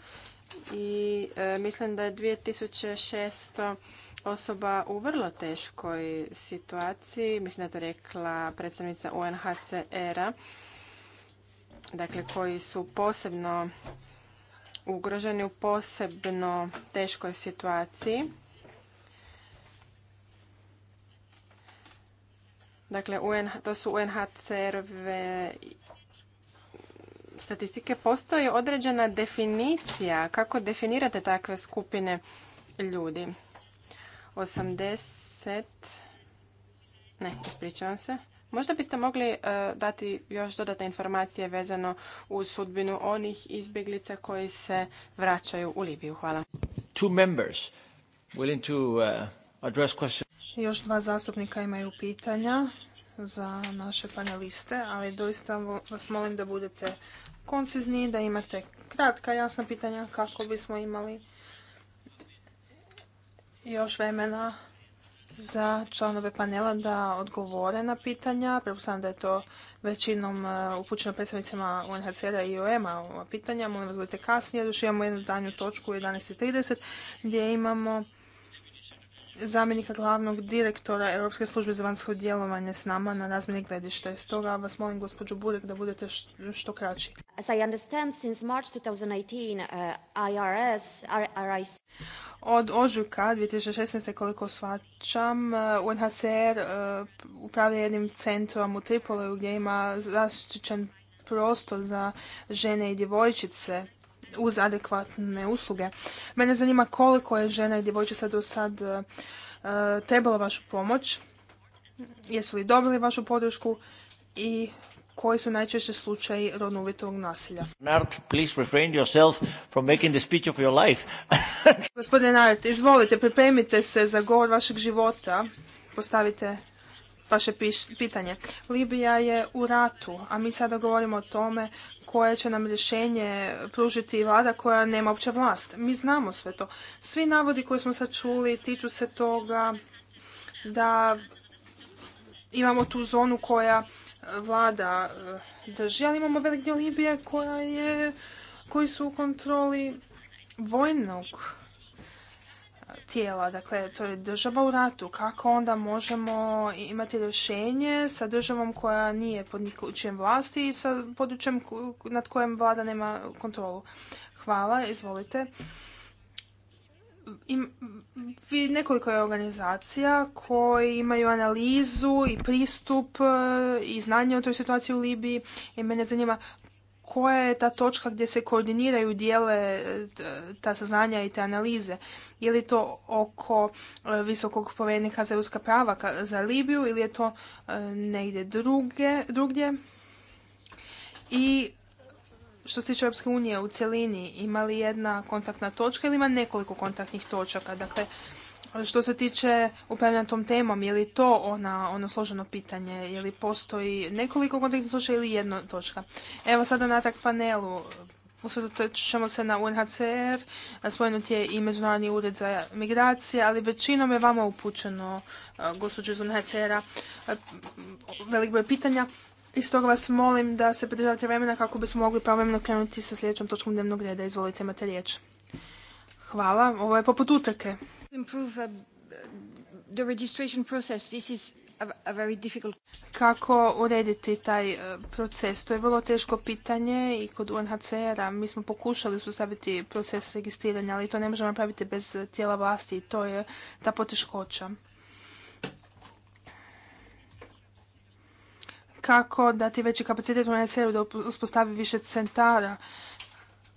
i e, mislim da je 2600 osoba u vrlo teškoj situaciji. Mislim da je to rekla predstavnica UNHCR-a, dakle koji su posebno ugroženi u posebno teškoj situaciji. Dakle, to su unhcr statistike postoji određena definicija kako definirate takve skupine ljudi. 80 ne, ispričavam se. Možda biste mogli e, dati još dodatne informacije vezano uz sudbinu onih izbjeglica koji se vraćaju u Libiju. Hvala. Uh, još dva zastupnika imaju pitanja za naše paneliste, ali doista vas molim da budete koncizni, da imate kratka, jasna pitanja kako bismo imali još vremena za članove panela da odgovore na pitanja. Prepostavljam da je to većinom e, upućeno predstavnicima UNHCR-a i oem a ova pitanja. Molim vas budite kasnije, još imamo jednu danju točku u 11.30 gdje imamo zamjenika glavnog direktora Europske službe za vanjsko djelovanje s nama na razmjeni gledište. Stoga vas molim, gospođo Burek, da budete što kraći. Od ožujka 2016. koliko svačam, UNHCR uh, uh, upravlja jednim centrom u Tripolu gdje ima zaštićen prostor za žene i djevojčice uz adekvatne usluge. Mene zanima koliko je žena i djevojčica do sad e, trebala vašu pomoć, jesu li dobili vašu podršku i koji su najčešće slučajevi rodno nasilja. Nart, please Gospodine Nart, izvolite, pripremite se za govor vašeg života, postavite vaše pitanje. Libija je u ratu, a mi sada govorimo o tome koje će nam rješenje pružiti vlada koja nema opće vlast. Mi znamo sve to. Svi navodi koje smo sad čuli tiču se toga da imamo tu zonu koja e, vlada e, drži, ali imamo velik dio Libije koja je, koji su u kontroli vojnog tijela. Dakle, to je država u ratu. Kako onda možemo imati rješenje sa državom koja nije pod nikućem vlasti i sa područjem nad kojem vlada nema kontrolu? Hvala, izvolite. nekoliko je organizacija koji imaju analizu i pristup e, i znanje o toj situaciji u Libiji i mene zanima koja je ta točka gdje se koordiniraju dijele e, ta saznanja i te analize? Je li to oko e, visokog povednika za ljudska prava za Libiju ili je to e, negdje druge, drugdje? I što se tiče Europske unije u cjelini, ima li jedna kontaktna točka ili ima nekoliko kontaktnih točaka? Dakle, što se tiče upravljanja tom temom, je li to ona, ono složeno pitanje? Je li postoji nekoliko kontekstnih točka ili jedna točka? Evo sada natak panelu. Usredotočit ćemo se na UNHCR, spomenut je i Međunarodni ured za migracije, ali većinom je vama upućeno, e, gospođo iz UNHCR-a, e, velik broj pitanja. I stoga vas molim da se pridržavate vremena kako bismo mogli pravovremeno krenuti sa sljedećom točkom dnevnog reda. Izvolite, imate riječ. Hvala. Ovo je poput utrke. Uh, Kako urediti taj uh, proces? To je vrlo teško pitanje i kod UNHCR-a mi smo pokušali uspostaviti proces registriranja, ali to ne možemo napraviti bez tijela vlasti i to je ta poteškoća. Kako dati veći kapacitet UNHCR-u da uspostavi više centara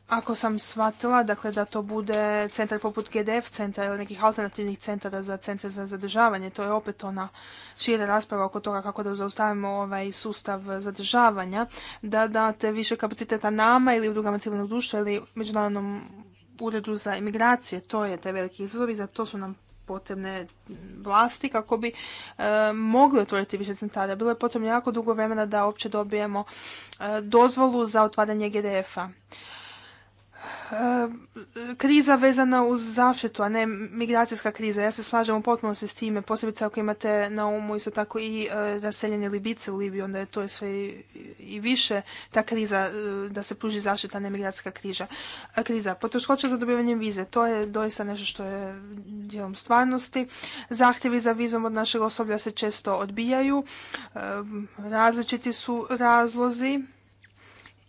ako sam shvatila, dakle da to bude centar poput GDF centra ili nekih alternativnih centara za centre za zadržavanje, to je opet ona šira rasprava oko toga kako da zaustavimo ovaj sustav zadržavanja, da date više kapaciteta nama ili udrugama civilnog društva ili međunarodnom uredu za imigracije, to je taj veliki izazov za to su nam potrebne vlasti kako bi e, mogli otvoriti više centara. Bilo je potrebno jako dugo vremena da opće dobijemo e, dozvolu za otvaranje GDF-a. E, kriza vezana uz zaštitu, a ne migracijska kriza. Ja se slažem u potpunosti s time, posebice ako imate na umu isto tako i e, raseljene Libice u Libiji, onda je to sve i više ta kriza e, da se pruži zaštita, a ne migracijska kriza. Poteškoća za dobivanje vize, to je doista nešto što je dijelom stvarnosti. Zahtjevi za vizom od našeg osoblja se često odbijaju. Različiti su razlozi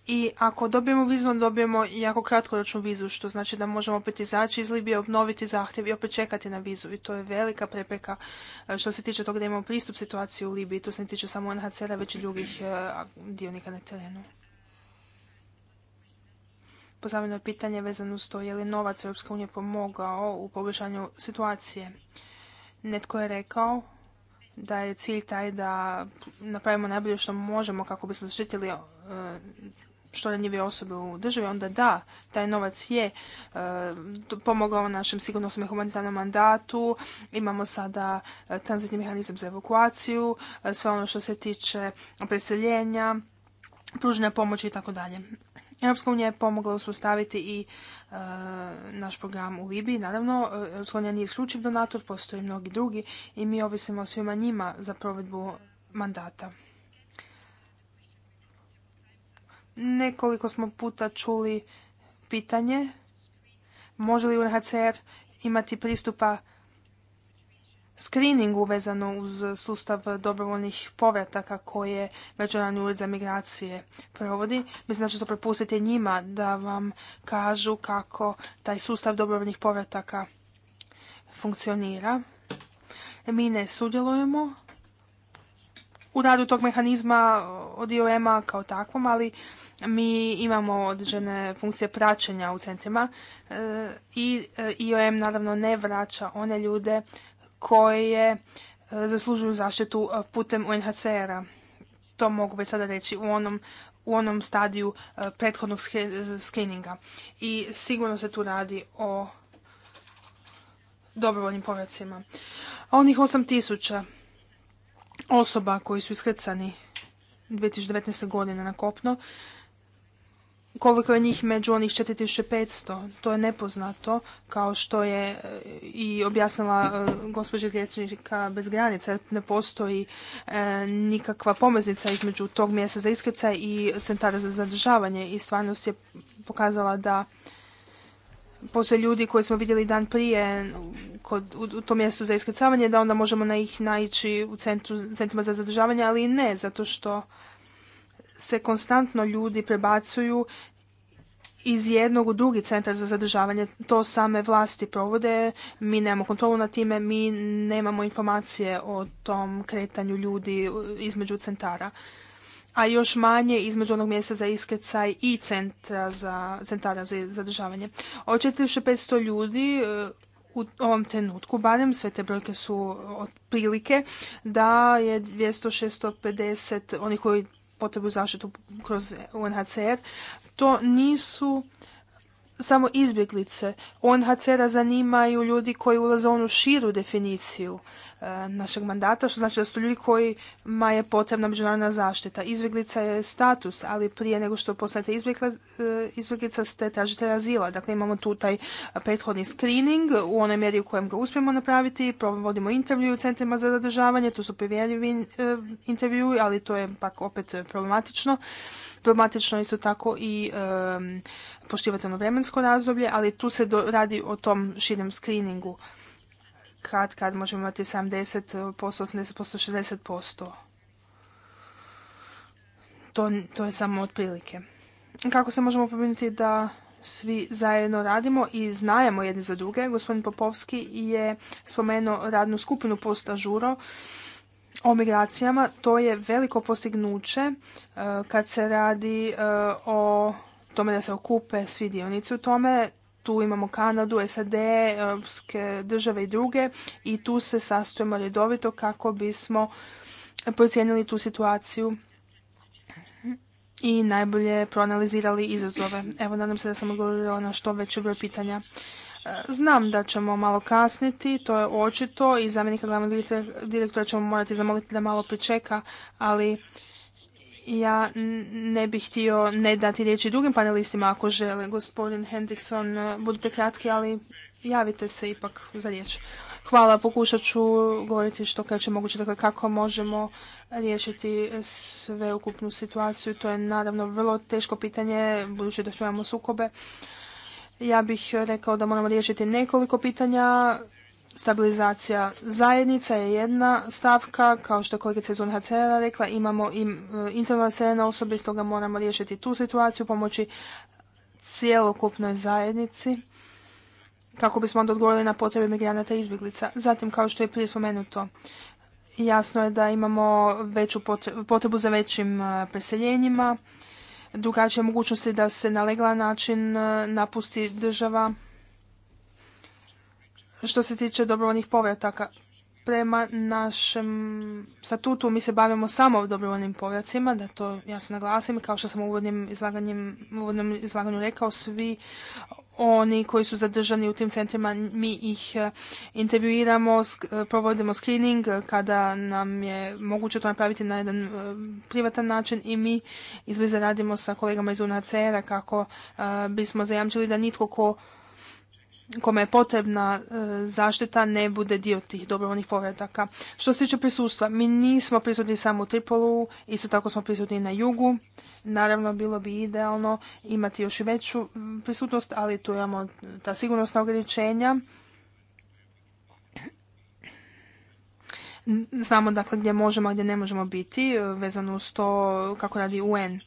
i ako dobijemo vizu, onda dobijemo jako kratkoročnu vizu, što znači da možemo opet izaći iz Libije, obnoviti zahtjev i opet čekati na vizu. I to je velika prepreka e, što se tiče toga da imamo pristup situaciji u Libiji. To se ne tiče samo NHCR-a, već i drugih e, dionika na terenu. Postavljeno je pitanje vezano uz to je li novac Europska unije pomogao u poboljšanju situacije. Netko je rekao da je cilj taj da napravimo najbolje što možemo kako bismo zaštitili e, što ranjive osobe u državi, onda da, taj novac je e, pomogao našem sigurnosnom i humanitarnom mandatu. Imamo sada e, tranzitni mehanizam za evakuaciju, e, sve ono što se tiče preseljenja, pružanja pomoći i tako dalje. Europska unija je pomogla uspostaviti i naš program u Libiji. Naravno, Europska unija nije isključiv donator, postoji mnogi drugi i mi ovisimo svima njima za provedbu mandata. Nekoliko smo puta čuli pitanje može li UNHCR imati pristupa screeningu vezano uz sustav dobrovoljnih povrataka koje Međunarodni ured za migracije provodi. Mislim da će to prepustiti njima da vam kažu kako taj sustav dobrovoljnih povrataka funkcionira. Mi ne sudjelujemo u radu tog mehanizma od IOM-a kao takvom, ali mi imamo određene funkcije praćenja u centrima e, i e, IOM naravno ne vraća one ljude koje e, zaslužuju zaštitu putem UNHCR-a. To mogu već sada reći u onom u onom stadiju prethodnog screeninga. I sigurno se tu radi o dobrovoljnim povracima. Onih 8000 osoba koji su iskrcani 2019. godine na kopno koliko je njih među onih 4500, to je nepoznato, kao što je e, i objasnila e, gospođa Zlječnika bez granica, ne postoji e, nikakva pomeznica između tog mjesta za iskrcaj i centara za zadržavanje i stvarnost je pokazala da postoje ljudi koji smo vidjeli dan prije kod, u, tom mjestu za iskrcavanje, da onda možemo na ih naići u centru, centrima za zadržavanje, ali ne, zato što se konstantno ljudi prebacuju iz jednog u drugi centar za zadržavanje. To same vlasti provode, mi nemamo kontrolu nad time, mi nemamo informacije o tom kretanju ljudi između centara. A još manje između onog mjesta za iskrcaj i centra za, centara za zadržavanje. Od 4500 ljudi e, u ovom trenutku, barem sve te brojke su otprilike, da je 200-650 onih koji potrebu zaštitu kroz UNHCR, to nisu samo izbjeglice. UNHCR-a zanimaju ljudi koji ulaze u onu širu definiciju e, našeg mandata, što znači da su ljudi kojima je potrebna međunarodna zaštita. Izbjeglica je status, ali prije nego što postanete e, izbjeglica ste tražite razila. Dakle, imamo tu taj prethodni screening u onoj mjeri u kojem ga uspijemo napraviti. Provodimo intervju u centrima za zadržavanje, tu su povjerljivi e, intervjui, ali to je pak opet problematično problematično isto tako i poštivati ono vremensko razdoblje, ali tu se radi o tom širem screeningu. Kad, kad možemo imati 70%, 80%, 60%. To, to je samo otprilike. Kako se možemo pominuti da svi zajedno radimo i znajemo jedni za druge. Gospodin Popovski je spomenuo radnu skupinu Posta o migracijama, to je veliko postignuće e, kad se radi e, o tome da se okupe svi dionici u tome. Tu imamo Kanadu, SAD, Europske države i druge i tu se sastojimo redovito kako bismo procijenili tu situaciju i najbolje proanalizirali izazove. Evo, nadam se da sam odgovorila na što veće broj pitanja. Znam da ćemo malo kasniti, to je očito i zamjenika glavnog direktora ćemo morati zamoliti da malo pričeka, ali ja ne bih htio ne dati riječi drugim panelistima ako žele. Gospodin Hendrikson, e, budite kratki, ali javite se ipak za riječ. Hvala, pokušat ću govoriti što kraće moguće, dakle kako možemo riješiti sveukupnu situaciju. To je naravno vrlo teško pitanje, budući da čujemo sukobe. Ja bih rekao da moramo riješiti nekoliko pitanja. Stabilizacija zajednica je jedna stavka, kao što je kolegica iz UNHCR-a rekla, imamo i e, interno osobi, osobe, stoga moramo riješiti tu situaciju, pomoći cijelokupnoj zajednici kako bismo onda odgovorili na potrebe migranata i izbjeglica. Zatim, kao što je prije spomenuto, jasno je da imamo veću potrebu za većim e, preseljenjima drugačije mogućnosti da se na legalan način e, napusti država. Što se tiče dobrovoljnih povrataka, prema našem statutu mi se bavimo samo dobrovoljnim povracima, da to jasno naglasim, kao što sam u uvodnom izlaganju rekao, svi oni koji su zadržani u tim centrima, mi ih e, intervjuiramo, e, provodimo screening e, kada nam je moguće to napraviti na jedan privatan način i mi izbliza radimo sa kolegama iz UNHCR-a kako bismo zajamčili da nitko ko kome je potrebna e, zaštita ne bude dio tih dobrovoljnih povrataka. Što se tiče prisustva, mi nismo prisutni samo u Tripolu, isto tako smo prisutni na jugu. Naravno, bilo bi idealno imati još i veću prisutnost, ali tu imamo ta sigurnosna ograničenja. Znamo dakle gdje možemo, gdje ne možemo biti, e, vezano uz to kako radi UN.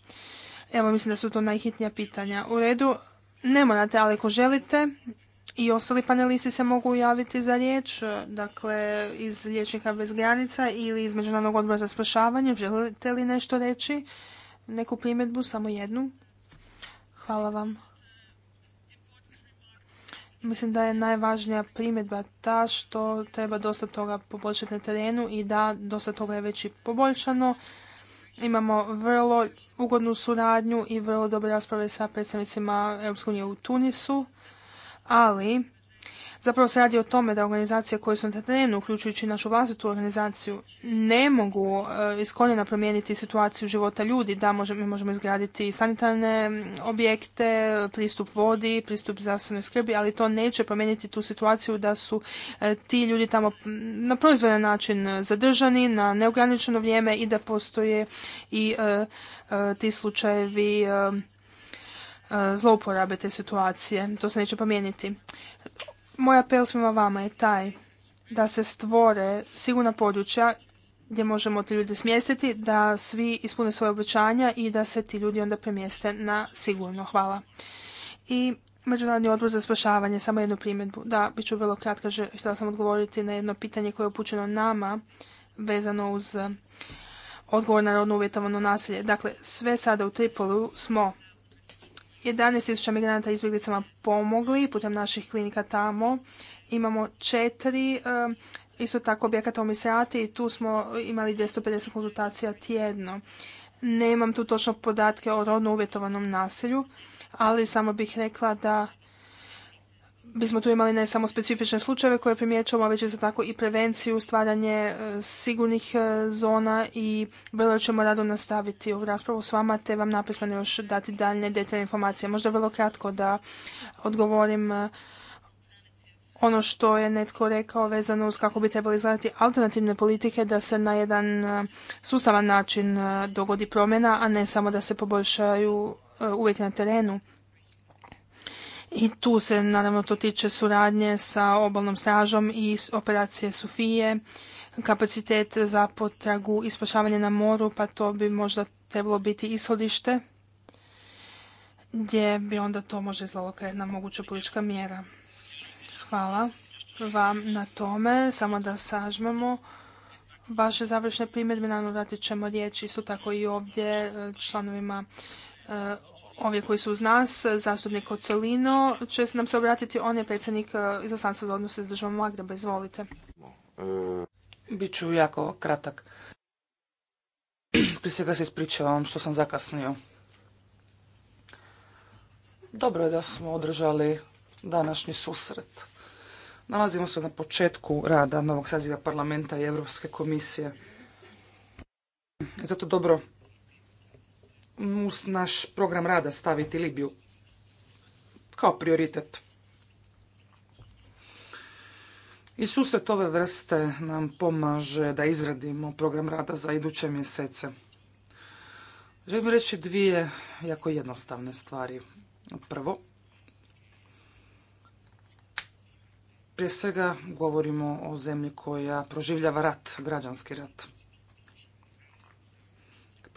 Evo, mislim da su to najhitnija pitanja. U redu, ne morate, ali ako želite, i ostali panelisti se mogu javiti za riječ, e, dakle iz Liječnika bez granica ili iz Međunarodnog odbora za spašavanje. Želite li nešto reći? Neku primjedbu, samo jednu? Hvala vam. Mislim da je najvažnija primjedba ta što treba dosta toga poboljšati na terenu i da dosta toga je već i poboljšano. Imamo vrlo ugodnu suradnju i vrlo dobre rasprave sa predstavnicima EU u Tunisu ali zapravo se radi o tome da organizacije koje su na terenu, uključujući našu vlastitu organizaciju, ne mogu e, iz koljena promijeniti situaciju života ljudi, da možemo, mi možemo izgraditi sanitarne objekte, pristup vodi, pristup zdravstvenoj skrbi, ali to neće promijeniti tu situaciju da su e, ti ljudi tamo na proizvoljan način zadržani, na neograničeno vrijeme i da postoje i e, ti slučajevi E, zlouporabe te situacije. To se neće promijeniti. Moj apel svima vama je taj da se stvore sigurna područja gdje možemo te ljude smjestiti, da svi ispune svoje obećanja i da se ti ljudi onda premjeste na sigurno. Hvala. I Međunarodni odbor za spašavanje, samo jednu primjedbu. Da, bit ću vrlo kratka, htjela sam odgovoriti na jedno pitanje koje je upućeno nama vezano uz odgovor na rodno uvjetovano nasilje. Dakle, sve sada u Tripolu smo 11.000 migranata izbjeglicama pomogli putem naših klinika tamo. Imamo četiri isto tako objekata u i tu smo imali 250 konzultacija tjedno. Nemam tu točno podatke o rodno uvjetovanom nasilju, ali samo bih rekla da bismo tu imali ne samo specifične slučajeve koje primjećamo, već isto tako i prevenciju, stvaranje e, sigurnih e, zona i vrlo ćemo rado nastaviti ovu raspravu s vama te vam napismeno još dati daljne detaljne informacije. Možda vrlo kratko da odgovorim e, ono što je netko rekao vezano uz kako bi trebali izgledati alternativne politike da se na jedan sustavan način dogodi promjena, a ne samo da se poboljšaju uvjeti na terenu. I tu se naravno to tiče suradnje sa obalnom stražom i operacije Sofije, kapacitet za potragu i spašavanje na moru, pa to bi možda trebalo biti ishodište gdje bi onda to možda izgledalo kao jedna moguća politička mjera. Hvala vam na tome. Samo da sažmemo vaše završne primjedbe. Naravno, vratit ćemo riječ isto tako i ovdje e, članovima e, ovi koji su uz nas, zastupnik Kocolino, će nam se obratiti, on je predsjednik e, izaslanstva za odnose s državom Magreba, izvolite. Biću jako kratak. Prije svega se ispričavam što sam zakasnio. Dobro je da smo održali današnji susret. Nalazimo se na početku rada novog saziva parlamenta i Europske komisije. Zato dobro u naš program rada staviti Libiju kao prioritet. I susret ove vrste nam pomaže da izradimo program rada za iduće mjesece. Želim reći dvije jako jednostavne stvari. Prvo, prije svega govorimo o zemlji koja proživljava rat, građanski rat.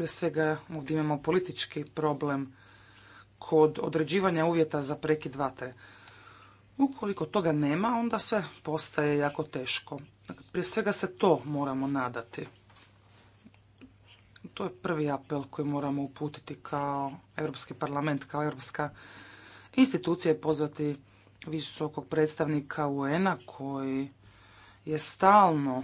Prije svega ovdje imamo politički problem kod određivanja uvjeta za prekid vatre. Ukoliko toga nema, onda sve postaje jako teško. Dakle, prije svega se to moramo nadati. To je prvi apel koji moramo uputiti kao Europski parlament, kao Europska institucija i pozvati visokog predstavnika UN-a koji je stalno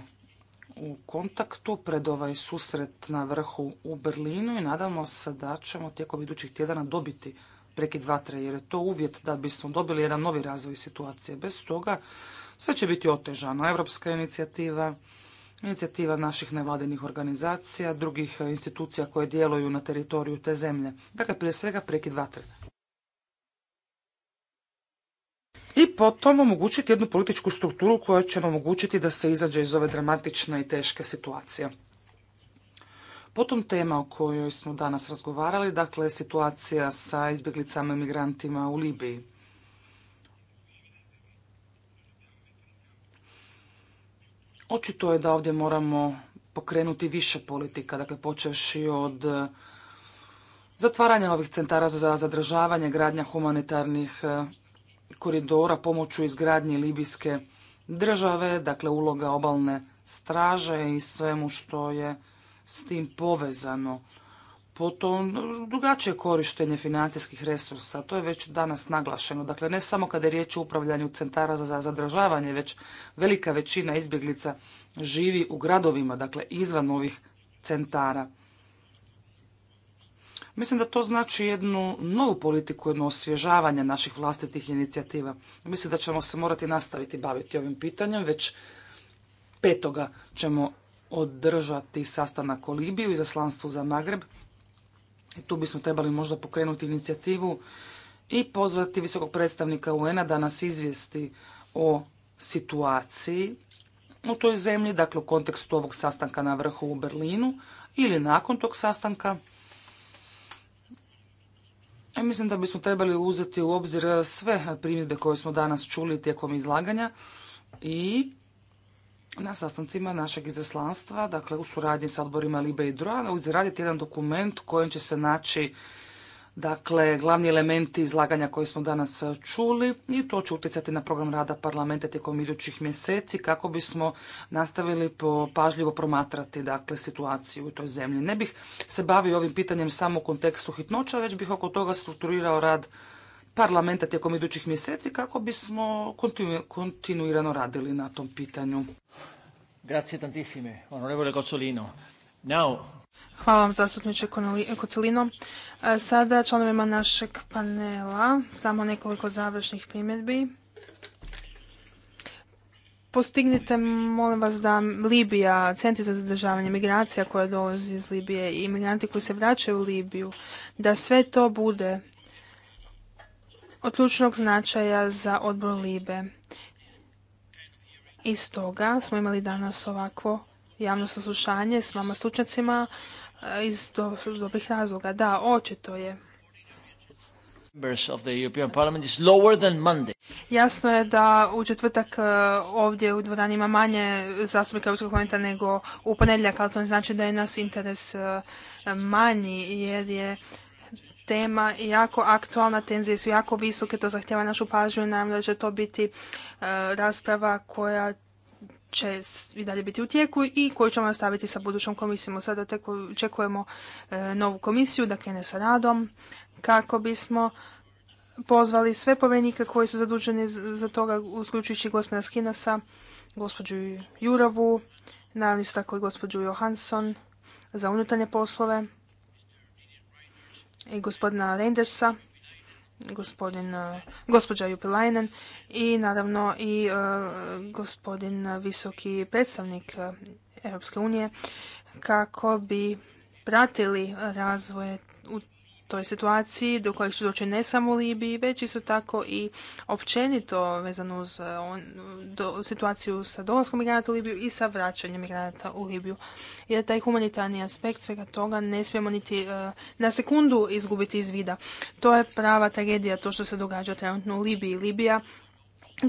u kontaktu pred ovaj susret na vrhu u Berlinu i nadamo se da ćemo tijekom idućih tjedana dobiti prekid vatre jer je to uvjet da bismo dobili jedan novi razvoj situacije. Bez toga sve će biti otežano. Europska inicijativa, inicijativa naših nevladinih organizacija, drugih institucija koje djeluju na teritoriju te zemlje. Dakle, prije svega prekid vatre. potom omogućiti jednu političku strukturu koja će nam omogućiti da se izađe iz ove dramatične i teške situacije. Potom tema o kojoj smo danas razgovarali, dakle situacija sa izbjeglicama i migrantima u Libiji. Očito je da ovdje moramo pokrenuti više politika, dakle počevši od zatvaranja ovih centara za zadržavanje, gradnja humanitarnih koridora pomoću izgradnje libijske države, dakle uloga obalne straže i svemu što je s tim povezano. Potom drugačije korištenje financijskih resursa, to je već danas naglašeno. Dakle, ne samo kada je riječ o upravljanju centara za zadržavanje, već velika većina izbjeglica živi u gradovima, dakle izvan ovih centara. Mislim da to znači jednu novu politiku, jedno osvježavanje naših vlastitih inicijativa. Mislim da ćemo se morati nastaviti baviti ovim pitanjem, već petoga ćemo održati sastanak o Libiju i zaslanstvu za Magreb. I tu bismo trebali možda pokrenuti inicijativu i pozvati visokog predstavnika UN-a da nas izvijesti o situaciji u toj zemlji, dakle u kontekstu ovog sastanka na vrhu u Berlinu ili nakon tog sastanka mislim da bismo trebali uzeti u obzir e, sve primjedbe koje smo danas čuli tijekom izlaganja i na sastancima našeg izaslanstva, dakle u suradnji sa odborima Libe i Droa, izraditi jedan dokument kojim će se naći dakle glavni elementi izlaganja koje smo danas e, čuli i to će utjecati na program rada parlamenta tijekom idućih mjeseci kako bismo nastavili po, pažljivo promatrati dakle situaciju u toj zemlji. Ne bih se bavio ovim pitanjem samo u kontekstu hitnoća, već bih oko toga strukturirao rad parlamenta tijekom idućih mjeseci kako bismo kontinuirano radili na tom pitanju. Grazie tantissime, onorevole Cozzolino. Now, Hvala vam zastupniče Kocelino. E, sada članovima našeg panela samo nekoliko završnih primjedbi. Postignite, molim vas, da Libija, centri za zadržavanje migracija koja dolazi iz Libije i migranti koji se vraćaju u Libiju, da sve to bude od ključnog značaja za odbor Libe. I toga smo imali danas ovako javno saslušanje s vama stručnjacima, E, iz dobrih razloga. Da, očito je. Jasno je da u četvrtak e, ovdje u dvorani ima manje zastupnika Europskog parlamenta nego u ponedjeljak, ali to ne znači da je nas interes e, manji jer je tema jako aktualna, tenzije su jako visoke, to zahtjeva našu pažnju i naravno da će to biti rasprava koja će i dalje biti u tijeku i koju ćemo nastaviti sa budućom komisijom. Sada čekujemo očekujemo e, novu komisiju da krene sa radom kako bismo pozvali sve povjerenike koji su zaduženi za toga, uključujući gospodina Skinasa, gospođu Jurovu, naravno isto tako i gospođu Johansson za unutarnje poslove i gospodina Rendersa gospodin, e, gospođa Jupilajnen i naravno i e, gospodin visoki predstavnik e, Europske unije kako bi pratili razvoje toj situaciji do kojih su doći ne samo u Libiji, već isto tako i općenito vezano uz eh, on, situaciju sa dolaskom migranata u Libiju i sa vraćanjem migranata u Libiju. Jer taj humanitarni aspekt svega toga ne smijemo niti eh, na sekundu izgubiti iz vida. To je prava tragedija, to što se događa trenutno u Libiji. Libija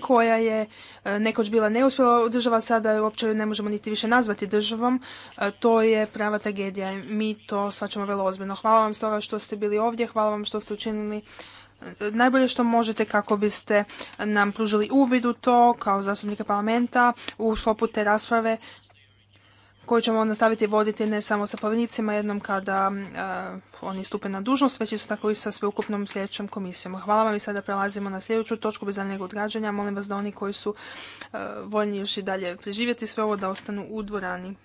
koja je e, nekoć bila neuspjela država, sada uopće ne možemo niti više nazvati državom. E, to je prava tragedija. Mi to svačemo vrlo ozbiljno. Hvala vam stoga što ste bili ovdje, hvala vam što ste učinili e, najbolje što možete kako biste nam pružili uvid u to kao zastupnike parlamenta u sklopu te rasprave koju ćemo nastaviti voditi ne samo sa povrnicima jednom kada e, oni stupe na dužnost, već isto tako i sa sveukupnom sljedećom komisijom. Hvala vam i sada prelazimo na sljedeću točku bez daljnjeg odgađanja. Molim vas da oni koji su e, voljni još i dalje preživjeti sve ovo da ostanu u dvorani.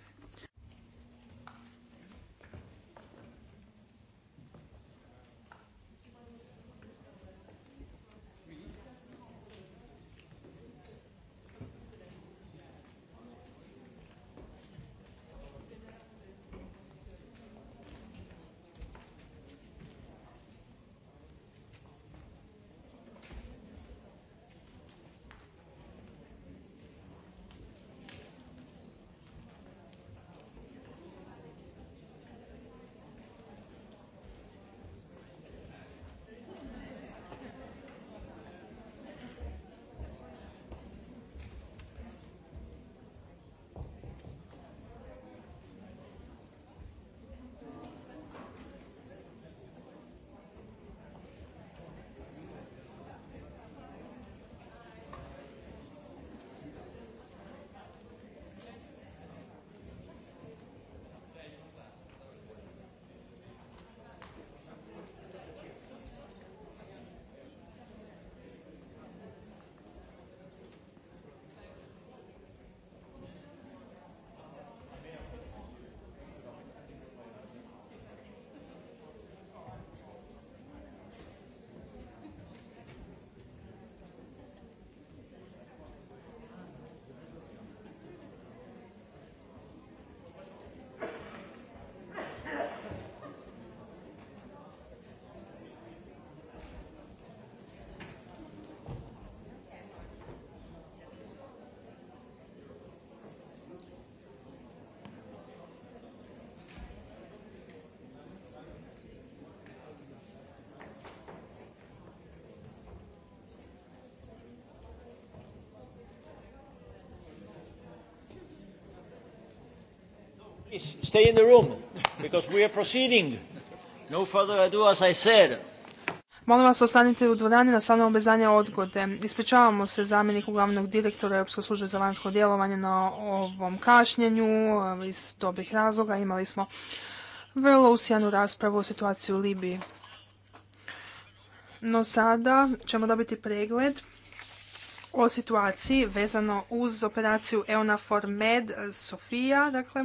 Please stay in the room, because we are proceeding. No further ado, as I said. Molim vas ostanite u dvorani na samom obezanje odgode. Ispričavamo se zamjeniku glavnog direktora Europske službe za vanjsko djelovanje na ovom kašnjenju iz dobrih razloga. Imali smo vrlo usijanu raspravu o situaciji u Libiji. No sada ćemo dobiti pregled o situaciji vezano uz operaciju EUNAFOR MED Sofia, dakle,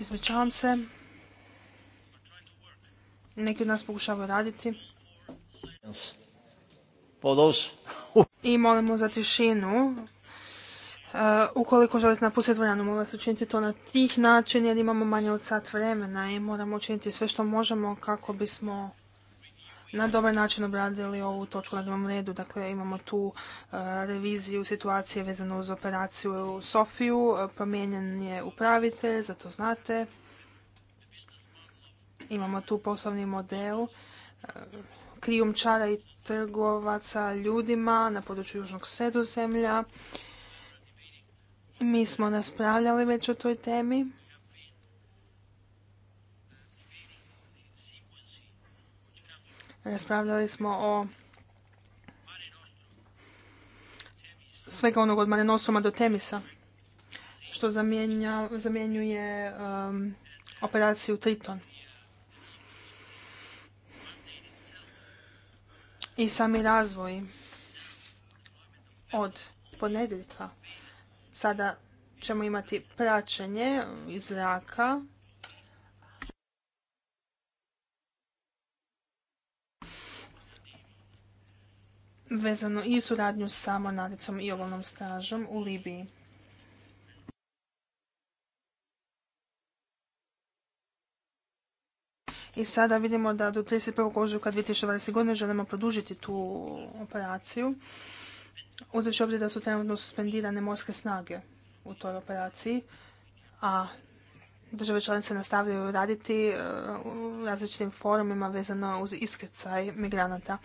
Ispričavam se. Neki od nas pokušavaju raditi. I molimo za tišinu. E, ukoliko želite napustiti dvoranu, molim vas učiniti to na tih način jer imamo manje od sat vremena i moramo učiniti sve što možemo kako bismo na dobar ovaj način obradili ovu točku na dnevnom redu. Dakle, imamo tu e, reviziju situacije vezano uz operaciju u Sofiju. E, promijenjen je upravitelj, to znate. Imamo tu poslovni model e, krijumčara i trgovaca ljudima na području Južnog sredozemlja. Mi smo naspravljali već o toj temi. Raspravljali smo o svega onog od Mare Nostroma do Temisa, što zamjenjuje um, operaciju Triton. I sami razvoj od ponedjeljka sada ćemo imati praćenje iz zraka vezano i suradnju sa mornaricom i obalnom stražom u Libiji. I sada vidimo da do 31. ožujka 2020. godine želimo produžiti tu operaciju, uzevši obzir da su trenutno suspendirane morske snage u toj operaciji, a države članice nastavljaju raditi e, u različitim forumima vezano uz iskrcaj migranata.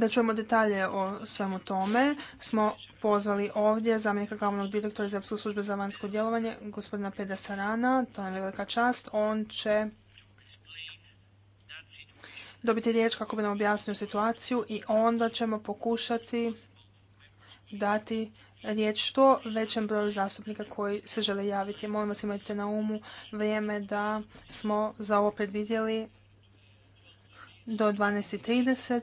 da čujemo detalje o svemu tome, smo pozvali ovdje zamjenika glavnog direktora iz službe za vanjsko djelovanje, gospodina Peda Sarana, to nam je velika čast. On će dobiti riječ kako bi nam objasnio situaciju i onda ćemo pokušati dati riječ što većem broju zastupnika koji se žele javiti. Molim vas imajte na umu vrijeme da smo za ovo predvidjeli do 12.30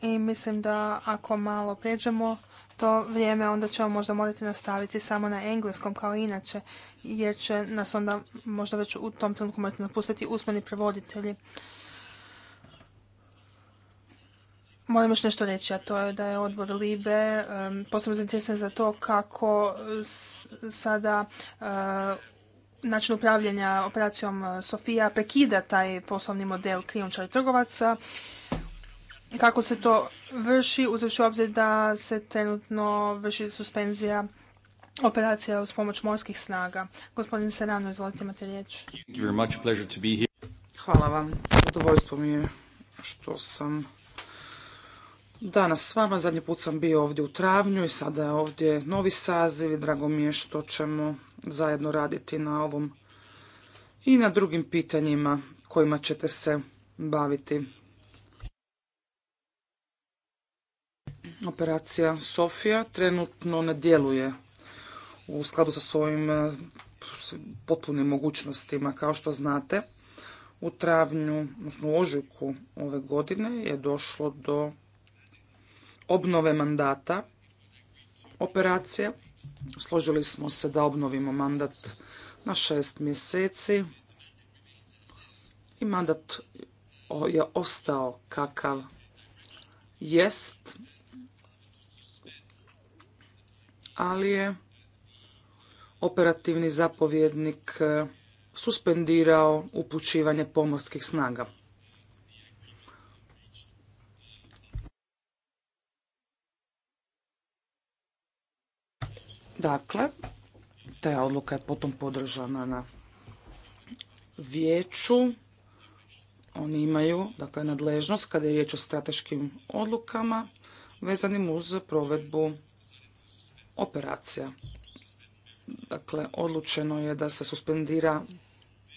i mislim da ako malo pređemo to vrijeme, onda ćemo možda morati nastaviti samo na engleskom kao inače, jer će nas onda možda već u tom trenutku morati napustiti usmeni prevoditelji. Moram još nešto reći, a to je da je odbor Libe posebno zainteresan za to kako sada eh, način upravljanja operacijom eh, Sofija prekida taj poslovni model krijunčara i trgovaca kako se to vrši, uzevši obzir da se trenutno vrši suspenzija operacija uz pomoć morskih snaga. Gospodin Serano, izvolite, imate riječ. Hvala vam. Zadovoljstvo mi je što sam danas s vama. Zadnji put sam bio ovdje u travnju i sada je ovdje novi saziv i drago mi je što ćemo zajedno raditi na ovom i na drugim pitanjima kojima ćete se baviti. Operacija Sofija trenutno ne djeluje u skladu sa svojim e, potpunim mogućnostima. Kao što znate, u travnju, odnosno u ožujku ove godine je došlo do obnove mandata operacije. Složili smo se da obnovimo mandat na šest mjeseci i mandat je ostao kakav jest ali je operativni zapovjednik e, suspendirao upućivanje pomorskih snaga. Dakle, ta odluka je potom podržana na vijeću. Oni imaju dakle, nadležnost kada je riječ o strateškim odlukama vezanim uz provedbu operacija. Dakle, odlučeno je da se suspendira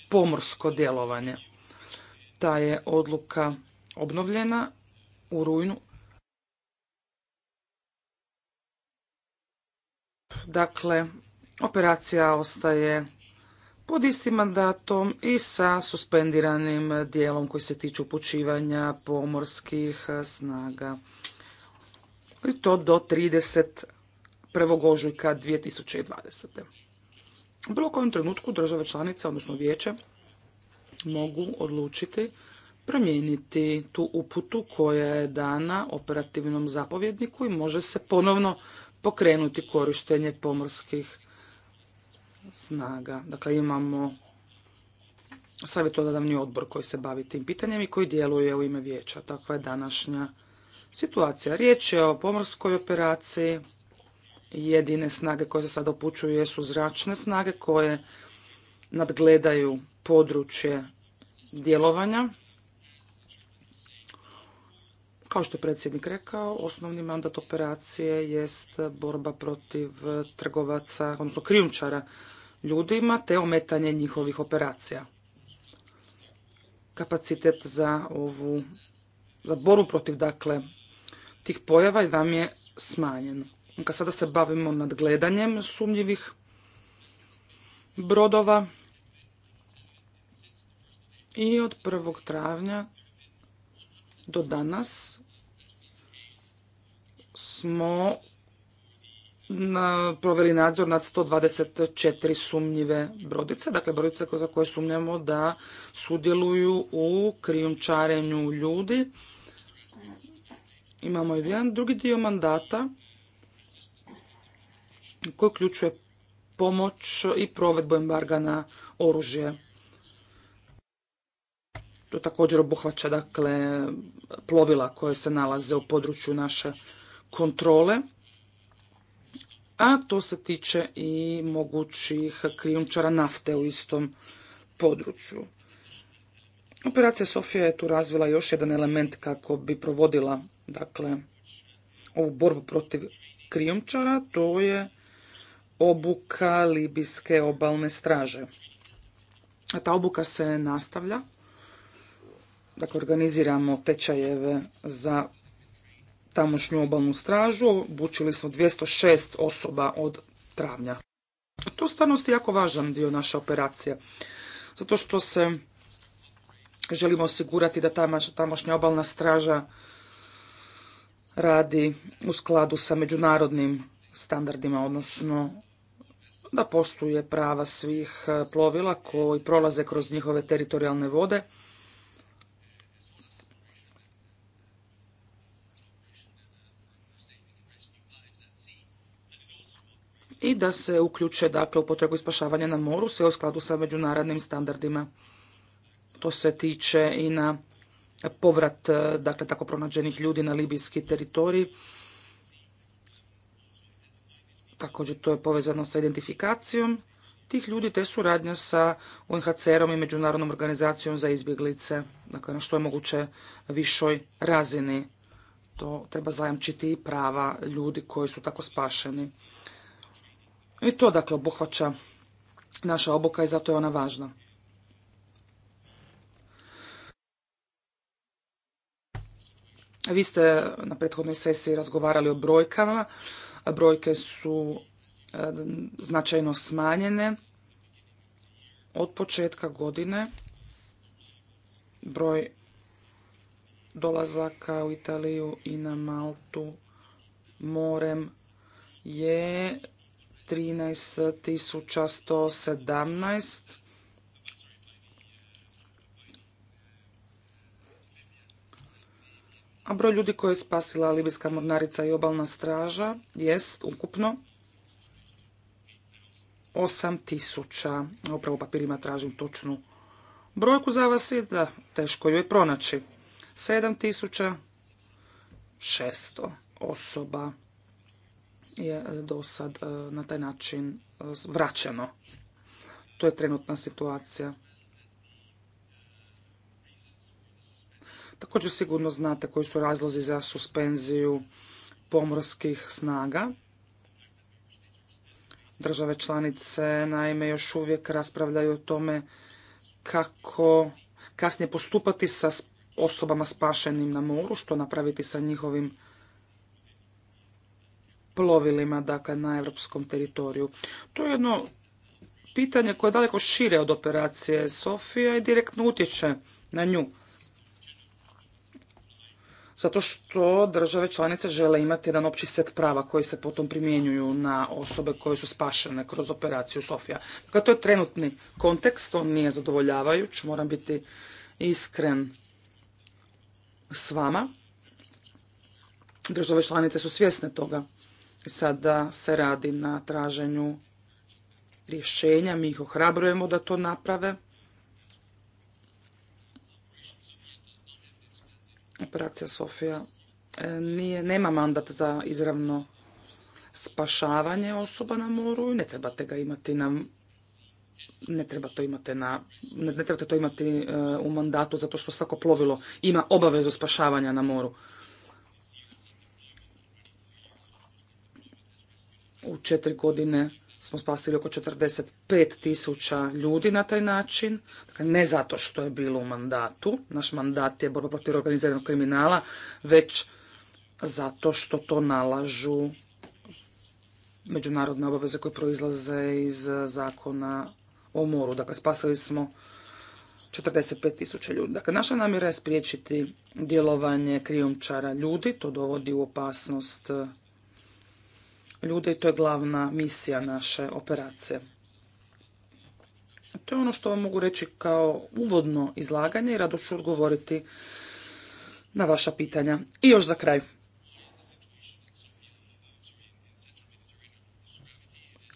pomorsko djelovanje. Ta je odluka obnovljena u rujnu. Dakle, operacija ostaje pod istim mandatom i sa suspendiranim dijelom koji se tiče upućivanja pomorskih snaga. I to do 30 1. ožujka 2020. U bilo kojem trenutku države članice, odnosno vijeće, mogu odlučiti promijeniti tu uputu koja je dana operativnom zapovjedniku i može se ponovno pokrenuti korištenje pomorskih snaga. Dakle, imamo savjetodavni odbor koji se bavi tim pitanjem i koji djeluje u ime vijeća. Takva je današnja situacija. Riječ je o pomorskoj operaciji jedine snage koje se sada upućuju jesu zračne snage koje nadgledaju područje djelovanja. Kao što je predsjednik rekao, osnovni mandat operacije jest borba protiv trgovaca, odnosno krijumčara ljudima, te ometanje njihovih operacija. Kapacitet za ovu, za borbu protiv, dakle, tih pojava vam je smanjen. Kada dakle, sada se bavimo nadgledanjem sumnjivih brodova i od 1. travnja do danas smo proveli nadzor nad 124 sumnjive brodice, dakle brodice za koje sumnjamo da sudjeluju u krijumčarenju ljudi. Imamo jedan drugi dio mandata koji uključuje pomoć i provedbu embarga na oružje. To također obuhvaća dakle, plovila koje se nalaze u području naše kontrole, a to se tiče i mogućih krijumčara nafte u istom području. Operacija Sofija je tu razvila još jedan element kako bi provodila dakle, ovu borbu protiv krijumčara, to je obuka libijske obalne straže. Ta obuka se nastavlja. Dakle, organiziramo tečajeve za tamošnju obalnu stražu. Obučili smo 206 osoba od travnja. To je stvarno jako važan dio naše operacije. Zato što se želimo osigurati da tamošnja obalna straža radi u skladu sa međunarodnim standardima, odnosno da poštuje prava svih e, plovila koji prolaze kroz njihove teritorijalne vode. i da se uključe dakle, u potrebu ispašavanja na moru, sve u skladu sa međunarodnim standardima. To se tiče i na povrat e, dakle, tako pronađenih ljudi na libijski teritorij. Također to je povezano sa identifikacijom tih ljudi te suradnja sa UNHCR-om i Međunarodnom organizacijom za izbjeglice, dakle na što je moguće višoj razini. To treba zajamčiti i prava ljudi koji su tako spašeni. I to dakle obuhvaća naša obuka i zato je ona važna. Vi ste na prethodnoj sesiji razgovarali o brojkama brojke su e, značajno smanjene. Od početka godine broj dolazaka u Italiju i na Maltu morem je 13.117 a broj ljudi koje je spasila libijska mornarica i obalna straža jest ukupno 8000. Upravo u papirima tražim točnu brojku za vas i da teško ju je pronaći. 7600 osoba je e, do sad e, na taj način e, vraćeno. To je trenutna situacija. Također sigurno znate koji su razlozi za suspenziju pomorskih snaga. Države članice naime još uvijek raspravljaju o tome kako kasnije postupati sa osobama spašenim na moru, što napraviti sa njihovim plovilima, dakle na europskom teritoriju. To je jedno pitanje koje je daleko šire od operacije Sofija i direktno utječe na nju zato što države članice žele imati jedan opći set prava koji se potom primjenjuju na osobe koje su spašene kroz operaciju Sofija. Dakle, to je trenutni kontekst, on nije zadovoljavajuć, moram biti iskren s vama. Države članice su svjesne toga. Sada se radi na traženju rješenja, mi ih ohrabrujemo da to naprave. Operacija Sofija e, nije, nema mandat za izravno spašavanje osoba na moru i ne trebate ga imati na ne treba to imati ne, ne trebate to imati e, u mandatu zato što svako plovilo ima obavezu spašavanja na moru. U četiri godine smo spasili oko 45 tisuća ljudi na taj način. Dakle, ne zato što je bilo u mandatu, naš mandat je borba protiv organiziranog kriminala, već zato što to nalažu međunarodne obaveze koje proizlaze iz zakona o moru. Dakle, spasili smo 45 tisuća ljudi. Dakle, naša namjera je spriječiti djelovanje krijumčara ljudi, to dovodi u opasnost ljude i to je glavna misija naše operacije. To je ono što vam mogu reći kao uvodno izlaganje i rado ću odgovoriti na vaša pitanja. I još za kraj.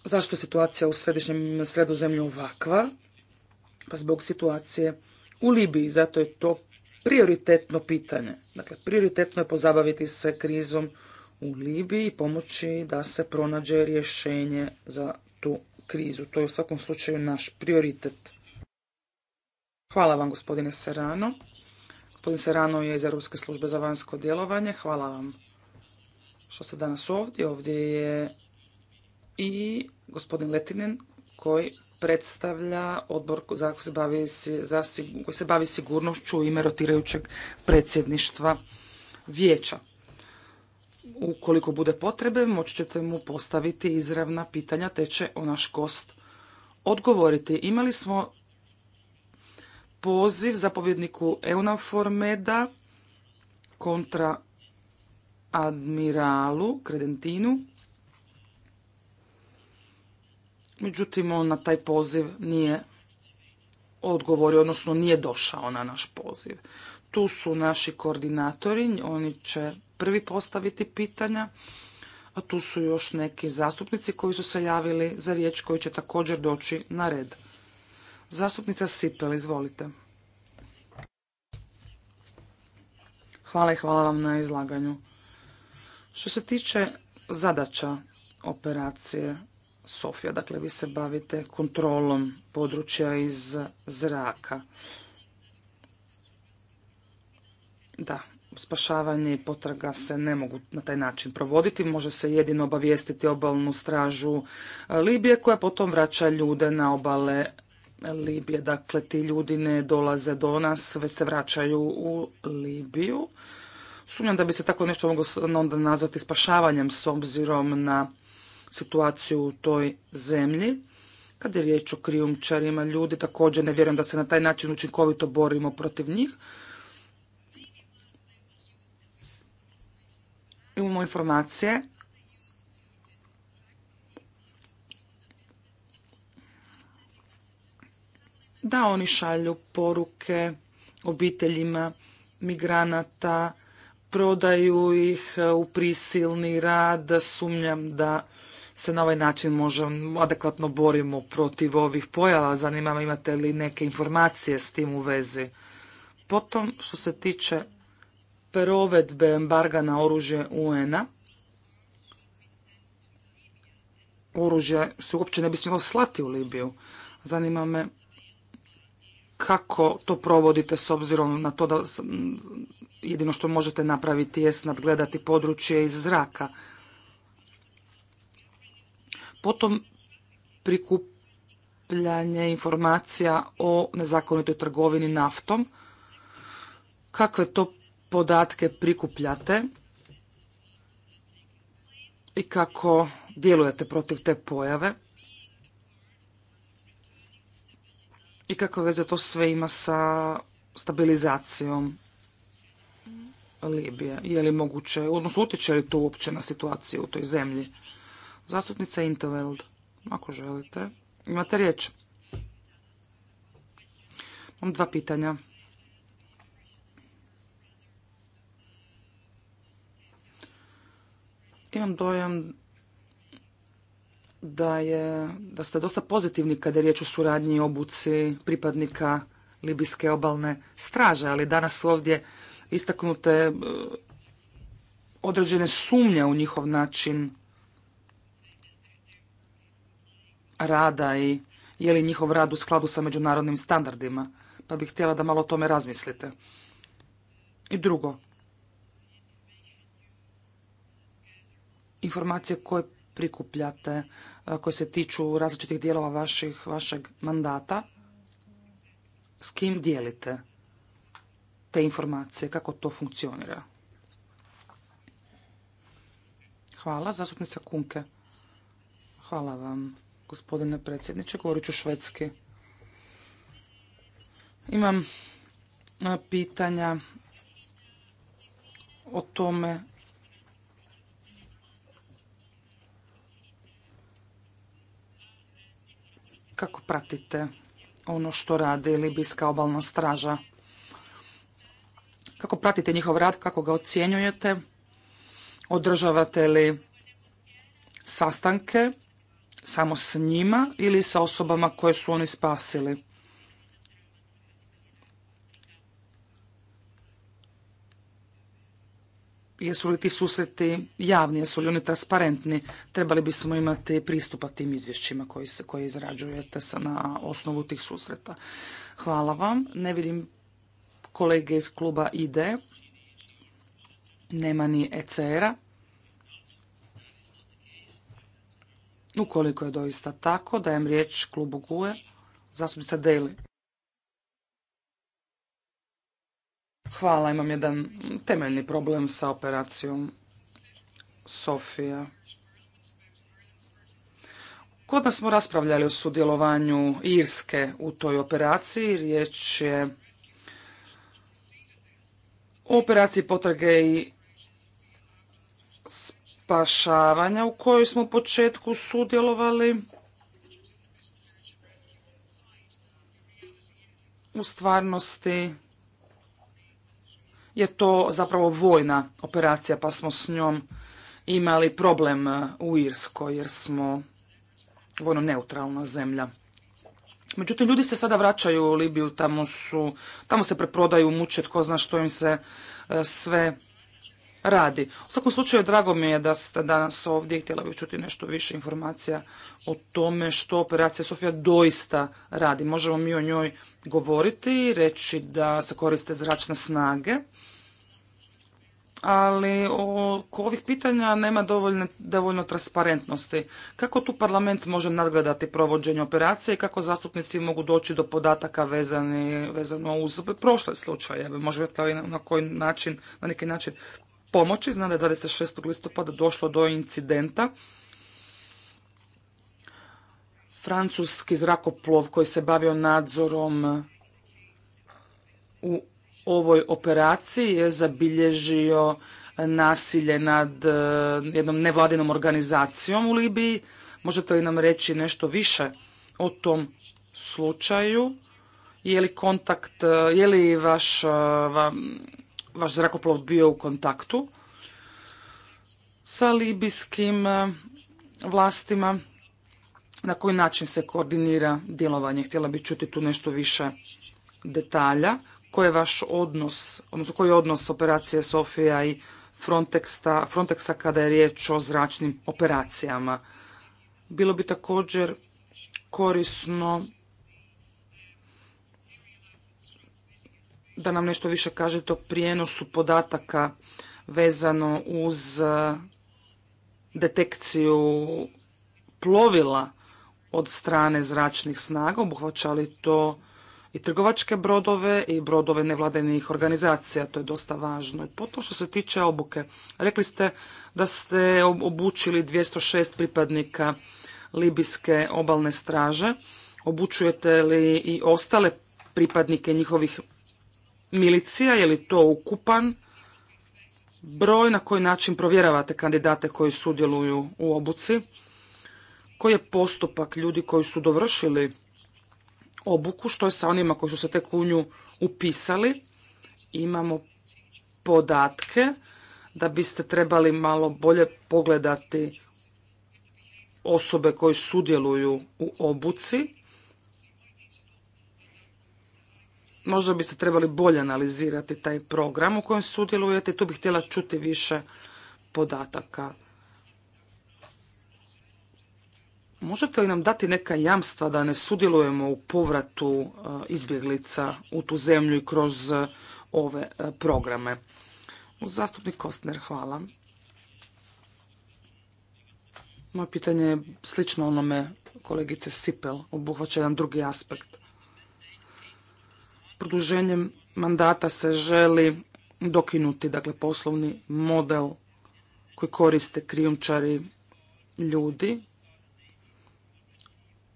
Zašto je situacija u središnjem sredozemlju ovakva? Pa zbog situacije u Libiji, zato je to prioritetno pitanje. Dakle, prioritetno je pozabaviti se krizom u Libiji i pomoći da se pronađe rješenje za tu krizu. To je u svakom slučaju naš prioritet. Hvala vam gospodine Serano. Gospodin Serano je iz Europske službe za vanjsko djelovanje. Hvala vam što ste danas ovdje. Ovdje je i gospodin Letinen koji predstavlja odbor se bavi, za, koji se bavi sigurnošću u ime rotirajućeg predsjedništva vijeća. Ukoliko bude potrebe, moći ćete mu postaviti izravna pitanja, te će o naš gost odgovoriti. Imali smo poziv zapovjedniku EUNAFOR MEDA kontra admiralu Kredentinu. Međutim, on na taj poziv nije odgovorio, odnosno nije došao na naš poziv. Tu su naši koordinatori, oni će prvi postaviti pitanja. A tu su još neki zastupnici koji su se javili za riječ koji će također doći na red. Zastupnica Sipel, izvolite. Hvala i hvala vam na izlaganju. Što se tiče zadaća operacije Sofija, dakle vi se bavite kontrolom područja iz zraka. Da, spašavanje i potraga se ne mogu na taj način provoditi. Može se jedino obavijestiti obalnu stražu e, Libije koja potom vraća ljude na obale Libije. Dakle, ti ljudi ne dolaze do nas, već se vraćaju u Libiju. Sumnjam da bi se tako nešto moglo onda nazvati spašavanjem s obzirom na situaciju u toj zemlji. Kad je riječ o krijumčarima ljudi, također ne vjerujem da se na taj način učinkovito borimo protiv njih. imamo informacije da oni šalju poruke obiteljima migranata, prodaju ih u prisilni rad, sumnjam da se na ovaj način možemo adekvatno borimo protiv ovih pojava. Zanima me imate li neke informacije s tim u vezi. Potom što se tiče provedbe embarga na oružje UN-a. Oružje se uopće ne bi smjelo slati u Libiju. Zanima me kako to provodite s obzirom na to da jedino što možete napraviti je nadgledati područje iz zraka. Potom prikupljanje informacija o nezakonitoj trgovini naftom. Kakve to podatke prikupljate i kako djelujete protiv te pojave i kako veze to sve ima sa stabilizacijom Libije. Je li moguće, odnosno utječe li to uopće na situaciju u toj zemlji? Zastupnica Interveld, ako želite, imate riječ. Imam dva pitanja. imam dojam da, je, da ste dosta pozitivni kada je riječ o suradnji i obuci pripadnika Libijske obalne straže, ali danas su ovdje istaknute e, određene sumnje u njihov način rada i je li njihov rad u skladu sa međunarodnim standardima, pa bih htjela da malo o tome razmislite. I drugo, informacije koje prikupljate, e, koje se tiču različitih dijelova vaših, vašeg mandata, s kim dijelite te informacije, kako to funkcionira? Hvala, zastupnica Kunke. Hvala vam, gospodine predsjedniče. Govorit ću švedski. Imam e, pitanja o tome kako pratite ono što radi Libijska obalna straža. Kako pratite njihov rad, kako ga ocjenjujete, održavate li sastanke samo s njima ili sa osobama koje su oni spasili. jesu li ti susreti javni, jesu li oni transparentni, trebali bismo imati pristupa tim izvješćima koji se, koji izrađujete na osnovu tih susreta. Hvala vam. Ne vidim kolege iz kluba ID, nema ni ECR-a. Ukoliko je doista tako, dajem riječ klubu GUE, zastupnica Deli. Hvala, imam jedan temeljni problem sa operacijom Sofija. Kod nas smo raspravljali o sudjelovanju Irske u toj operaciji. Riječ je o operaciji potrage i spašavanja u kojoj smo u početku sudjelovali. U stvarnosti je to zapravo vojna operacija pa smo s njom imali problem e, u Irskoj jer smo vojno neutralna zemlja. Međutim, ljudi se sada vraćaju u Libiju, tamo su, tamo se preprodaju, muče, tko zna što im se e, sve radi. U svakom slučaju, drago mi je da ste danas ovdje i htjela bih čuti nešto više informacija o tome što operacija Sofija doista radi. Možemo mi o njoj govoriti, i reći da se koriste zračne snage, ali oko ovih pitanja nema dovoljne, dovoljno transparentnosti. Kako tu parlament može nadgledati provođenje operacije i kako zastupnici mogu doći do podataka vezani, vezano uz prošle slučajeve? Možete li na koji način, na neki način pomoći? Znam da je 26. listopada došlo do incidenta francuski zrakoplov koji se bavio nadzorom u ovoj operaciji je zabilježio nasilje nad e, jednom nevladinom organizacijom u Libiji. Možete li nam reći nešto više o tom slučaju? Je li kontakt, e, je li vaš, e, vaš zrakoplov bio u kontaktu sa libijskim vlastima? Na koji način se koordinira djelovanje? Htjela bih čuti tu nešto više detalja koji je vaš odnos, odnosno koji je odnos operacije Sofija i Frontexa, Frontexa kada je riječ o zračnim operacijama. Bilo bi također korisno da nam nešto više kažete o prijenosu podataka vezano uz eh, detekciju plovila od strane zračnih snaga, obuhvaća li to i trgovačke brodove i brodove nevladenih organizacija. To je dosta važno. I potom što se tiče obuke, rekli ste da ste obučili 206 pripadnika libijske obalne straže. Obučujete li i ostale pripadnike njihovih milicija? Je li to ukupan broj na koji način provjeravate kandidate koji sudjeluju u obuci? Koji je postupak ljudi koji su dovršili obuku, što je sa onima koji su se tek u nju upisali. Imamo podatke da biste trebali malo bolje pogledati osobe koji sudjeluju u obuci. Možda biste trebali bolje analizirati taj program u kojem sudjelujete. Tu bih htjela čuti više podataka. Možete li nam dati neka jamstva da ne sudjelujemo u povratu e, izbjeglica u tu zemlju i kroz e, ove e, programe? Zastupnik Kostner, hvala. Moje pitanje je slično onome kolegice Sipel, obuhvaća jedan drugi aspekt. Produženjem mandata se želi dokinuti dakle, poslovni model koji koriste krijumčari ljudi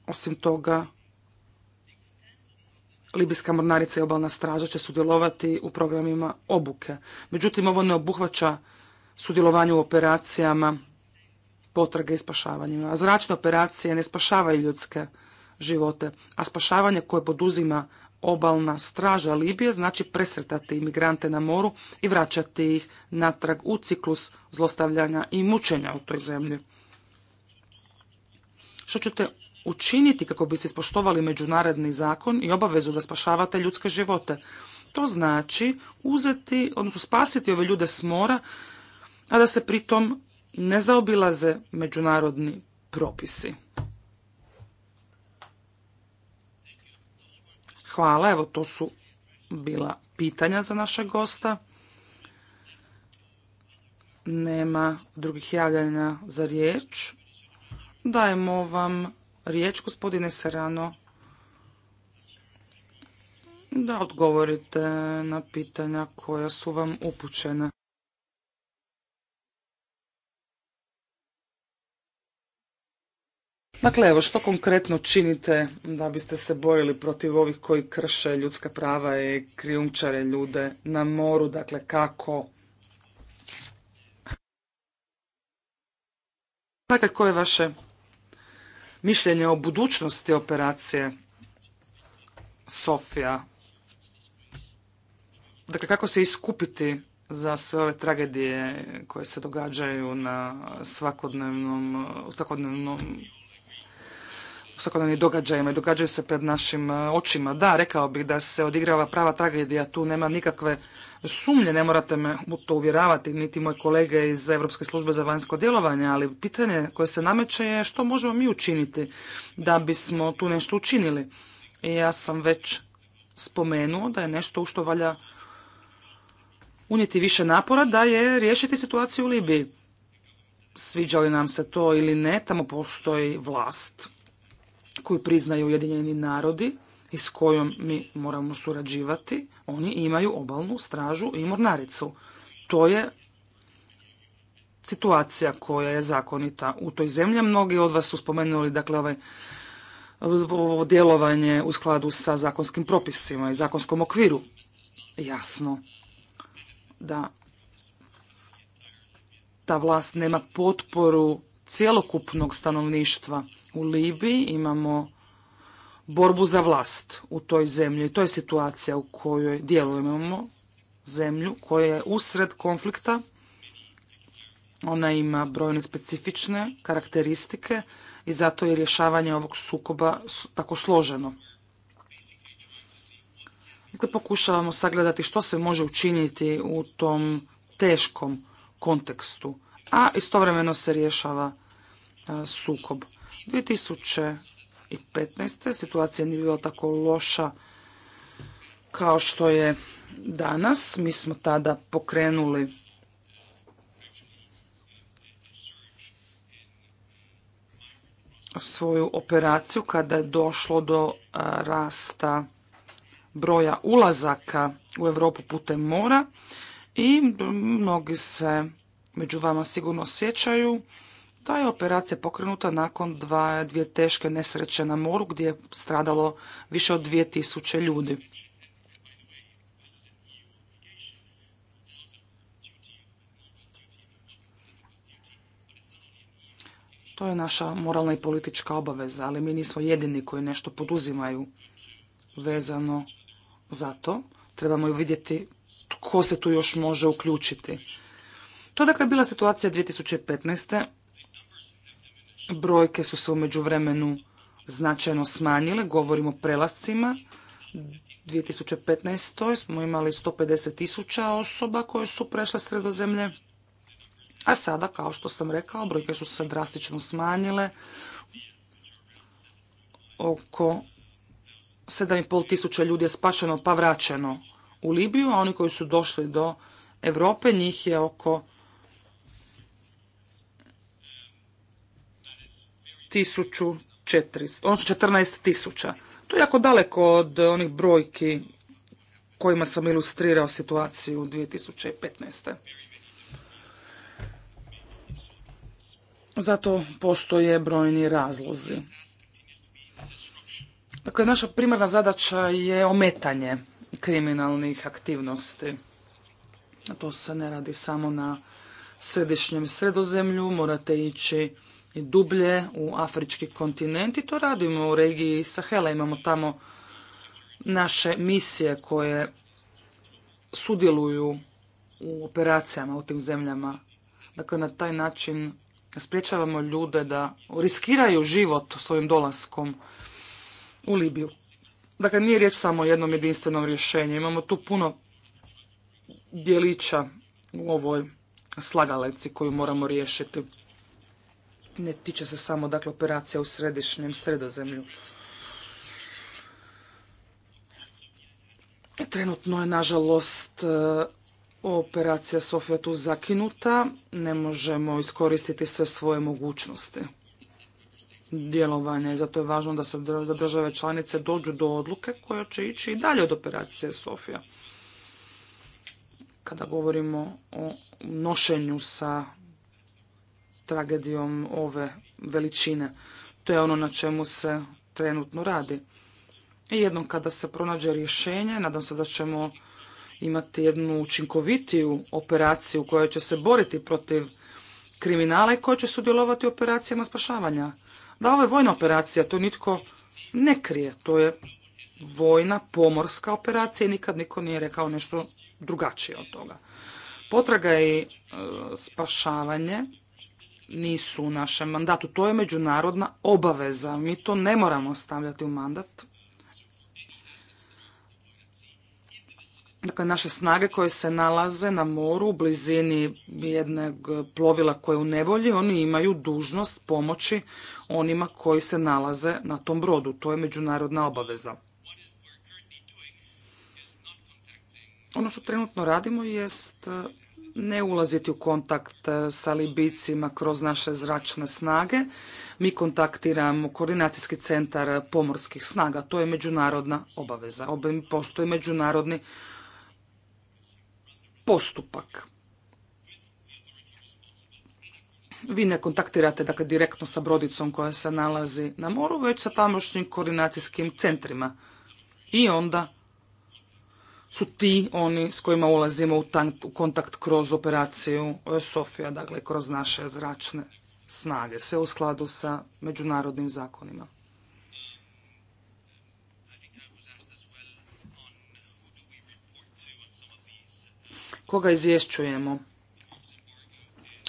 osim toga, Libijska mornarica i obalna straža će sudjelovati u programima obuke. Međutim, ovo ne obuhvaća sudjelovanje u operacijama potrage i spašavanjima. A zračne operacije ne spašavaju ljudske živote, a spašavanje koje poduzima obalna straža Libije znači presretati imigrante na moru i vraćati ih natrag u ciklus zlostavljanja i mučenja u toj zemlji. Što ćete učiniti kako bi se ispoštovali međunarodni zakon i obavezu da spašavate ljudske živote. To znači uzeti, odnosno spasiti ove ljude s mora, a da se pritom ne zaobilaze međunarodni propisi. Hvala, evo to su bila pitanja za našeg gosta. Nema drugih javljanja za riječ. Dajemo vam riječ gospodine Serano da odgovorite na pitanja koja su vam upućena. Dakle, evo, što konkretno činite da biste se borili protiv ovih koji krše ljudska prava i krijumčare ljude na moru? Dakle, kako? Dakle, koje je vaše mišljenje o budućnosti operacije Sofija. Dakle, kako se iskupiti za sve ove tragedije koje se događaju na svakodnevnom, svakodnevnom svakodnevnim događajima i događaju se pred našim e, očima. Da, rekao bih da se odigrava prava tragedija, tu nema nikakve sumnje, ne morate me u to uvjeravati, niti moje kolege iz Europske službe za vanjsko djelovanje, ali pitanje koje se nameće je što možemo mi učiniti da bismo tu nešto učinili. I ja sam već spomenuo da je nešto u što valja unijeti više napora, da je riješiti situaciju u Libiji. Sviđa li nam se to ili ne, tamo postoji vlast koju priznaju Ujedinjeni narodi i s kojom mi moramo surađivati, oni imaju obalnu stražu i mornaricu. To je situacija koja je zakonita u toj zemlji. Mnogi od vas su spomenuli dakle, ovaj, ovo djelovanje u skladu sa zakonskim propisima i zakonskom okviru. Jasno da ta vlast nema potporu cjelokupnog stanovništva u Libiji, imamo borbu za vlast u toj zemlji. To je situacija u kojoj djelujemo. zemlju koja je usred konflikta. Ona ima brojne specifične karakteristike i zato je rješavanje ovog sukoba tako složeno. Dakle, pokušavamo sagledati što se može učiniti u tom teškom kontekstu, a istovremeno se rješava sukob. 2015. situacija nije bila tako loša kao što je danas. Mi smo tada pokrenuli svoju operaciju kada je došlo do rasta broja ulazaka u Europu putem mora i mnogi se među vama sigurno sjećaju ta je operacija pokrenuta nakon dva, dvije teške nesreće na moru gdje je stradalo više od 2000 ljudi. To je naša moralna i politička obaveza, ali mi nismo jedini koji nešto poduzimaju vezano za to. Trebamo vidjeti tko se tu još može uključiti. To je dakle bila situacija 2015. Brojke su se umeđu vremenu značajno smanjile, govorimo o prelascima. 2015. smo imali 150 tisuća osoba koje su prešle sredozemlje, a sada, kao što sam rekao, brojke su se drastično smanjile oko 7,5 tisuća ljudi je spašeno pa vraćeno u Libiju, a oni koji su došli do Europe, njih je oko 1400, odnosno 14 tisuća. To je jako daleko od onih brojki kojima sam ilustrirao situaciju 2015. Zato postoje brojni razlozi. Dakle, naša primarna zadaća je ometanje kriminalnih aktivnosti. To se ne radi samo na središnjem sredozemlju, morate ići dublje u afrički kontinent i to radimo u regiji Sahela. Imamo tamo naše misije koje sudjeluju u operacijama u tim zemljama. Dakle, na taj način spriječavamo ljude da riskiraju život svojim dolaskom u Libiju. Dakle, nije riječ samo o jednom jedinstvenom rješenju. Imamo tu puno djelića u ovoj slagaleci koju moramo riješiti ne tiče se samo dakle, operacija u središnjem sredozemlju. Trenutno je, nažalost, e, operacija Sofija tu zakinuta. Ne možemo iskoristiti sve svoje mogućnosti djelovanja zato je važno da se države članice dođu do odluke koja će ići i dalje od operacije Sofija. Kada govorimo o nošenju sa tragedijom ove veličine. To je ono na čemu se trenutno radi. I jednom kada se pronađe rješenje, nadam se da ćemo imati jednu učinkovitiju operaciju koja će se boriti protiv kriminala i koja će sudjelovati u operacijama spašavanja. Da, ovo je vojna operacija, to nitko ne krije. To je vojna pomorska operacija i nikad niko nije rekao nešto drugačije od toga. Potraga i e, spašavanje nisu u našem mandatu. To je međunarodna obaveza. Mi to ne moramo stavljati u mandat. Dakle, naše snage koje se nalaze na moru u blizini jednog plovila koje u nevolji, oni imaju dužnost pomoći onima koji se nalaze na tom brodu. To je međunarodna obaveza. Ono što trenutno radimo jest ne ulaziti u kontakt e, sa Libicima kroz naše zračne snage. Mi kontaktiramo koordinacijski centar pomorskih snaga. To je međunarodna obaveza. Postoji međunarodni postupak. Vi ne kontaktirate dakle, direktno sa brodicom koja se nalazi na moru, već sa tamošnjim koordinacijskim centrima. I onda su ti oni s kojima ulazimo u, tank, u kontakt kroz operaciju e, Sofija, dakle kroz naše zračne snage, sve u skladu sa međunarodnim zakonima. Koga izvješćujemo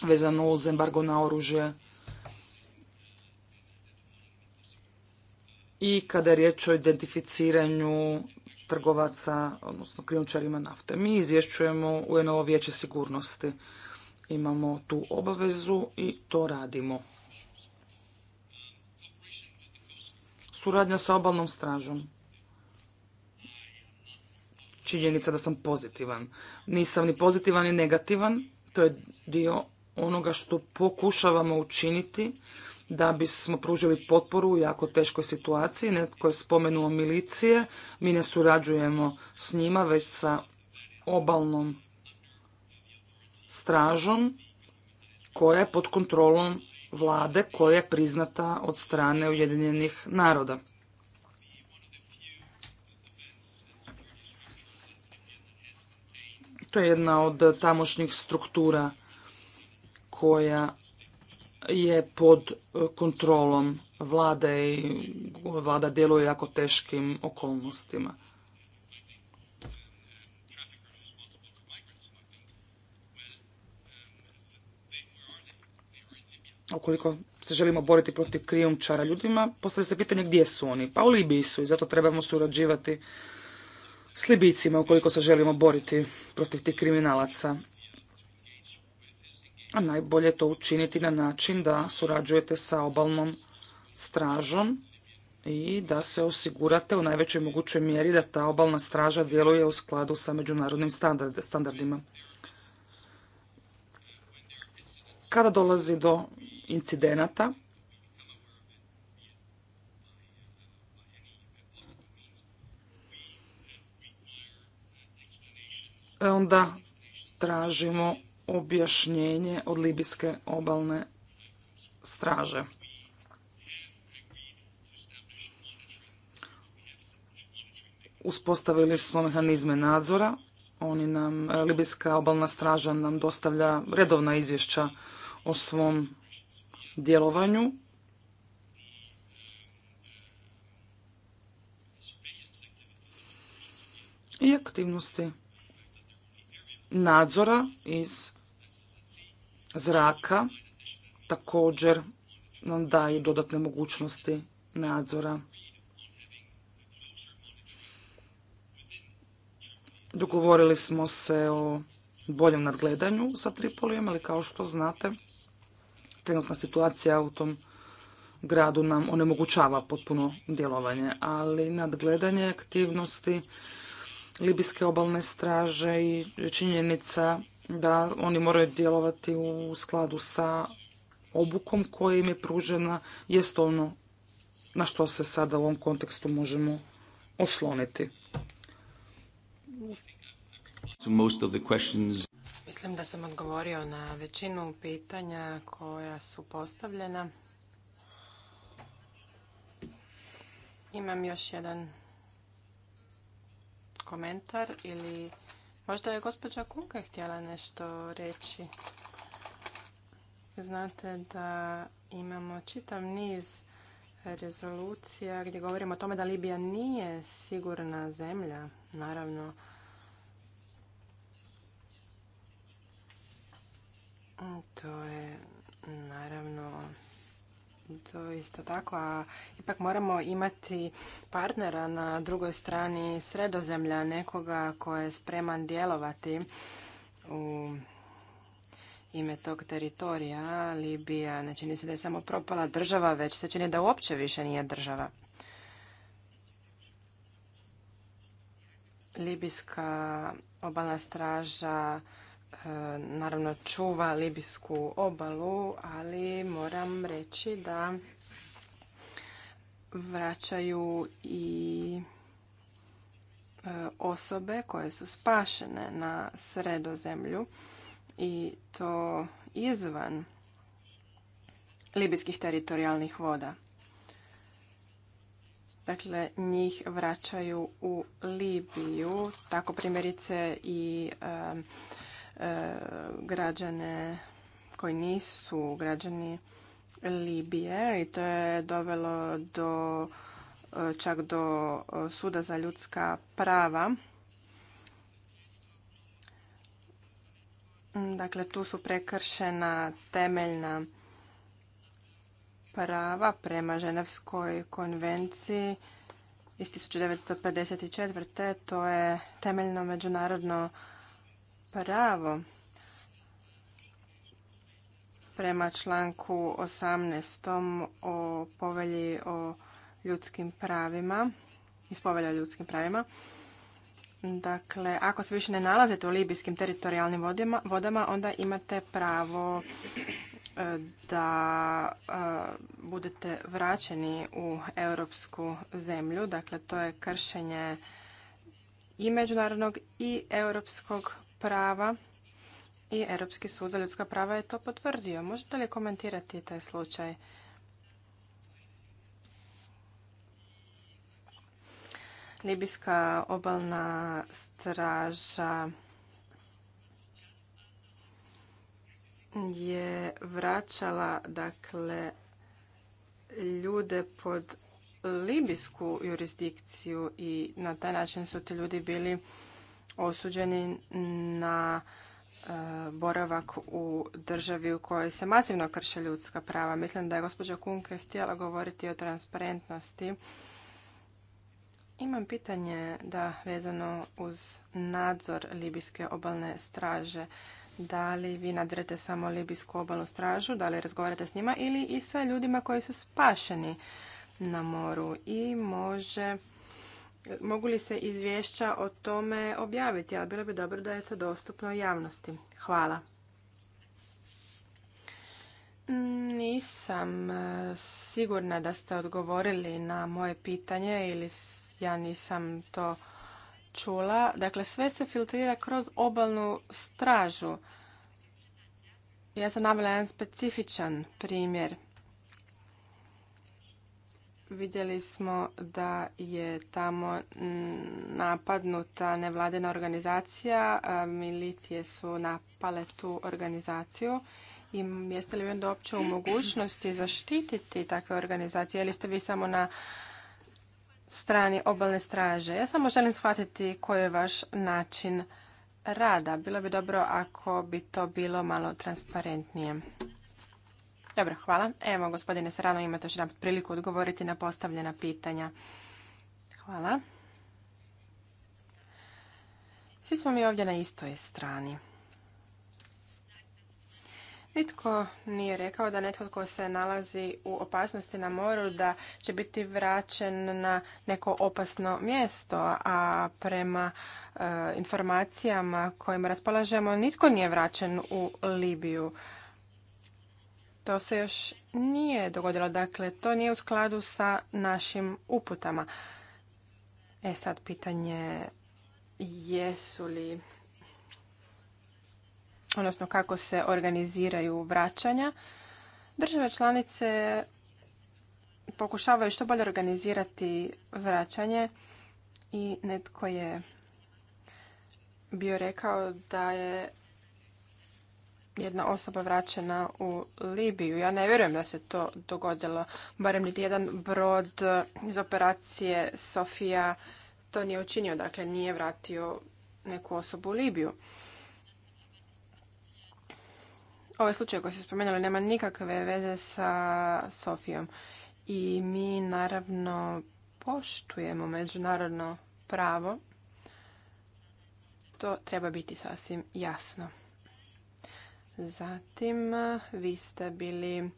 vezano uz embargo na oružje i kada je riječ o identificiranju trgovaca, odnosno krijumčarima nafte. Mi izvješćujemo u ovo vijeće sigurnosti. Imamo tu obavezu i to radimo. Suradnja sa obalnom stražom. Činjenica da sam pozitivan. Nisam ni pozitivan ni negativan. To je dio onoga što pokušavamo učiniti da bismo pružili potporu u jako teškoj situaciji. Netko je spomenuo milicije, mi ne surađujemo s njima, već sa obalnom stražom koja je pod kontrolom vlade koja je priznata od strane Ujedinjenih naroda. To je jedna od tamošnjih struktura koja je pod e, kontrolom vlade i vlada djeluje jako teškim okolnostima. Ukoliko se želimo boriti protiv krijumčara ljudima, postavlja se pitanje gdje su oni. Pa u Libiji su i zato trebamo surađivati s Libijcima ukoliko se želimo boriti protiv tih kriminalaca a najbolje to učiniti na način da surađujete sa obalnom stražom i da se osigurate u najvećoj mogućoj mjeri da ta obalna straža djeluje u skladu sa međunarodnim standardima. Kada dolazi do incidenata, e, onda tražimo objašnjenje od libijske obalne straže. Uspostavili smo mehanizme nadzora, oni nam, e, libijska obalna straža nam dostavlja redovna izvješća o svom djelovanju. I aktivnosti nadzora iz zraka također nam daju dodatne mogućnosti nadzora. Dogovorili smo se o boljem nadgledanju sa Tripolijem, ali kao što znate, trenutna situacija u tom gradu nam onemogućava potpuno djelovanje, ali nadgledanje aktivnosti Libijske obalne straže i činjenica da oni moraju djelovati u skladu sa obukom koja im je pružena, jest ono na što se sada u ovom kontekstu možemo osloniti. Mislim da sam odgovorio na većinu pitanja koja su postavljena. Imam još jedan komentar ili Možda je gospođa Kunka htjela nešto reći. Znate da imamo čitav niz rezolucija gdje govorimo o tome da Libija nije sigurna zemlja, naravno. To je naravno to isto tako, a ipak moramo imati partnera na drugoj strani sredozemlja, nekoga koje je spreman djelovati u ime tog teritorija. Libija ne čini se da je samo propala država, već se čini da uopće više nije država. Libijska obalna straža naravno čuva libijsku obalu, ali moram reći da vraćaju i e, osobe koje su spašene na sredozemlju i to izvan libijskih teritorijalnih voda. Dakle, njih vraćaju u Libiju, tako primjerice i e, građane koji nisu građani Libije i to je dovelo do čak do suda za ljudska prava. Dakle, tu su prekršena temeljna prava prema Ženevskoj konvenciji iz 1954. To je temeljno međunarodno pravo prema članku 18. o povelji o ljudskim pravima, iz povelja o ljudskim pravima. Dakle, ako se više ne nalazite u libijskim teritorijalnim vodama, onda imate pravo e, da e, budete vraćeni u europsku zemlju. Dakle, to je kršenje i međunarodnog i europskog prava i Europski sud za ljudska prava je to potvrdio. Možete li komentirati taj slučaj? Libijska obalna straža je vraćala dakle ljude pod libijsku jurisdikciju i na taj način su ti ljudi bili osuđeni na e, boravak u državi u kojoj se masivno krše ljudska prava. Mislim da je gospođa Kunke htjela govoriti o transparentnosti. Imam pitanje da vezano uz nadzor Libijske obalne straže. Da li vi nadrete samo Libijsku obalnu stražu, da li razgovarate s njima ili i sa ljudima koji su spašeni na moru i može mogu li se izvješća o tome objaviti, ali bilo bi dobro da je to dostupno javnosti. Hvala. Nisam e, sigurna da ste odgovorili na moje pitanje ili ja nisam to čula. Dakle, sve se filtrira kroz obalnu stražu. Ja sam navela jedan specifičan primjer. Vidjeli smo da je tamo napadnuta nevladina organizacija, milicije su napale tu organizaciju. I jeste li onda uopće u mogućnosti zaštititi takve organizacije ili ste vi samo na strani obalne straže? Ja samo želim shvatiti koji je vaš način rada. Bilo bi dobro ako bi to bilo malo transparentnije. Dobro, hvala. Evo, gospodine Sarano, imate još jedan priliku odgovoriti na postavljena pitanja. Hvala. Svi smo mi ovdje na istoj strani. Nitko nije rekao da netko tko se nalazi u opasnosti na moru da će biti vraćen na neko opasno mjesto, a prema e, informacijama kojima raspolažemo nitko nije vraćen u Libiju. To se još nije dogodilo, dakle to nije u skladu sa našim uputama. E sad pitanje jesu li odnosno kako se organiziraju vraćanja. Države članice pokušavaju što bolje organizirati vraćanje i netko je bio rekao da je jedna osoba vraćena u Libiju. Ja ne vjerujem da se to dogodilo. Barem niti jedan brod iz operacije Sofija to nije učinio. Dakle, nije vratio neku osobu u Libiju. Ovaj slučaj koji ste spomenuli nema nikakve veze sa Sofijom. I mi naravno poštujemo međunarodno pravo. To treba biti sasvim jasno. Zatim, vi ste bili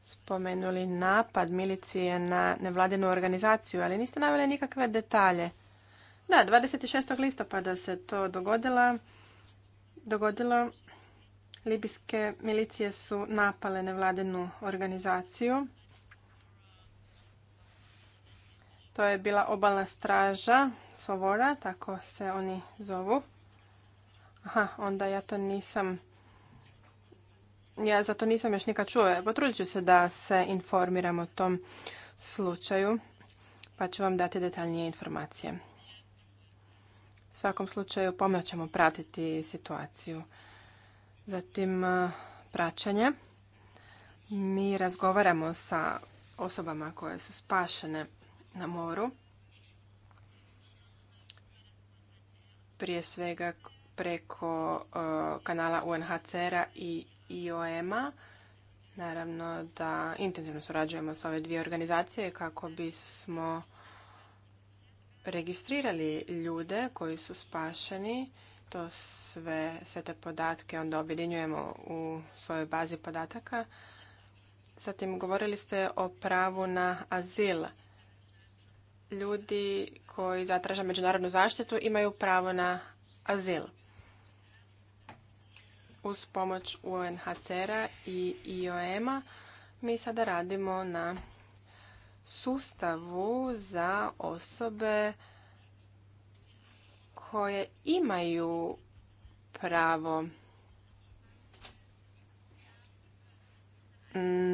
spomenuli napad milicije na nevladinu organizaciju, ali niste naveli nikakve detalje. Da, 26. listopada se to dogodilo. Dogodilo libijske milicije su napale nevladinu organizaciju. To je bila obalna straža Sovora, tako se oni zovu. Aha, onda ja to nisam ja zato nisam još nikad čuo. Potrudit ću se da se informiram o tom slučaju, pa ću vam dati detaljnije informacije. U svakom slučaju pomno ćemo pratiti situaciju. Zatim eh, praćanje. Mi razgovaramo sa osobama koje su spašene na moru. Prije svega preko eh, kanala UNHCR-a i i OEMa. Naravno da intenzivno surađujemo s ove dvije organizacije kako bismo registrirali ljude koji su spašeni. To sve, sve te podatke onda objedinjujemo u svojoj bazi podataka. Zatim govorili ste o pravu na azil. Ljudi koji zatraže međunarodnu zaštitu imaju pravo na azil uz pomoć UNHCR-a i IOM-a mi sada radimo na sustavu za osobe koje imaju pravo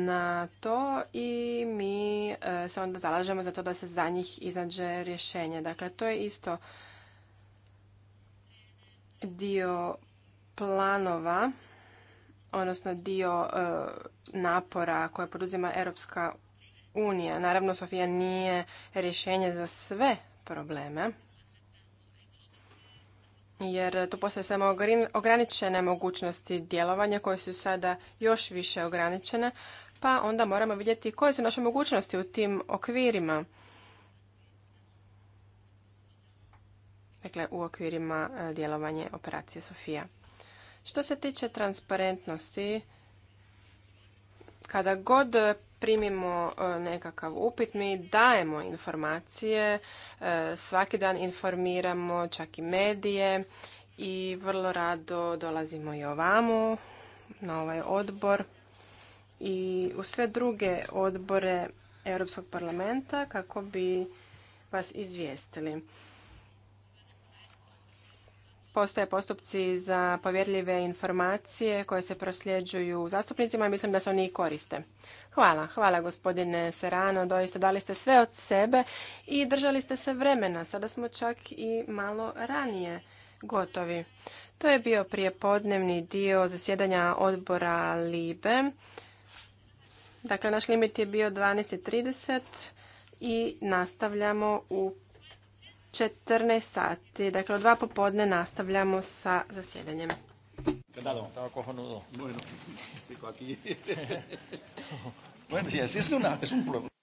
na to i mi e, se onda zalažemo za to da se za njih iznađe rješenje. Dakle, to je isto dio planova, odnosno dio e, napora koje poduzima Europska unija. Naravno, Sofija nije rješenje za sve probleme, jer tu postoje samo ograničene mogućnosti djelovanja koje su sada još više ograničene, pa onda moramo vidjeti koje su naše mogućnosti u tim okvirima. Dakle, u okvirima e, djelovanje operacije Sofija. Što se tiče transparentnosti, kada god primimo e, nekakav upit, mi dajemo informacije, e, svaki dan informiramo čak i medije i vrlo rado dolazimo i ovamo na ovaj odbor i u sve druge odbore Europskog parlamenta kako bi vas izvijestili postoje postupci za povjerljive informacije koje se prosljeđuju zastupnicima i mislim da se oni i koriste. Hvala, hvala gospodine Serano, doista dali ste sve od sebe i držali ste se vremena. Sada smo čak i malo ranije gotovi. To je bio prijepodnevni dio zasjedanja odbora LIBE. Dakle, naš limit je bio 12.30 i nastavljamo u 14 sati. Dakle, od dva popodne nastavljamo sa zasjedanjem. Estaba cojonudo. Bueno, aquí. bueno, si así es, una, es un problema.